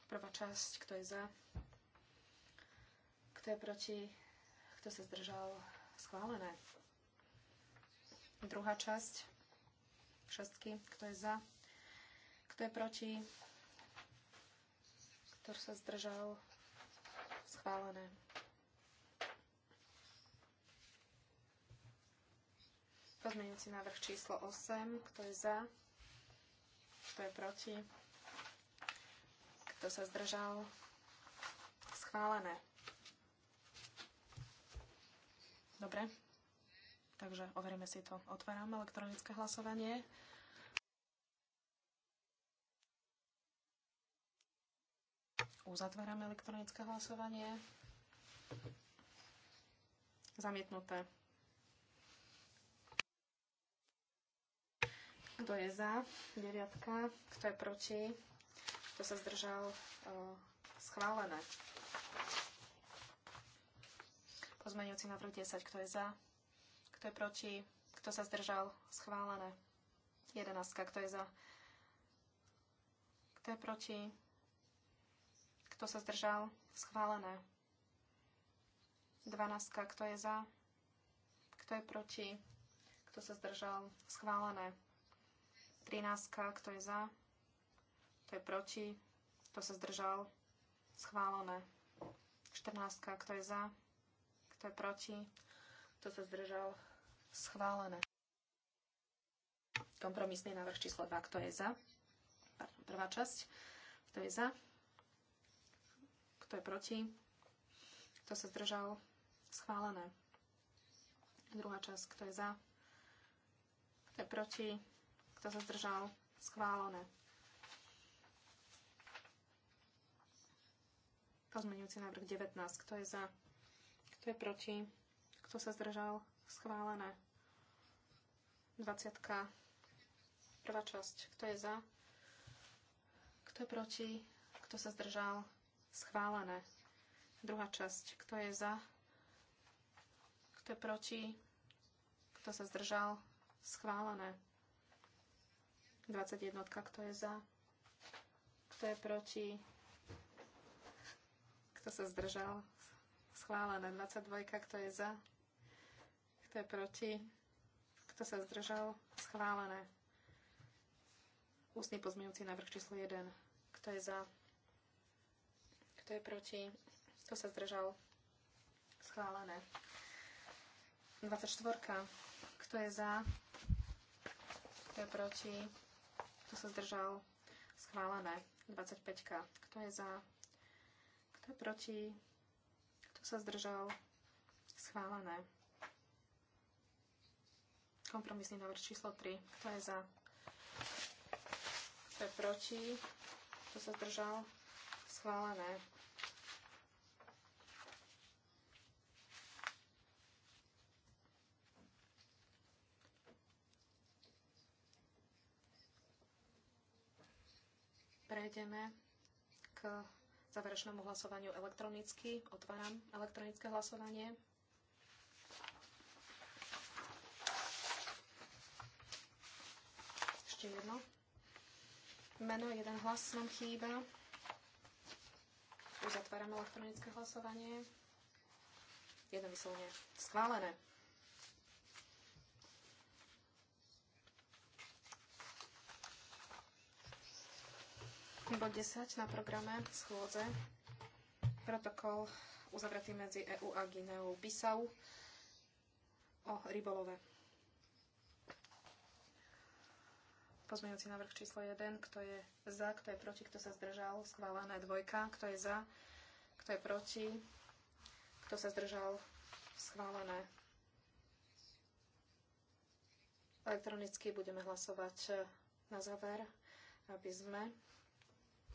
Prvá časť. Kto je za? Kto je proti? Kto sa zdržal? Schválené. Druhá časť. Šestky. Kto je za? Kto je proti? Kto sa zdržal? Schválené. Pozmeňujúci návrh číslo 8. Kto je za? Kto je proti? Kto sa zdržal? Schválené. Dobre. Takže overíme si to. Otváram elektronické hlasovanie. Uzatváram elektronické hlasovanie. Zamietnuté. Kto je za? Deviatka. Kto je proti? Kto sa zdržal? Ehm, schválené. Pozmeňujúci návrh 10. Kto je za? Kto je proti? Kto sa zdržal? Schválené. 11. Kto je za? Kto je proti? Kto sa zdržal? Schválené. 12. Kto je za? Kto je proti? Kto sa zdržal? Schválené. 13. Kto je za? Kto je proti? Kto sa zdržal? Schválené. 14. Kto je za? Kto je proti? Kto sa zdržal? Schválené. Kompromisný návrh číslo 2. Kto je za? Pardon, prvá časť. Kto je za? Kto je proti? Kto sa zdržal? Schválené. Druhá časť. Kto je za? Kto je proti? Kto sa zdržal? Schválené. Pozmeňujúci návrh 19. Kto je za? Kto je proti? Kto sa zdržal? Schválené. 20. Prvá časť. Kto je za? Kto je proti? Kto sa zdržal? Schválené. Druhá časť. Kto je za? Kto je proti? Kto sa zdržal? Schválené. 21. Kto je za? Kto je proti? Kto sa zdržal? schválené. 22, kto je za, kto je proti, kto sa zdržal, schválené. Ústny pozmeňujúci návrh číslo 1, kto je za, kto je proti, kto sa zdržal, schválené. 24, kto je za, kto je proti, kto sa zdržal, schválené. 25, kto je za, kto je proti, kto sa zdržal? Schválené. Kompromisný návrh číslo 3. Kto je za? Kto je proti? Kto sa zdržal? Schválené. Prejdeme k záverečnému hlasovaniu elektronicky. Otváram elektronické hlasovanie. Ešte jedno. Meno, jeden hlas nám chýba. Uzatváram elektronické hlasovanie. Jednomyselne schválené. Bod 10 na programe schôdze. Protokol uzavretý medzi EU a Gineou Bissau o rybolove. Pozmeňujúci návrh číslo 1. Kto je za, kto je proti, kto sa zdržal? Schválené dvojka. Kto je za, kto je proti, kto sa zdržal? Schválené Elektronicky budeme hlasovať na záver, aby sme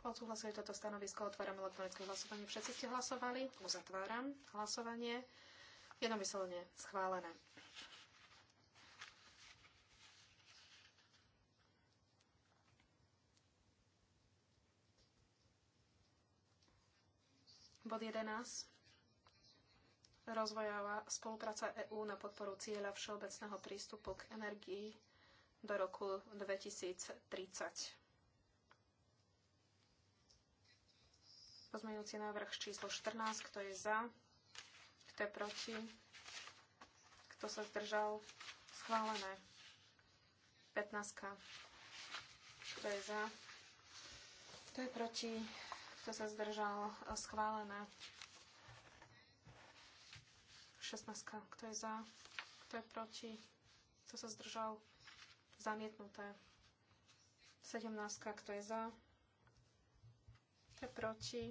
odsúhlasili toto stanovisko, otváram elektronické hlasovanie. Všetci ste hlasovali, uzatváram hlasovanie. Jednomyselne schválené. Bod 11. Rozvojová spolupráca EÚ na podporu cieľa všeobecného prístupu k energii do roku 2030. Pozmeňujúci návrh číslo 14, kto je za, kto je proti, kto sa zdržal, schválené. 15. Kto je za, kto je proti, kto sa zdržal, schválené. 16. Kto je za, kto je proti, kto sa zdržal, zamietnuté. 17. Kto je za, kto je proti,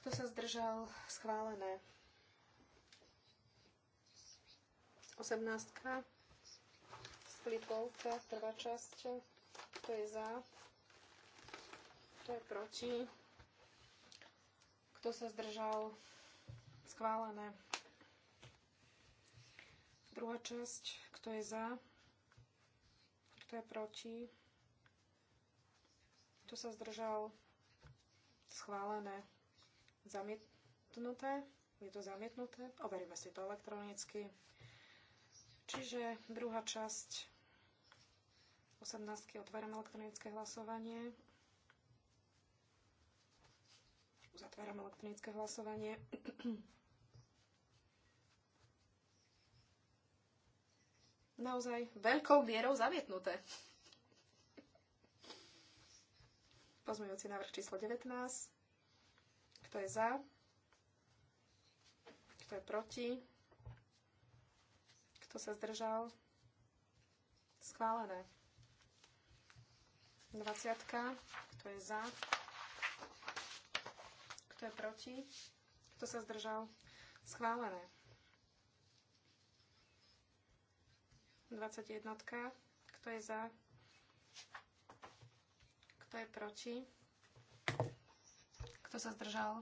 kto sa zdržal? Schválené. 18. Split prvá časť. Kto je za? Kto je proti? Kto sa zdržal? Schválené. Druhá časť. Kto je za? Kto je proti? Kto sa zdržal? Schválené. Zamietnuté. Je to zamietnuté. Overíme si to elektronicky. Čiže druhá časť 18. Otváram elektronické hlasovanie. Uzatváram elektronické hlasovanie. Naozaj veľkou mierou zamietnuté. Pozmeňujúci návrh číslo 19. Kto je za? Kto je proti? Kto sa zdržal? Schválené. 20. Kto je za? Kto je proti? Kto sa zdržal? Schválené. 21. Kto je za? Kto je proti? Kto sa zdržal?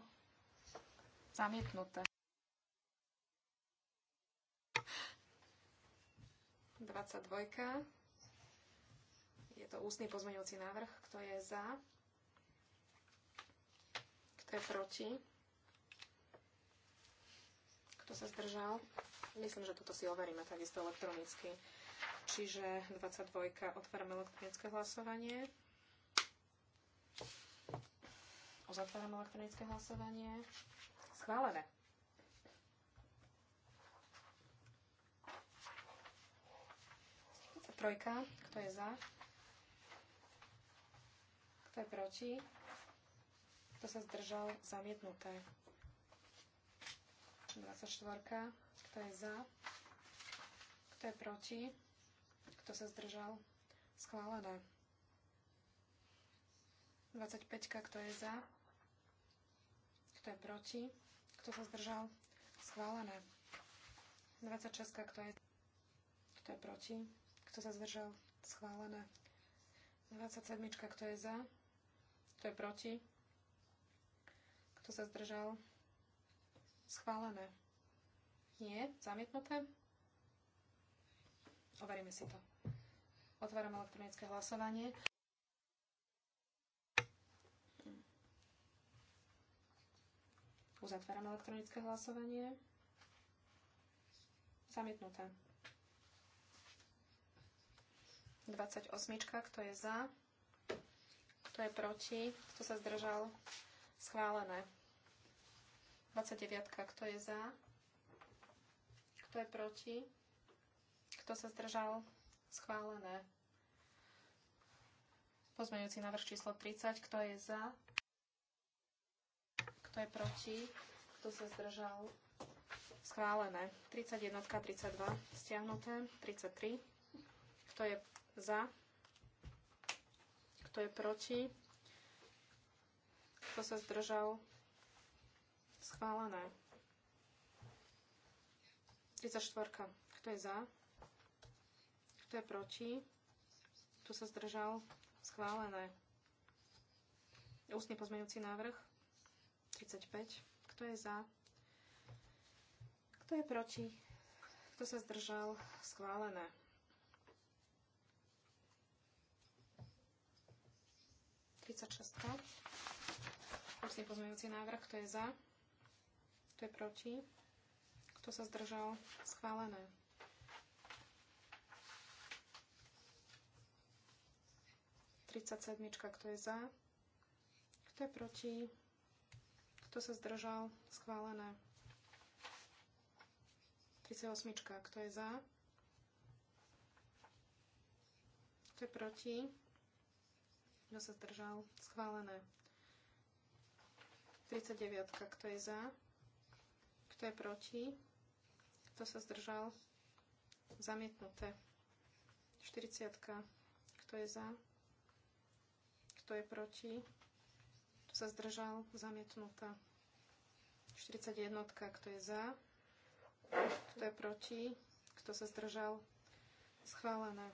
Zamietnuté. 22. Je to ústny pozmeňujúci návrh. Kto je za? Kto je proti? Kto sa zdržal? Myslím, že toto si overíme takisto elektronicky. Čiže 22. Otvárame elektronické hlasovanie. Uzatváram elektronické hlasovanie. Schválené. Trojka, kto je za? Kto je proti? Kto sa zdržal? Zamietnuté. 24. Kto je za? Kto je proti? Kto sa zdržal? Schválené. 25. Kto je za? kto je proti, kto sa zdržal, schválené. 26, kto je, kto je proti, kto sa zdržal, schválené. 27, kto je za, kto je proti, kto sa zdržal, schválené. Nie, zamietnuté. Overíme si to. Otváram elektronické hlasovanie. Uzatváram elektronické hlasovanie. Zamietnuté. 28. Kto je za? Kto je proti? Kto sa zdržal? Schválené. 29. Kto je za? Kto je proti? Kto sa zdržal? Schválené. Pozmeňujúci návrh číslo 30. Kto je za? Kto je proti? Kto sa zdržal? Schválené. 31, 32 stiahnuté. 33. Kto je za? Kto je proti? Kto sa zdržal? Schválené. 34. Kto je za? Kto je proti? Kto sa zdržal? Schválené. Ústny pozmeňujúci návrh. 35. Kto je za? Kto je proti? Kto sa zdržal? Schválené. Prosím pozmeňujúci návrh. Kto je za? Kto je proti? Kto sa zdržal? Schválené. 37. Kto je za? Kto je proti? Kto sa zdržal? Schválené. 38. Kto je za? Kto je proti? Kto sa zdržal? Schválené. 39. Kto je za? Kto je proti? Kto sa zdržal? Zamietnuté. 40. Kto je za? Kto je proti? sa zdržal, zamietnutá. 41, kto je za, kto je proti, kto sa zdržal, schválené.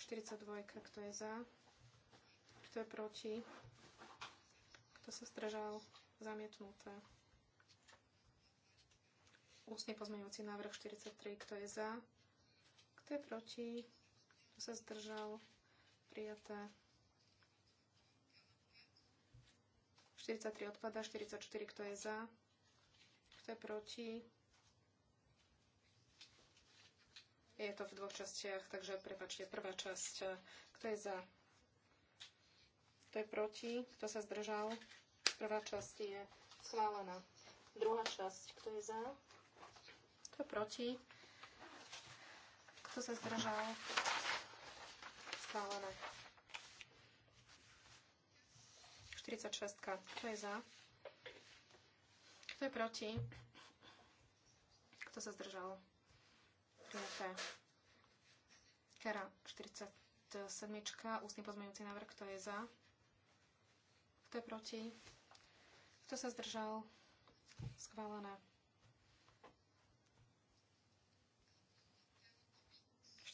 42, kto je za, kto je proti, kto sa zdržal, zamietnuté. Ústne pozmeňujúci návrh 43, kto je za, kto je proti, kto sa zdržal, prijaté. 43 odpada, 44 kto je za, kto je proti. Je to v dvoch častiach, takže prepačte, prvá časť, eh, kto je za, kto je proti, kto sa zdržal. Prvá časť je schválená. Druhá časť, kto je za, kto je proti, kto sa zdržal. Schválená. 46. Kto je za? Kto je proti? Kto sa zdržal? Prijaté. Kera 47. Ústny pozmeňujúci návrh. Kto je za? Kto je proti? Kto sa zdržal? Schválené.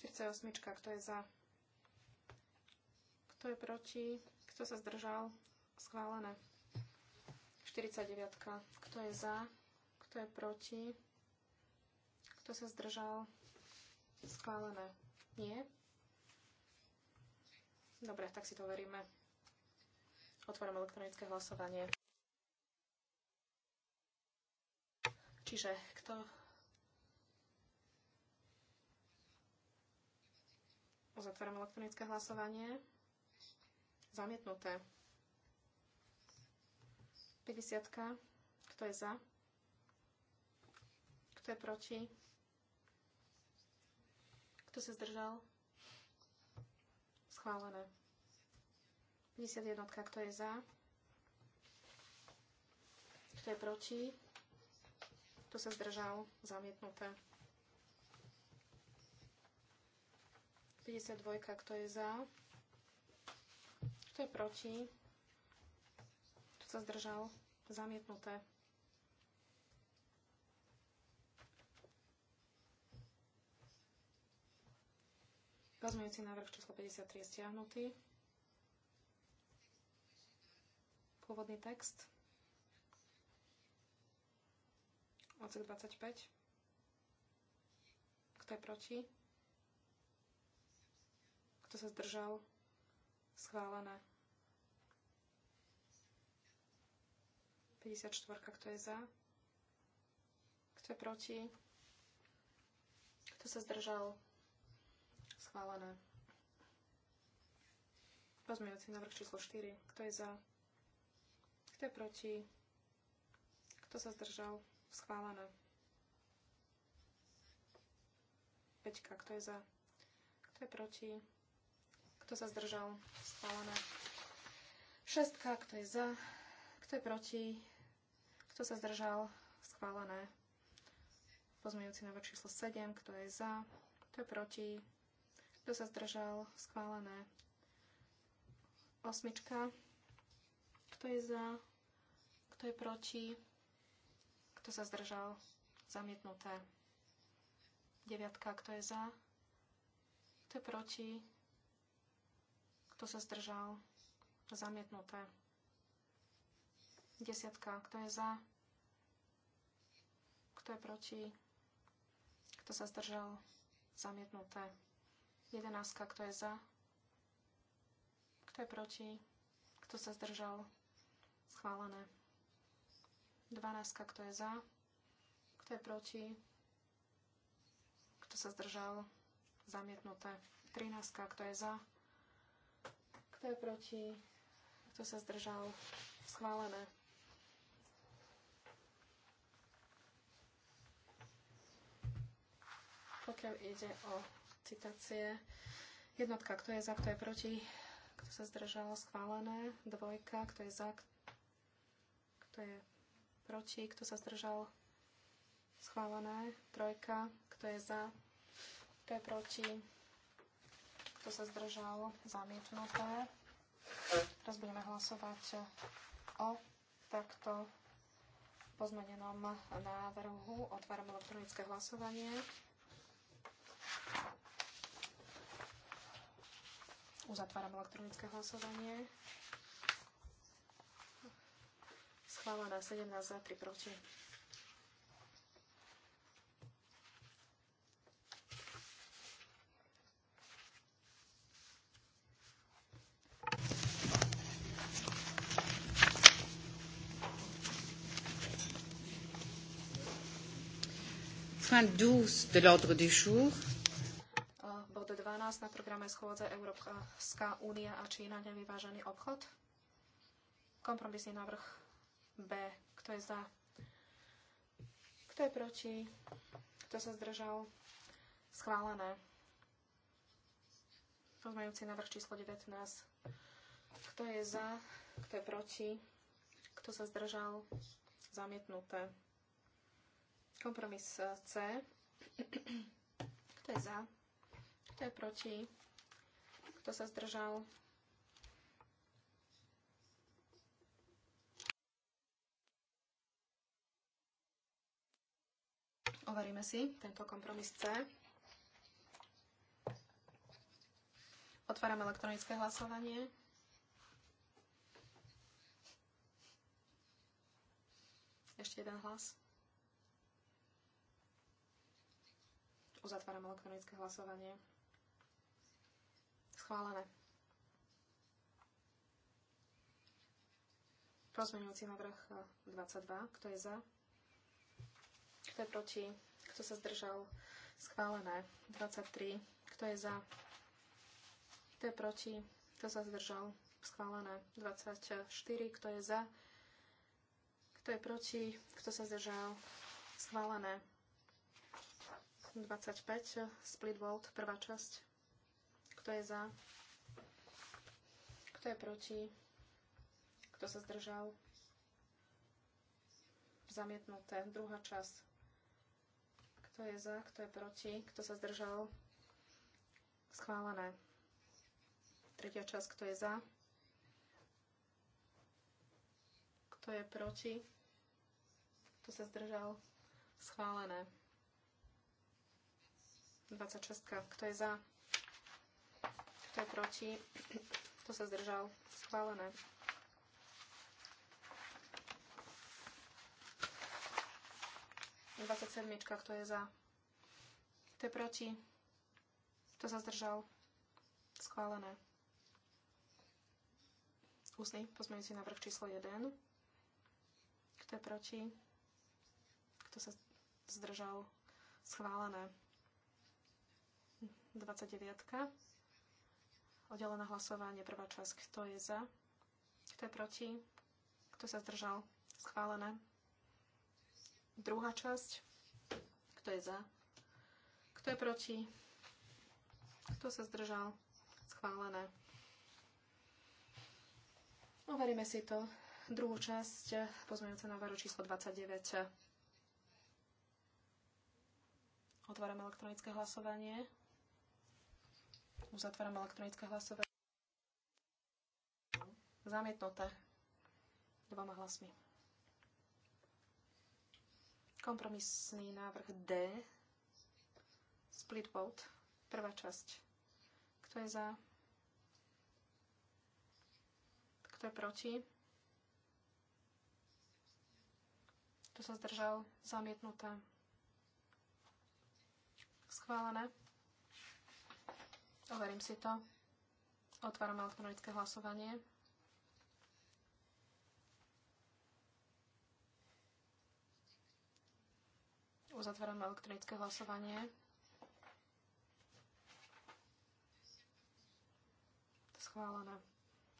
48. Kto je za? Kto je proti? Kto sa zdržal? Schválené. 49. Kto je za? Kto je proti? Kto sa zdržal? Schválené. Nie? Dobre, tak si to veríme. Otvorím elektronické hlasovanie. Čiže kto Uzatváram elektronické hlasovanie. Zamietnuté. 50. -ka. Kto je za? Kto je proti? Kto sa zdržal? Schválené. 51. -ka. Kto je za? Kto je proti? Kto sa zdržal? Zamietnuté. 52. Kto je za? Kto je proti? sa zdržal, zamietnuté. Pozmeňujúci návrh číslo 53 je stiahnutý. Pôvodný text. Odsek 25. Kto je proti? Kto sa zdržal? Schválené. 54, kto je za? Kto je proti? Kto sa zdržal? Schválené. Pozmeňujúci návrh číslo 4. Kto je za? Kto je proti? Kto sa zdržal? Schválené. Peťka, kto je za? Kto je proti? Kto sa zdržal? Schválené. Šestka, kto je za? Kto je proti? Kto sa zdržal? Schválené. Pozmeňujúci návrh číslo 7. Kto je za? Kto je proti? Kto sa zdržal? Schválené. Osmička. Kto je za? Kto je proti? Kto sa zdržal? Zamietnuté. Deviatka. Kto je za? Kto je proti? Kto sa zdržal? Zamietnuté. Desiatka. Kto je za? Kto je proti? Kto sa zdržal? Zamietnuté. Jedenáctka. Kto je za? Kto je proti? Kto sa zdržal? Schválené. Dvanáctka. Kto je za? Kto je proti? Kto sa zdržal? Zamietnuté. Trináctka. Kto je za? Kto je proti? Kto sa zdržal? Schválené. pokiaľ ide o citácie, jednotka, kto je za, kto je proti, kto sa zdržal, schválené, dvojka, kto je za, kto je proti, kto sa zdržal, schválené, trojka, kto je za, kto je proti, kto sa zdržal, zamietnuté. Teraz budeme hlasovať o takto pozmenenom návrhu. Otváram elektronické hlasovanie. Uzatváram elektronické hlasovanie. Schválená 17 za 3 proti. Fin 12 de l'ordre du jour nás na programe schôdze Európska únia a Čína nevyvážený obchod. Kompromisný návrh B. Kto je za? Kto je proti? Kto sa zdržal? Schválené. Pozmajúci návrh číslo 19. Kto je za? Kto je proti? Kto sa zdržal? Zamietnuté. Kompromis C. Kto je za? Kto je proti? Kto sa zdržal? Overíme si tento kompromis C. Otváram elektronické hlasovanie. Ešte jeden hlas. Uzatváram elektronické hlasovanie. Schválené. Pozmeňujúci návrh 22. Eh, Kto je za? Kto je proti? Kto sa zdržal? Schválené. 23. Kto je za? Kto je proti? Kto sa zdržal? Schválené. 24. Kto je za? Kto je proti? Kto sa zdržal? Schválené. 25. Split vote Prvá časť. Kto je za? Kto je proti? Kto sa zdržal? Zamietnuté. Druhá časť. Kto je za? Kto je proti? Kto sa zdržal? Schválené. Tretia časť. Kto je za? Kto je proti? Kto sa zdržal? Schválené. 26. Kto je za? Kto je proti? to sa zdržal? Schválené. Dvadsať sedmička. Kto je za? Kto je proti? Kto sa zdržal? Schválené. Ústny pozmeňujúci návrh číslo 1. Kto je proti? Kto sa zdržal? Schválené. 29. Oddelené hlasovanie, prvá časť. Kto je za? Kto je proti? Kto sa zdržal? Schválené. Druhá časť. Kto je za? Kto je proti? Kto sa zdržal? Schválené. Overíme si to. Druhú časť pozmeňujúce návrhu číslo 29. Otváram elektronické hlasovanie. Uzatváram elektronické hlasové. Zamietnuté. Dvoma hlasmi. Kompromisný návrh D. Split vote. Prvá časť. Kto je za? Kto je proti? Kto sa zdržal? Zamietnuté. Schválené. Overím si to. Otváram elektronické hlasovanie. Uzatváram elektronické hlasovanie. Schválené.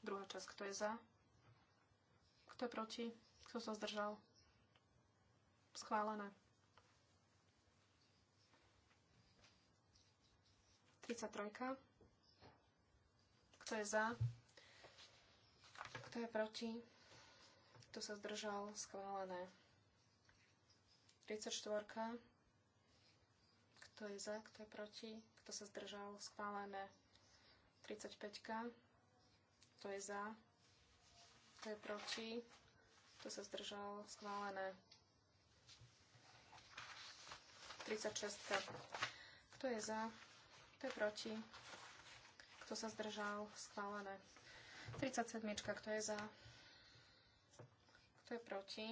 Druhá časť, kto je za? Kto je proti? Kto sa zdržal? Schválené. 33. Kto je za? Kto je proti? Kto sa zdržal? Schválené. 34. Kto je za? Kto je proti? Kto sa zdržal? Schválené. 35. Kto je za? Kto je proti? Kto sa zdržal? Schválené. 36. Kto je za? Kto je proti? Kto sa zdržal? Schválené. 37. Kto je za? Kto je proti?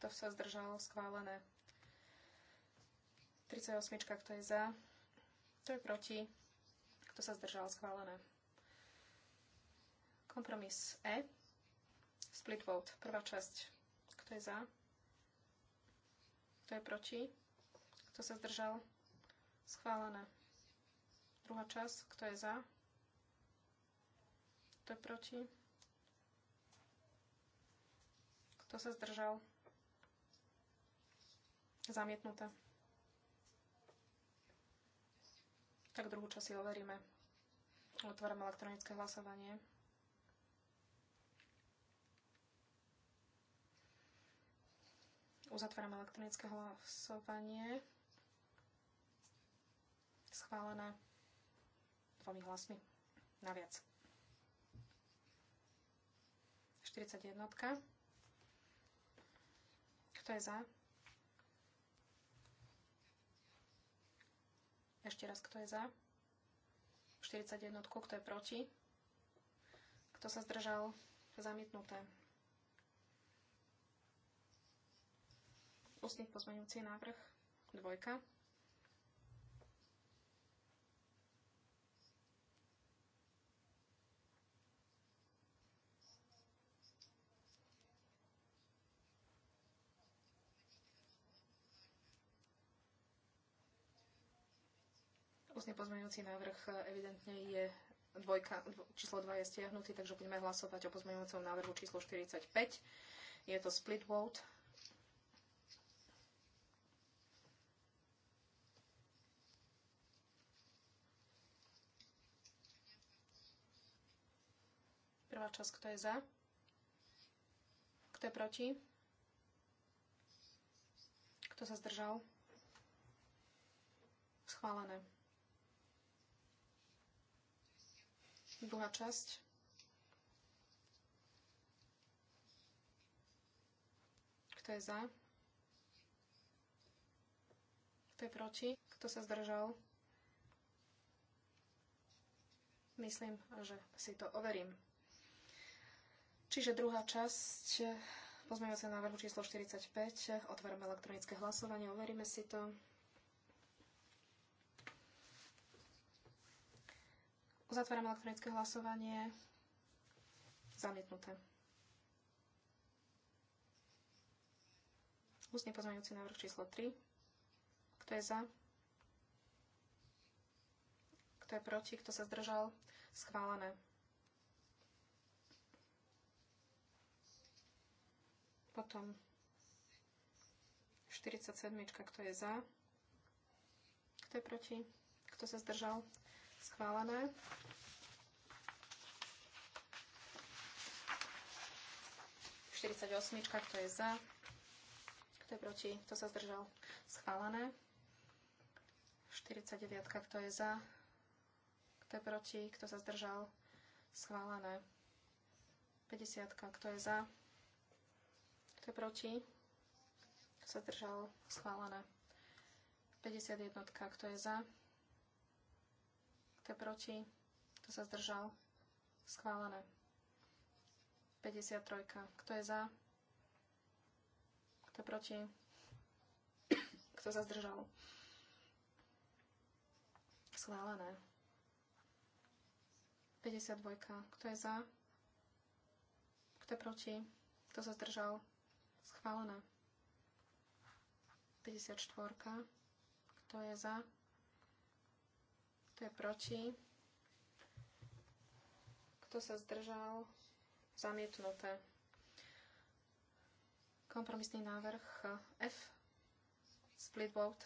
Kto sa zdržal? Schválené. 38. Kto je za? Kto je proti? Kto sa zdržal? Schválené. Kompromis E. Split vote. Prvá časť. Kto je za? Kto je proti? Kto sa zdržal? Schválené. Druhá časť, kto je za? Kto je proti? Kto sa zdržal? Zamietnuté. Tak druhú časť si overíme. Otváram elektronické hlasovanie. Uzatváram elektronické hlasovanie. Schválené tromi hlasmi naviac. 41. Kto je za? Ešte raz, kto je za? 41. Kto je proti? Kto sa zdržal? Zamietnuté. Ústnik pozmeňujúci návrh. Dvojka. ústny pozmeňujúci návrh eh, evidentne je dvojka, číslo 2 je stiahnutý, takže budeme hlasovať o pozmeňujúcom návrhu číslo 45. Je to split vote. Prvá časť, kto je za? Kto je proti? Kto sa zdržal? Schválené. Druhá časť. Kto je za? Kto je proti? Kto sa zdržal? Myslím, že si to overím. Čiže druhá časť pozmeňovacieho návrhu číslo 45. Otvárame elektronické hlasovanie, overíme si to. Uzatváram elektronické hlasovanie. Zamietnuté. Ústne pozmeňujúci návrh číslo 3. Kto je za? Kto je proti? Kto sa zdržal? Schválené. Potom 47. Kto je za? Kto je proti? Kto sa zdržal? Schválené. 48, kto je za, kto je proti, kto sa zdržal, schválené. 49, kto je za, kto je proti, kto sa zdržal, schválené. 50, kto je za, kto je proti, kto sa zdržal, schválené. 51, kto je za, kto je proti? Kto sa zdržal? Schválené. 53. Kto je za? Kto je proti? Kto sa zdržal? Schválené. 52. Kto je za? Kto je proti? Kto sa zdržal? Schválené. 54. Kto je za? Kto je proti? Kto sa zdržal? Zamietnuté. Kompromisný návrh F. Split vote.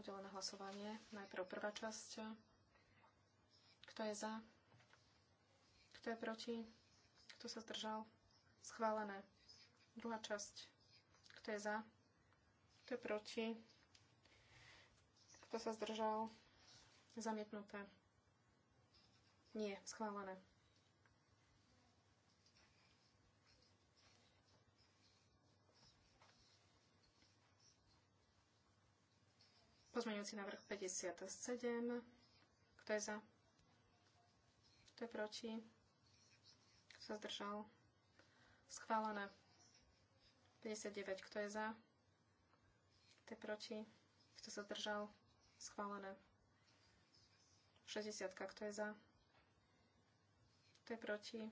Oddelené hlasovanie. Najprv prvá časť. Kto je za? Kto je proti? Kto sa zdržal? Schválené. Druhá časť. Kto je za? Kto je proti? Kto sa zdržal? Zamietnuté. Nie, schválené. Pozmeňujúci návrh 57. Kto je za? Kto je proti? Kto sa zdržal? Schválené. 59. Kto je za? Kto je proti? Kto sa zdržal? Schválené. 60, kto je za? Kto je proti?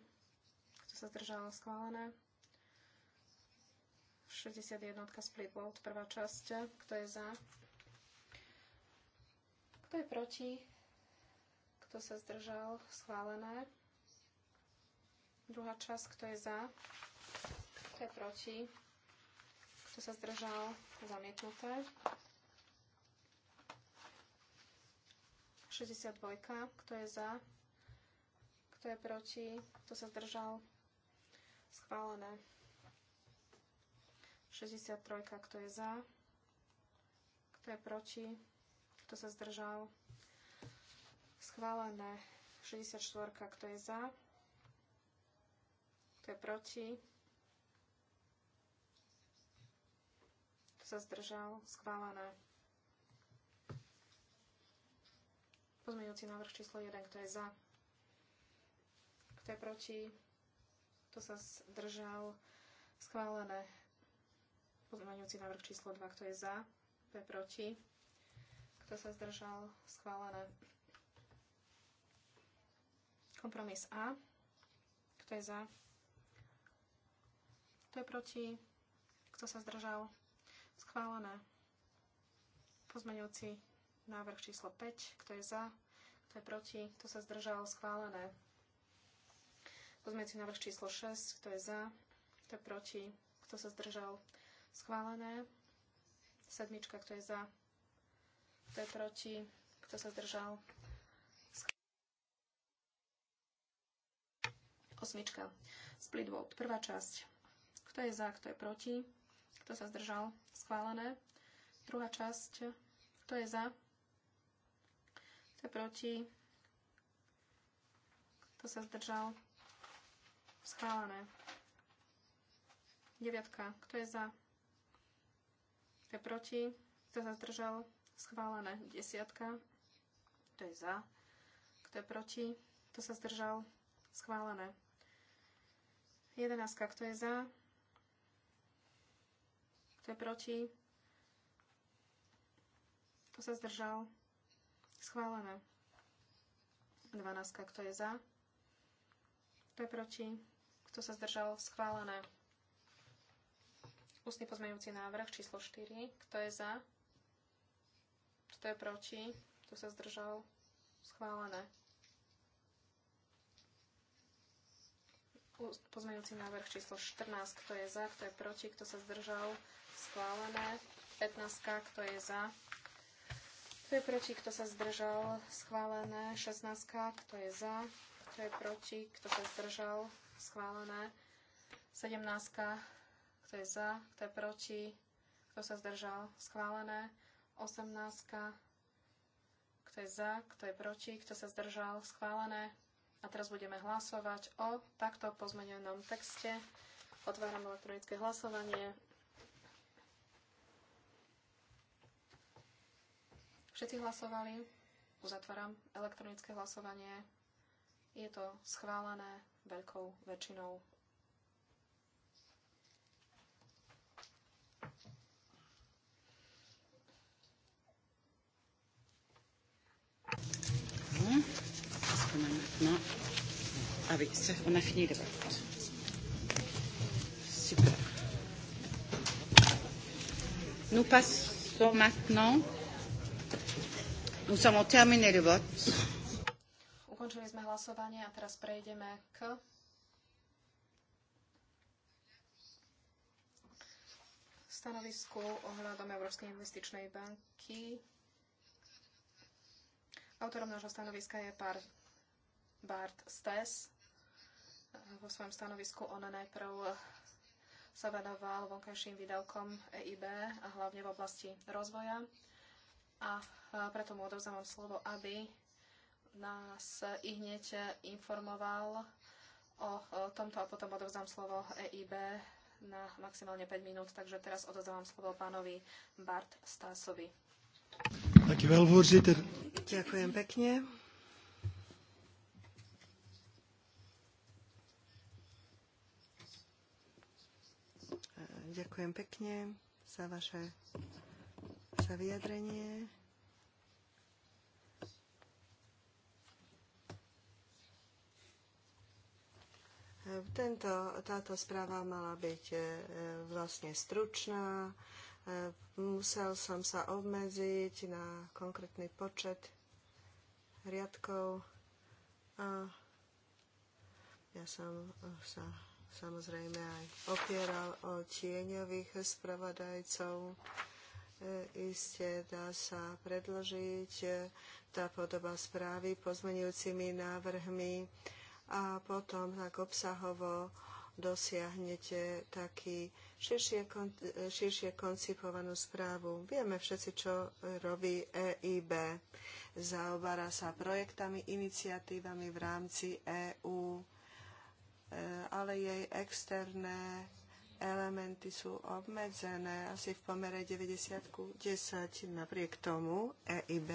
Kto sa zdržal? Schválené. 61 split vote, prvá časť. Kto je za? Kto je proti? Kto sa zdržal? Schválené. Druhá časť, kto je za? Kto je proti? Kto sa zdržal? Zamietnuté. 62. Kto je za? Kto je proti? Kto sa zdržal? Schválené. 63. Kto je za? Kto je proti? Kto sa zdržal? Schválené. 64. Kto je za? Kto je proti? Kto sa zdržal? Schválené. Pozmeňujúci návrh číslo 1, kto je za? Kto je proti? Kto sa zdržal? Schválené. Pozmeňujúci návrh číslo 2, kto je za? Kto je proti? Kto sa zdržal? Schválené. Kompromis A. Kto je za? Kto je proti? Kto sa zdržal? Schválené. Pozmeňujúci Návrh číslo 5. Kto je za? Kto je proti? Kto sa zdržal? Schválené. Pozmeňujúci návrh číslo 6. Kto je za? Kto je proti? Kto sa zdržal? Schválené. Sedmička. Kto je za? Kto je proti? Kto sa zdržal? Osmička. Split vote. Prvá časť. Kto je za, kto je proti? Kto sa zdržal? Schválené. Druhá časť. Kto je za? Kto je proti? Kto sa zdržal? Schválené. Deviatka. Kto je za? Kto je proti? Kto sa zdržal? Schválené. Desiatka. Kto je za? Kto je proti? Kto sa zdržal? Schválené. Jedenáctka. Kto je za? Kto je proti? Kto sa zdržal? Schválené. 12. Kto je za? Kto je proti? Kto sa zdržal? Schválené. Ústny pozmeňujúci návrh číslo 4. Kto je za? Kto je proti? Kto sa zdržal? Schválené. Pozmeňujúci návrh číslo 14. Kto je za? Kto je proti? Kto sa zdržal? Schválené. 15. Kto je za? Kto je proti, kto sa zdržal? Schválené. 16. Kto je za? Kto je proti, kto sa zdržal? Schválené. 17. Kto je za? Kto je proti? Kto sa zdržal? Schválené. 18. Kto je za? Kto je proti? Kto sa zdržal? Schválené. A teraz budeme hlasovať o takto pozmenenom texte. Otváram elektronické hlasovanie. Všetci hlasovali. Uzatváram elektronické hlasovanie. Je to schválené veľkou väčšinou. maintenant ah avec ça. On a fini Super. Nous passons maintenant Nous avons terminé le vote. Ukončili sme hlasovanie a teraz prejdeme k stanovisku ohľadom Európskej investičnej banky. Autorom nášho stanoviska je pár Bart Stes. Vo svojom stanovisku on najprv sa venoval vonkajším výdavkom EIB a hlavne v oblasti rozvoja. A preto mu odovzdávam slovo, aby nás i hneď informoval o tomto a potom odovzdám slovo EIB na maximálne 5 minút. Takže teraz odovzdávam slovo pánovi Bart Stásovi. Ďakujem pekne. Ďakujem pekne za vaše za vyjadrenie. Tento, táto správa mala byť e, vlastne stručná. E, musel som sa obmedziť na konkrétny počet riadkov a ja som sa samozrejme aj opieral o tieňových spravodajcov. E, iste dá sa predložiť e, tá podoba správy pozmenujúcimi návrhmi a potom tak obsahovo dosiahnete taký širšie, e, širšie koncipovanú správu. Vieme všetci, čo robí EIB. Zaobára sa projektami, iniciatívami v rámci EÚ, ale jej externé elementy sú obmedzené asi v pomere 90 ku 10. Napriek tomu EIB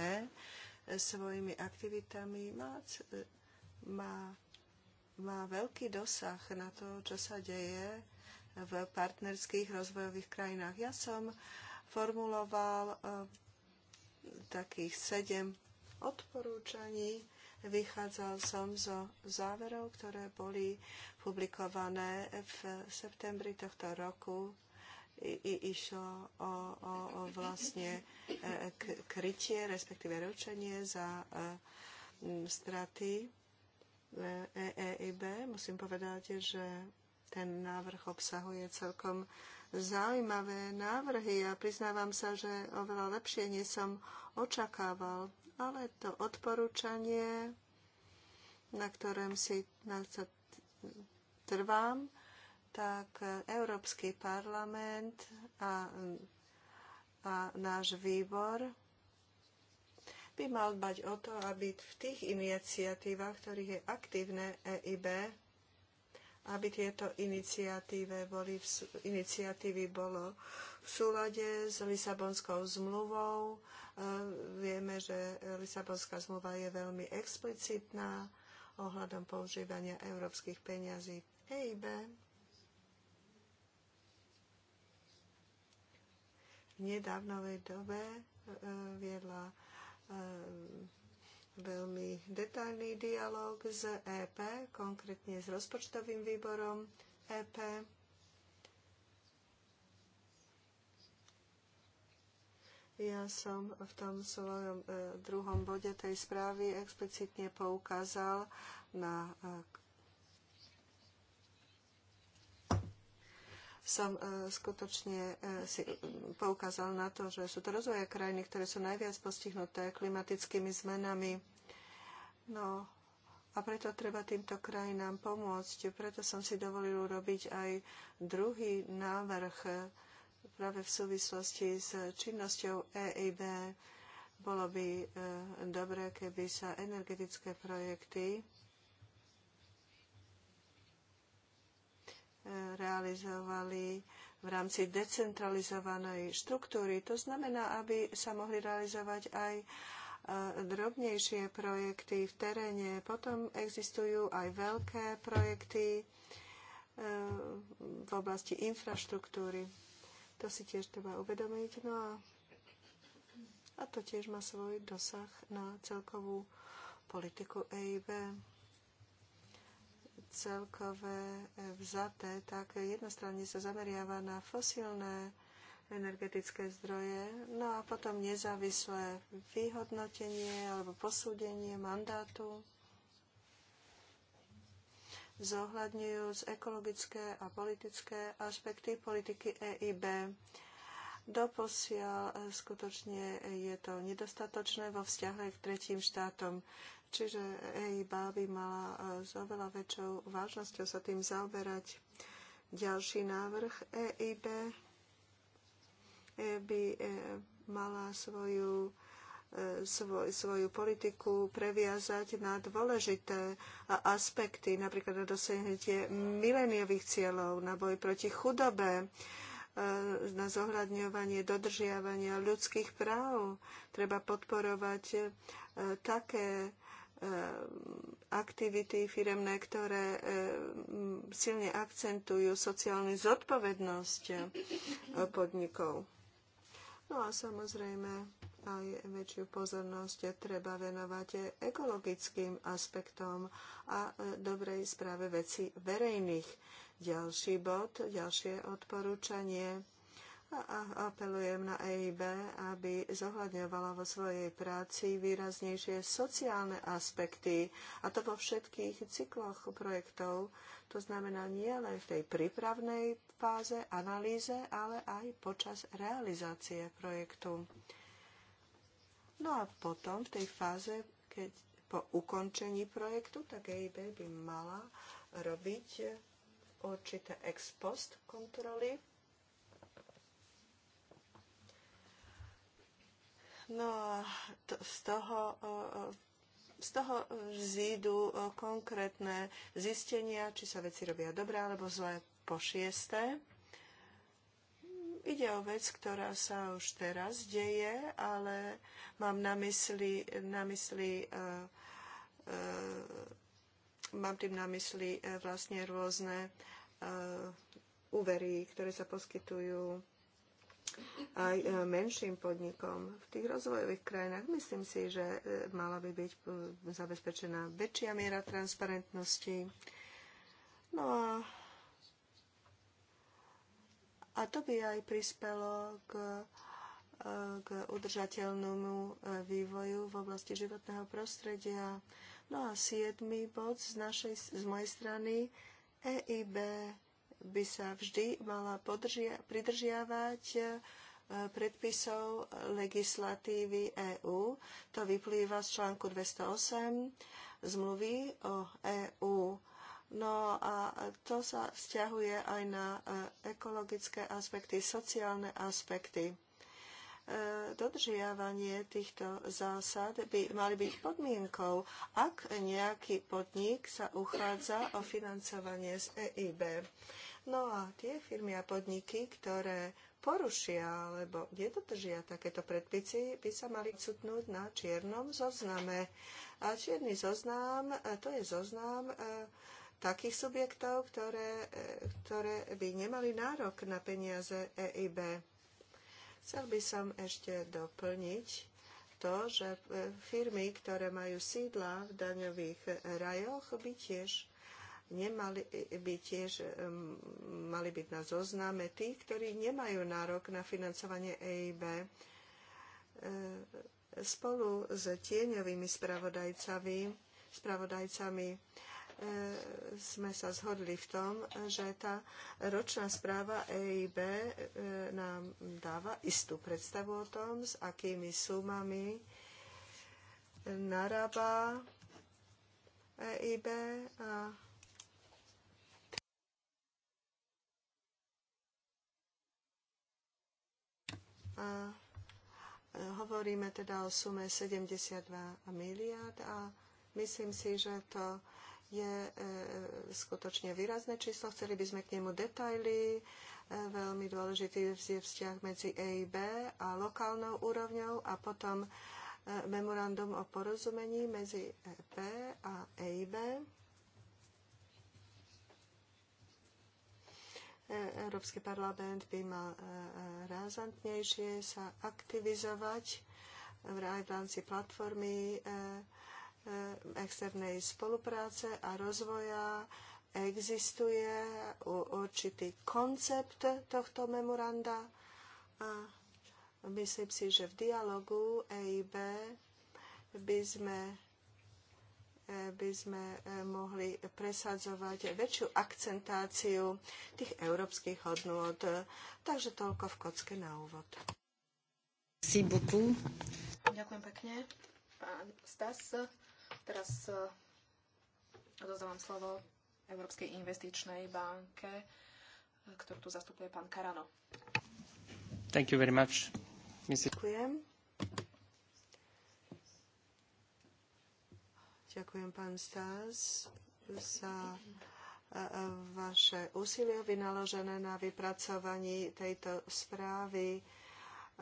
svojimi aktivitami má, má, má veľký dosah na to, čo sa deje v partnerských rozvojových krajinách. Ja som formuloval eh, takých sedem odporúčaní Vychádzal som zo záverov, ktoré boli publikované v septembri tohto roku. I, i, išlo o, o, o vlastne e, krytie, respektíve ručenie za e, straty EIB. E, Musím povedať, že ten návrh obsahuje celkom zaujímavé návrhy a ja priznávam sa, že oveľa lepšie nie som očakával ale to odporúčanie, na ktorom si na to trvám, tak Európsky parlament a, a náš výbor by mal dbať o to, aby v tých iniciatívach, ktorých je aktívne EIB, aby tieto iniciatíve boli v, iniciatívy bolo v súlade s Lisabonskou zmluvou, Vieme, že Lisabonská zmluva je veľmi explicitná ohľadom používania európskych peňazí v e EIB. V nedávnovej dobe e, viedla e, veľmi detailný dialog s EP, konkrétne s rozpočtovým výborom EP. Ja som v tom svojom e, druhom bode tej správy explicitne poukázal na e, som e, skutočne si poukázal na to, že sú to rozvoje krajiny, ktoré sú najviac postihnuté klimatickými zmenami. No a preto treba týmto krajinám pomôcť. Preto som si dovolil urobiť aj druhý návrh práve v súvislosti s činnosťou EIB bolo by e, dobré, keby sa energetické projekty e, realizovali v rámci decentralizovanej štruktúry. To znamená, aby sa mohli realizovať aj e, drobnejšie projekty v teréne. Potom existujú aj veľké projekty v oblasti infraštruktúry. To si tiež treba uvedomiť. No a, a to tiež má svoj dosah na celkovú politiku EIB celkové vzaté, tak jednostranne sa zameriava na fosílne energetické zdroje, no a potom nezávislé vyhodnotenie alebo posúdenie mandátu zohľadňujúc ekologické a politické aspekty politiky EIB. Doposiaľ e, skutočne je to nedostatočné vo vzťahe k tretím štátom. Čiže EIB by mala e, s oveľa väčšou vážnosťou sa tým zaoberať. Ďalší návrh EIB e, by mala svoju svoj, svoju politiku previazať na dôležité aspekty, napríklad na dosiahnutie mileniových cieľov, na boj proti chudobe, e, na zohľadňovanie dodržiavania ľudských práv. Treba podporovať e, také e, aktivity firemné, ktoré silne akcentujú sociálnu zodpovednosť podnikov. No a samozrejme aj väčšiu pozornosť treba venovať ekologickým aspektom a e, dobrej správe veci verejných. Ďalší bod, ďalšie odporúčanie a apelujem na EIB, aby zohľadňovala vo svojej práci výraznejšie sociálne aspekty, a to vo všetkých cykloch projektov. To znamená nie len v tej prípravnej fáze, analýze, ale aj počas realizácie projektu. No a potom v tej fáze, keď po ukončení projektu, tak EIB by mala robiť určité ex post kontroly No a to, z toho z toho vzídu konkrétne zistenia, či sa veci robia dobre alebo zlé, po šiesté. Ide o vec, ktorá sa už teraz deje, ale mám na mysli, na mysli uh, uh, mám tým na mysli uh, vlastne rôzne uh, úvery, ktoré sa poskytujú aj e, menším podnikom v tých rozvojových krajinách. Myslím si, že e, mala by byť e, zabezpečená väčšia miera transparentnosti. No a, a to by aj prispelo k, k udržateľnému vývoju v oblasti životného prostredia. No a siedmy bod z, našej, z mojej strany EIB by sa vždy mala podržia, pridržiavať e, predpisov legislatívy EÚ. To vyplýva z článku 208 zmluvy o EÚ. No a to sa vzťahuje aj na e, ekologické aspekty, sociálne aspekty. E, dodržiavanie týchto zásad by mali byť podmienkou, ak nejaký podnik sa uchádza o financovanie z EIB. No a tie firmy a podniky, ktoré porušia alebo nedodržia takéto predpisy, by sa mali cutnúť na čiernom zozname. A čierny zoznam, to je zoznam e, takých subjektov, ktoré, e, ktoré by nemali nárok na peniaze EIB. Chcel by som ešte doplniť to, že e, firmy, ktoré majú sídla v daňových rajoch, by tiež nemali by tiež mali byť na zozname tí, ktorí nemajú nárok na financovanie EIB. E, spolu s tieňovými spravodajcami, spravodajcami e, sme sa zhodli v tom, že tá ročná správa EIB e, nám dáva istú predstavu o tom, s akými sumami narába EIB a A e, hovoríme teda o sume 72 miliard a myslím si, že to je e, skutočne výrazné číslo. Chceli by sme k nemu detaily. E, veľmi dôležitý je vzťah medzi EIB a lokálnou úrovňou a potom memorandum o porozumení medzi EP a EIB. E, Európsky parlament by mal e, e, razantnejšie sa aktivizovať v rámci platformy externej spolupráce a rozvoja existuje určitý koncept tohto memoranda a myslím si, že v dialogu EIB by sme by sme eh, mohli presadzovať väčšiu akcentáciu tých európskych hodnôt. Takže toľko v kocke na úvod. Ďakujem pekne. Pán Stas, teraz eh, dozdávam slovo Európskej investičnej banke, eh, ktorú tu zastupuje pán Karano. Thank you very much. Ďakujem. Ďakujem, pán Stas, za e, e, vaše úsilie vynaložené na vypracovaní tejto správy. E,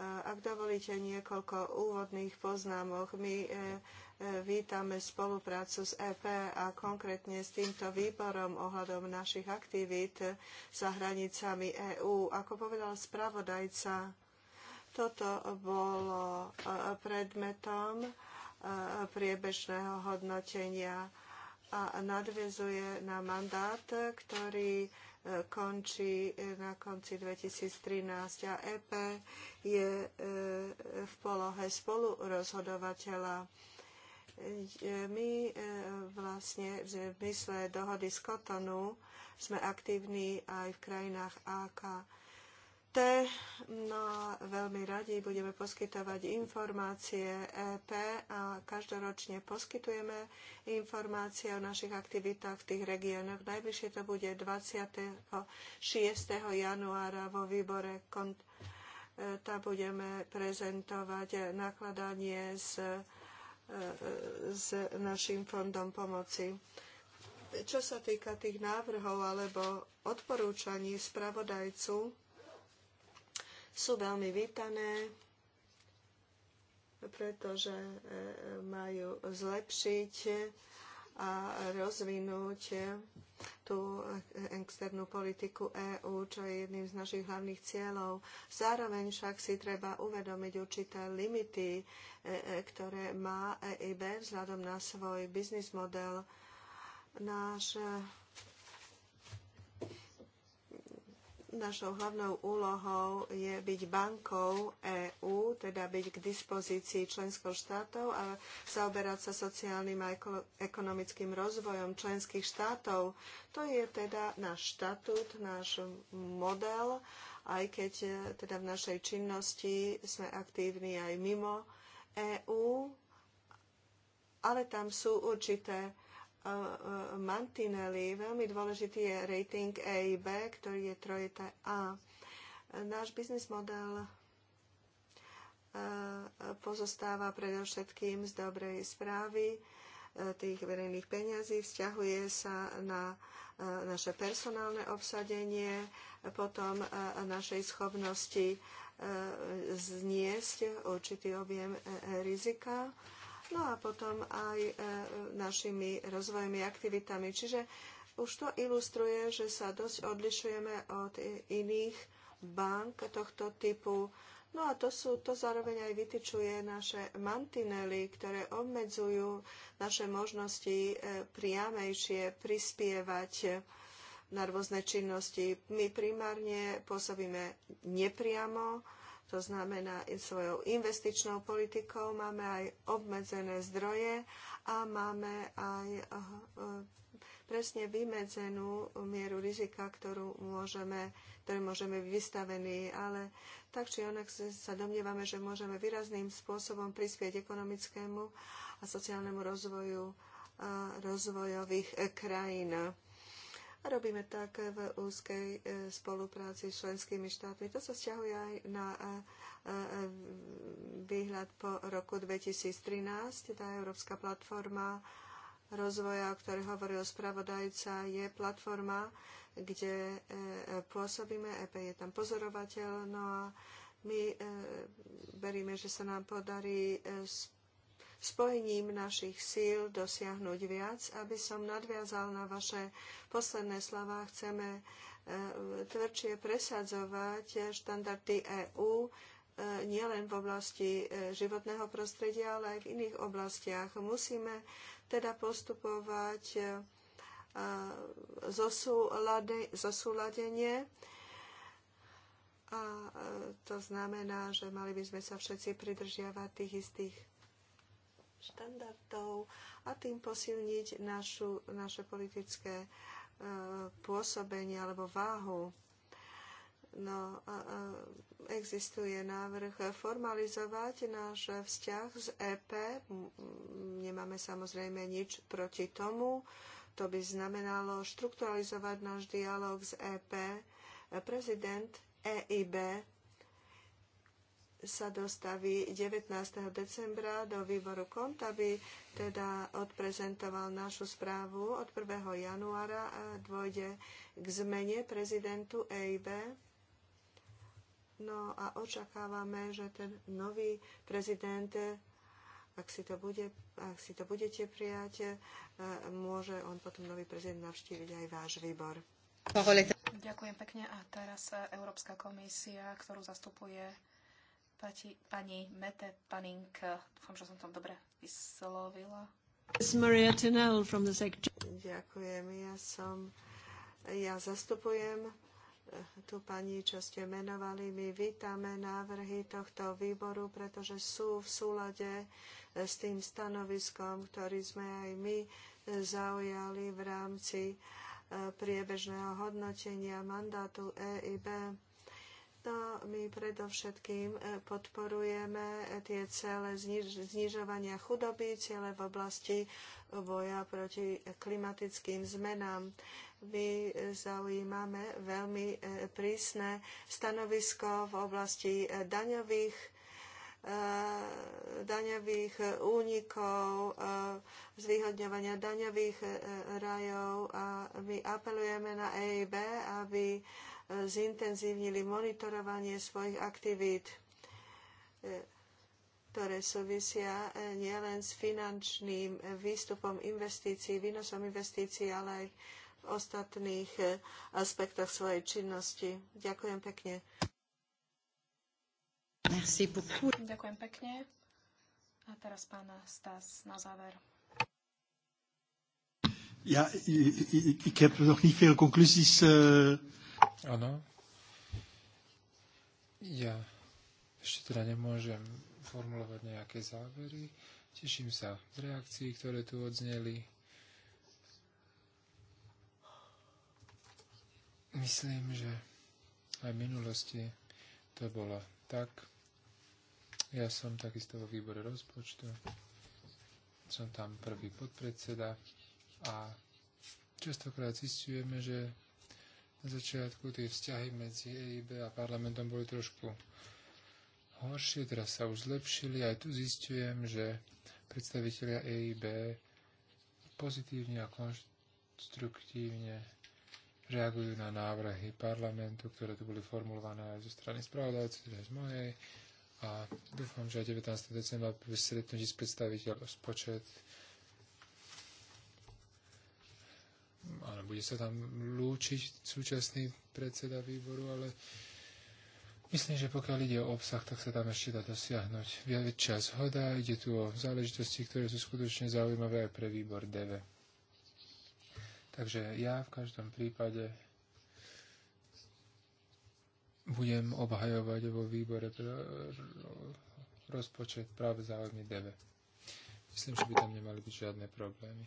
ak dovolíte niekoľko úvodných poznámok, my vítame spoluprácu s EP a konkrétne s týmto výborom ohľadom našich aktivít za hranicami EÚ. Ako povedal spravodajca, toto bolo predmetom priebežného hodnotenia a nadvezuje na mandát, ktorý e, končí e, na konci 2013 a EP je e, v polohe spolurozhodovateľa. My vlastne v zmysle dohody z Kotonu sme aktívni aj v krajinách AK T. No, veľmi radi budeme poskytovať informácie EP a každoročne poskytujeme informácie o našich aktivitách v tých regiónoch. Najbližšie to bude 26. januára vo výbore. tá e, budeme prezentovať nakladanie s, e, s našim fondom pomoci čo sa týka tých návrhov alebo odporúčaní spravodajcu, sú veľmi vítané, pretože e, majú zlepšiť a rozvinúť tú externú politiku EÚ, čo je jedným z našich hlavných cieľov. Zároveň však si treba uvedomiť určité limity, e, e, ktoré má EIB vzhľadom na svoj biznis model. Náš Našou hlavnou úlohou je byť bankou EÚ, teda byť k dispozícii členských štátov a zaoberať sa sociálnym a ekonomickým rozvojom členských štátov. To je teda náš štatút, náš model, aj keď e, teda v našej činnosti sme aktívni aj mimo EÚ, ale tam sú určité mantinely. Veľmi dôležitý je rating i B, ktorý je trojité A. Náš biznis model pozostáva predovšetkým z dobrej správy tých verejných peňazí, vzťahuje sa na naše personálne obsadenie, potom našej schopnosti zniesť určitý objem e, e, rizika no a potom aj e, našimi rozvojmi aktivitami. Čiže už to ilustruje, že sa dosť odlišujeme od iných bank tohto typu. No a to, sú, to zároveň aj vytyčuje naše mantinely, ktoré obmedzujú naše možnosti e, priamejšie prispievať na rôzne činnosti. My primárne pôsobíme nepriamo, to znamená, svojou investičnou politikou máme aj obmedzené zdroje a máme aj eh, presne vymedzenú mieru rizika, ktorú môžeme, ktoré môžeme byť vystavení. Ale tak či onak sa domnievame, že môžeme výrazným spôsobom prispieť ekonomickému a sociálnemu rozvoju eh, rozvojových eh, krajín a robíme tak v úzkej e, spolupráci s členskými štátmi. To sa vzťahuje aj na e, e, výhľad po roku 2013. Tá Európska platforma rozvoja, o ktorej hovoril spravodajca, je platforma, kde pôsobíme. EP je tam pozorovateľ. No a my veríme, že sa nám podarí spoločne spojením našich síl dosiahnuť viac. Aby som nadviazal na vaše posledné slova, chceme e, tvrdšie presadzovať štandardy EÚ e, nielen v oblasti e, životného prostredia, ale aj v iných oblastiach. Musíme teda postupovať zosúladenie a to znamená, že mali by sme sa všetci pridržiavať tých istých štandardov a tým posilniť našu, naše politické e, pôsobenie alebo váhu. No, existuje návrh formalizovať náš vzťah z EP. Nemáme samozrejme nič proti tomu. To by znamenalo štrukturalizovať náš dialog z EP. Prezident EIB sa dostaví 19. decembra do výboru KONT, aby teda odprezentoval našu správu. Od 1. januára dôjde k zmene prezidentu EIB. No a očakávame, že ten nový prezident, ak si to, bude, ak si to budete prijať, e, môže on potom nový prezident navštíviť aj váš výbor. Ďakujem pekne. A teraz e, Európska komisia, ktorú zastupuje Pati, pani Mete Panink, dúfam, že som tam dobre vyslovila. Ďakujem, ja som, ja zastupujem eh, tu pani, čo ste menovali. My vítame návrhy tohto výboru, pretože sú v súlade eh, s tým stanoviskom, ktorý sme aj my eh, zaujali v rámci priebežného hodnotenia mandátu EIB No, my predovšetkým e, podporujeme e, tie celé znižovania chudoby, ciele v oblasti boja proti klimatickým zmenám. My zaujímame veľmi e, prísne stanovisko v oblasti daňových daňových únikov, zvýhodňovania daňových rajov a my apelujeme na EIB, aby zintenzívnili monitorovanie svojich aktivít, ktoré súvisia nielen s finančným výstupom investícií, výnosom investícií, ale aj v ostatných aspektoch svojej činnosti. Ďakujem pekne. Merci beaucoup. Ďakujem pekne. A teraz pán Stas na záver. Ja, ik, ik, ik heb nog niet veel conclusies uh, Áno. Ja ešte teda nemôžem formulovať nejaké závery. Teším sa z reakcií, ktoré tu odzneli. Myslím, že aj v minulosti to bolo tak. Ja som takisto vo výbore rozpočtu. Som tam prvý podpredseda a častokrát zistujeme, že na začiatku tie vzťahy medzi EIB a parlamentom boli trošku horšie, teraz sa už zlepšili. Aj tu zistujem, že predstavitelia EIB pozitívne a konstruktívne reagujú na návrhy parlamentu, ktoré tu boli formulované aj zo strany spravodajcu, teda z mojej. A dúfam, že aj 19. decembra pri stretnutí s predstaviteľom spočet áno, bude sa tam lúčiť súčasný predseda výboru, ale myslím, že pokiaľ ide o obsah, tak sa tam ešte dá dosiahnuť väčšia zhoda. Ide tu o záležitosti, ktoré sú skutočne zaujímavé aj pre výbor DV. Takže ja v každom prípade budem obhajovať vo výbore pre rozpočet práve záujmy DV. Myslím, že by tam nemali byť žiadne problémy.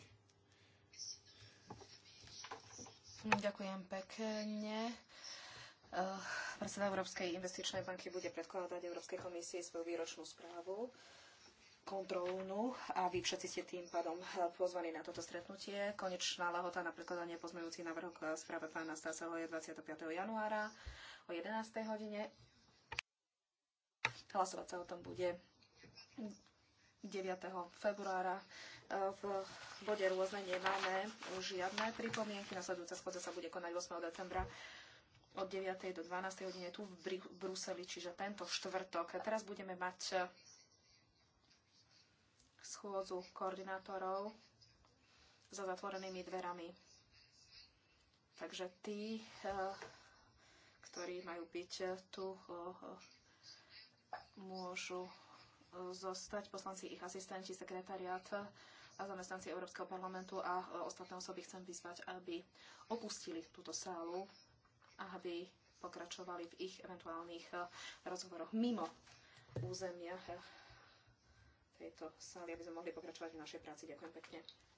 Hm, ďakujem pekne. Eh, predseda Európskej investičnej banky bude predkladať Európskej komisii svoju výročnú správu kontrolnú a vy všetci ste tým pádom eh, pozvaní na toto stretnutie. Konečná lahota na predkladanie pozmejúci návrhov k správe pána Staseho je 25. januára o 11. hodine. Hlasovať sa o tom bude 9. februára. E, v bode rôzne nemáme už žiadne pripomienky. Nasledujúca schôdza sa bude konať 8. decembra od 9. do 12. hodine tu v Bruseli, čiže tento štvrtok. A teraz budeme mať e, schôdzu koordinátorov za zatvorenými dverami. Takže tí, e, ktorí majú byť tu, môžu zostať poslanci, ich asistenti, sekretariat a zamestnanci Európskeho parlamentu a e, ostatné osoby chcem vyzvať, aby opustili túto sálu a aby pokračovali v ich eventuálnych e, rozhovoroch mimo územia e, tejto sály, aby sme mohli pokračovať v našej práci. Ďakujem pekne.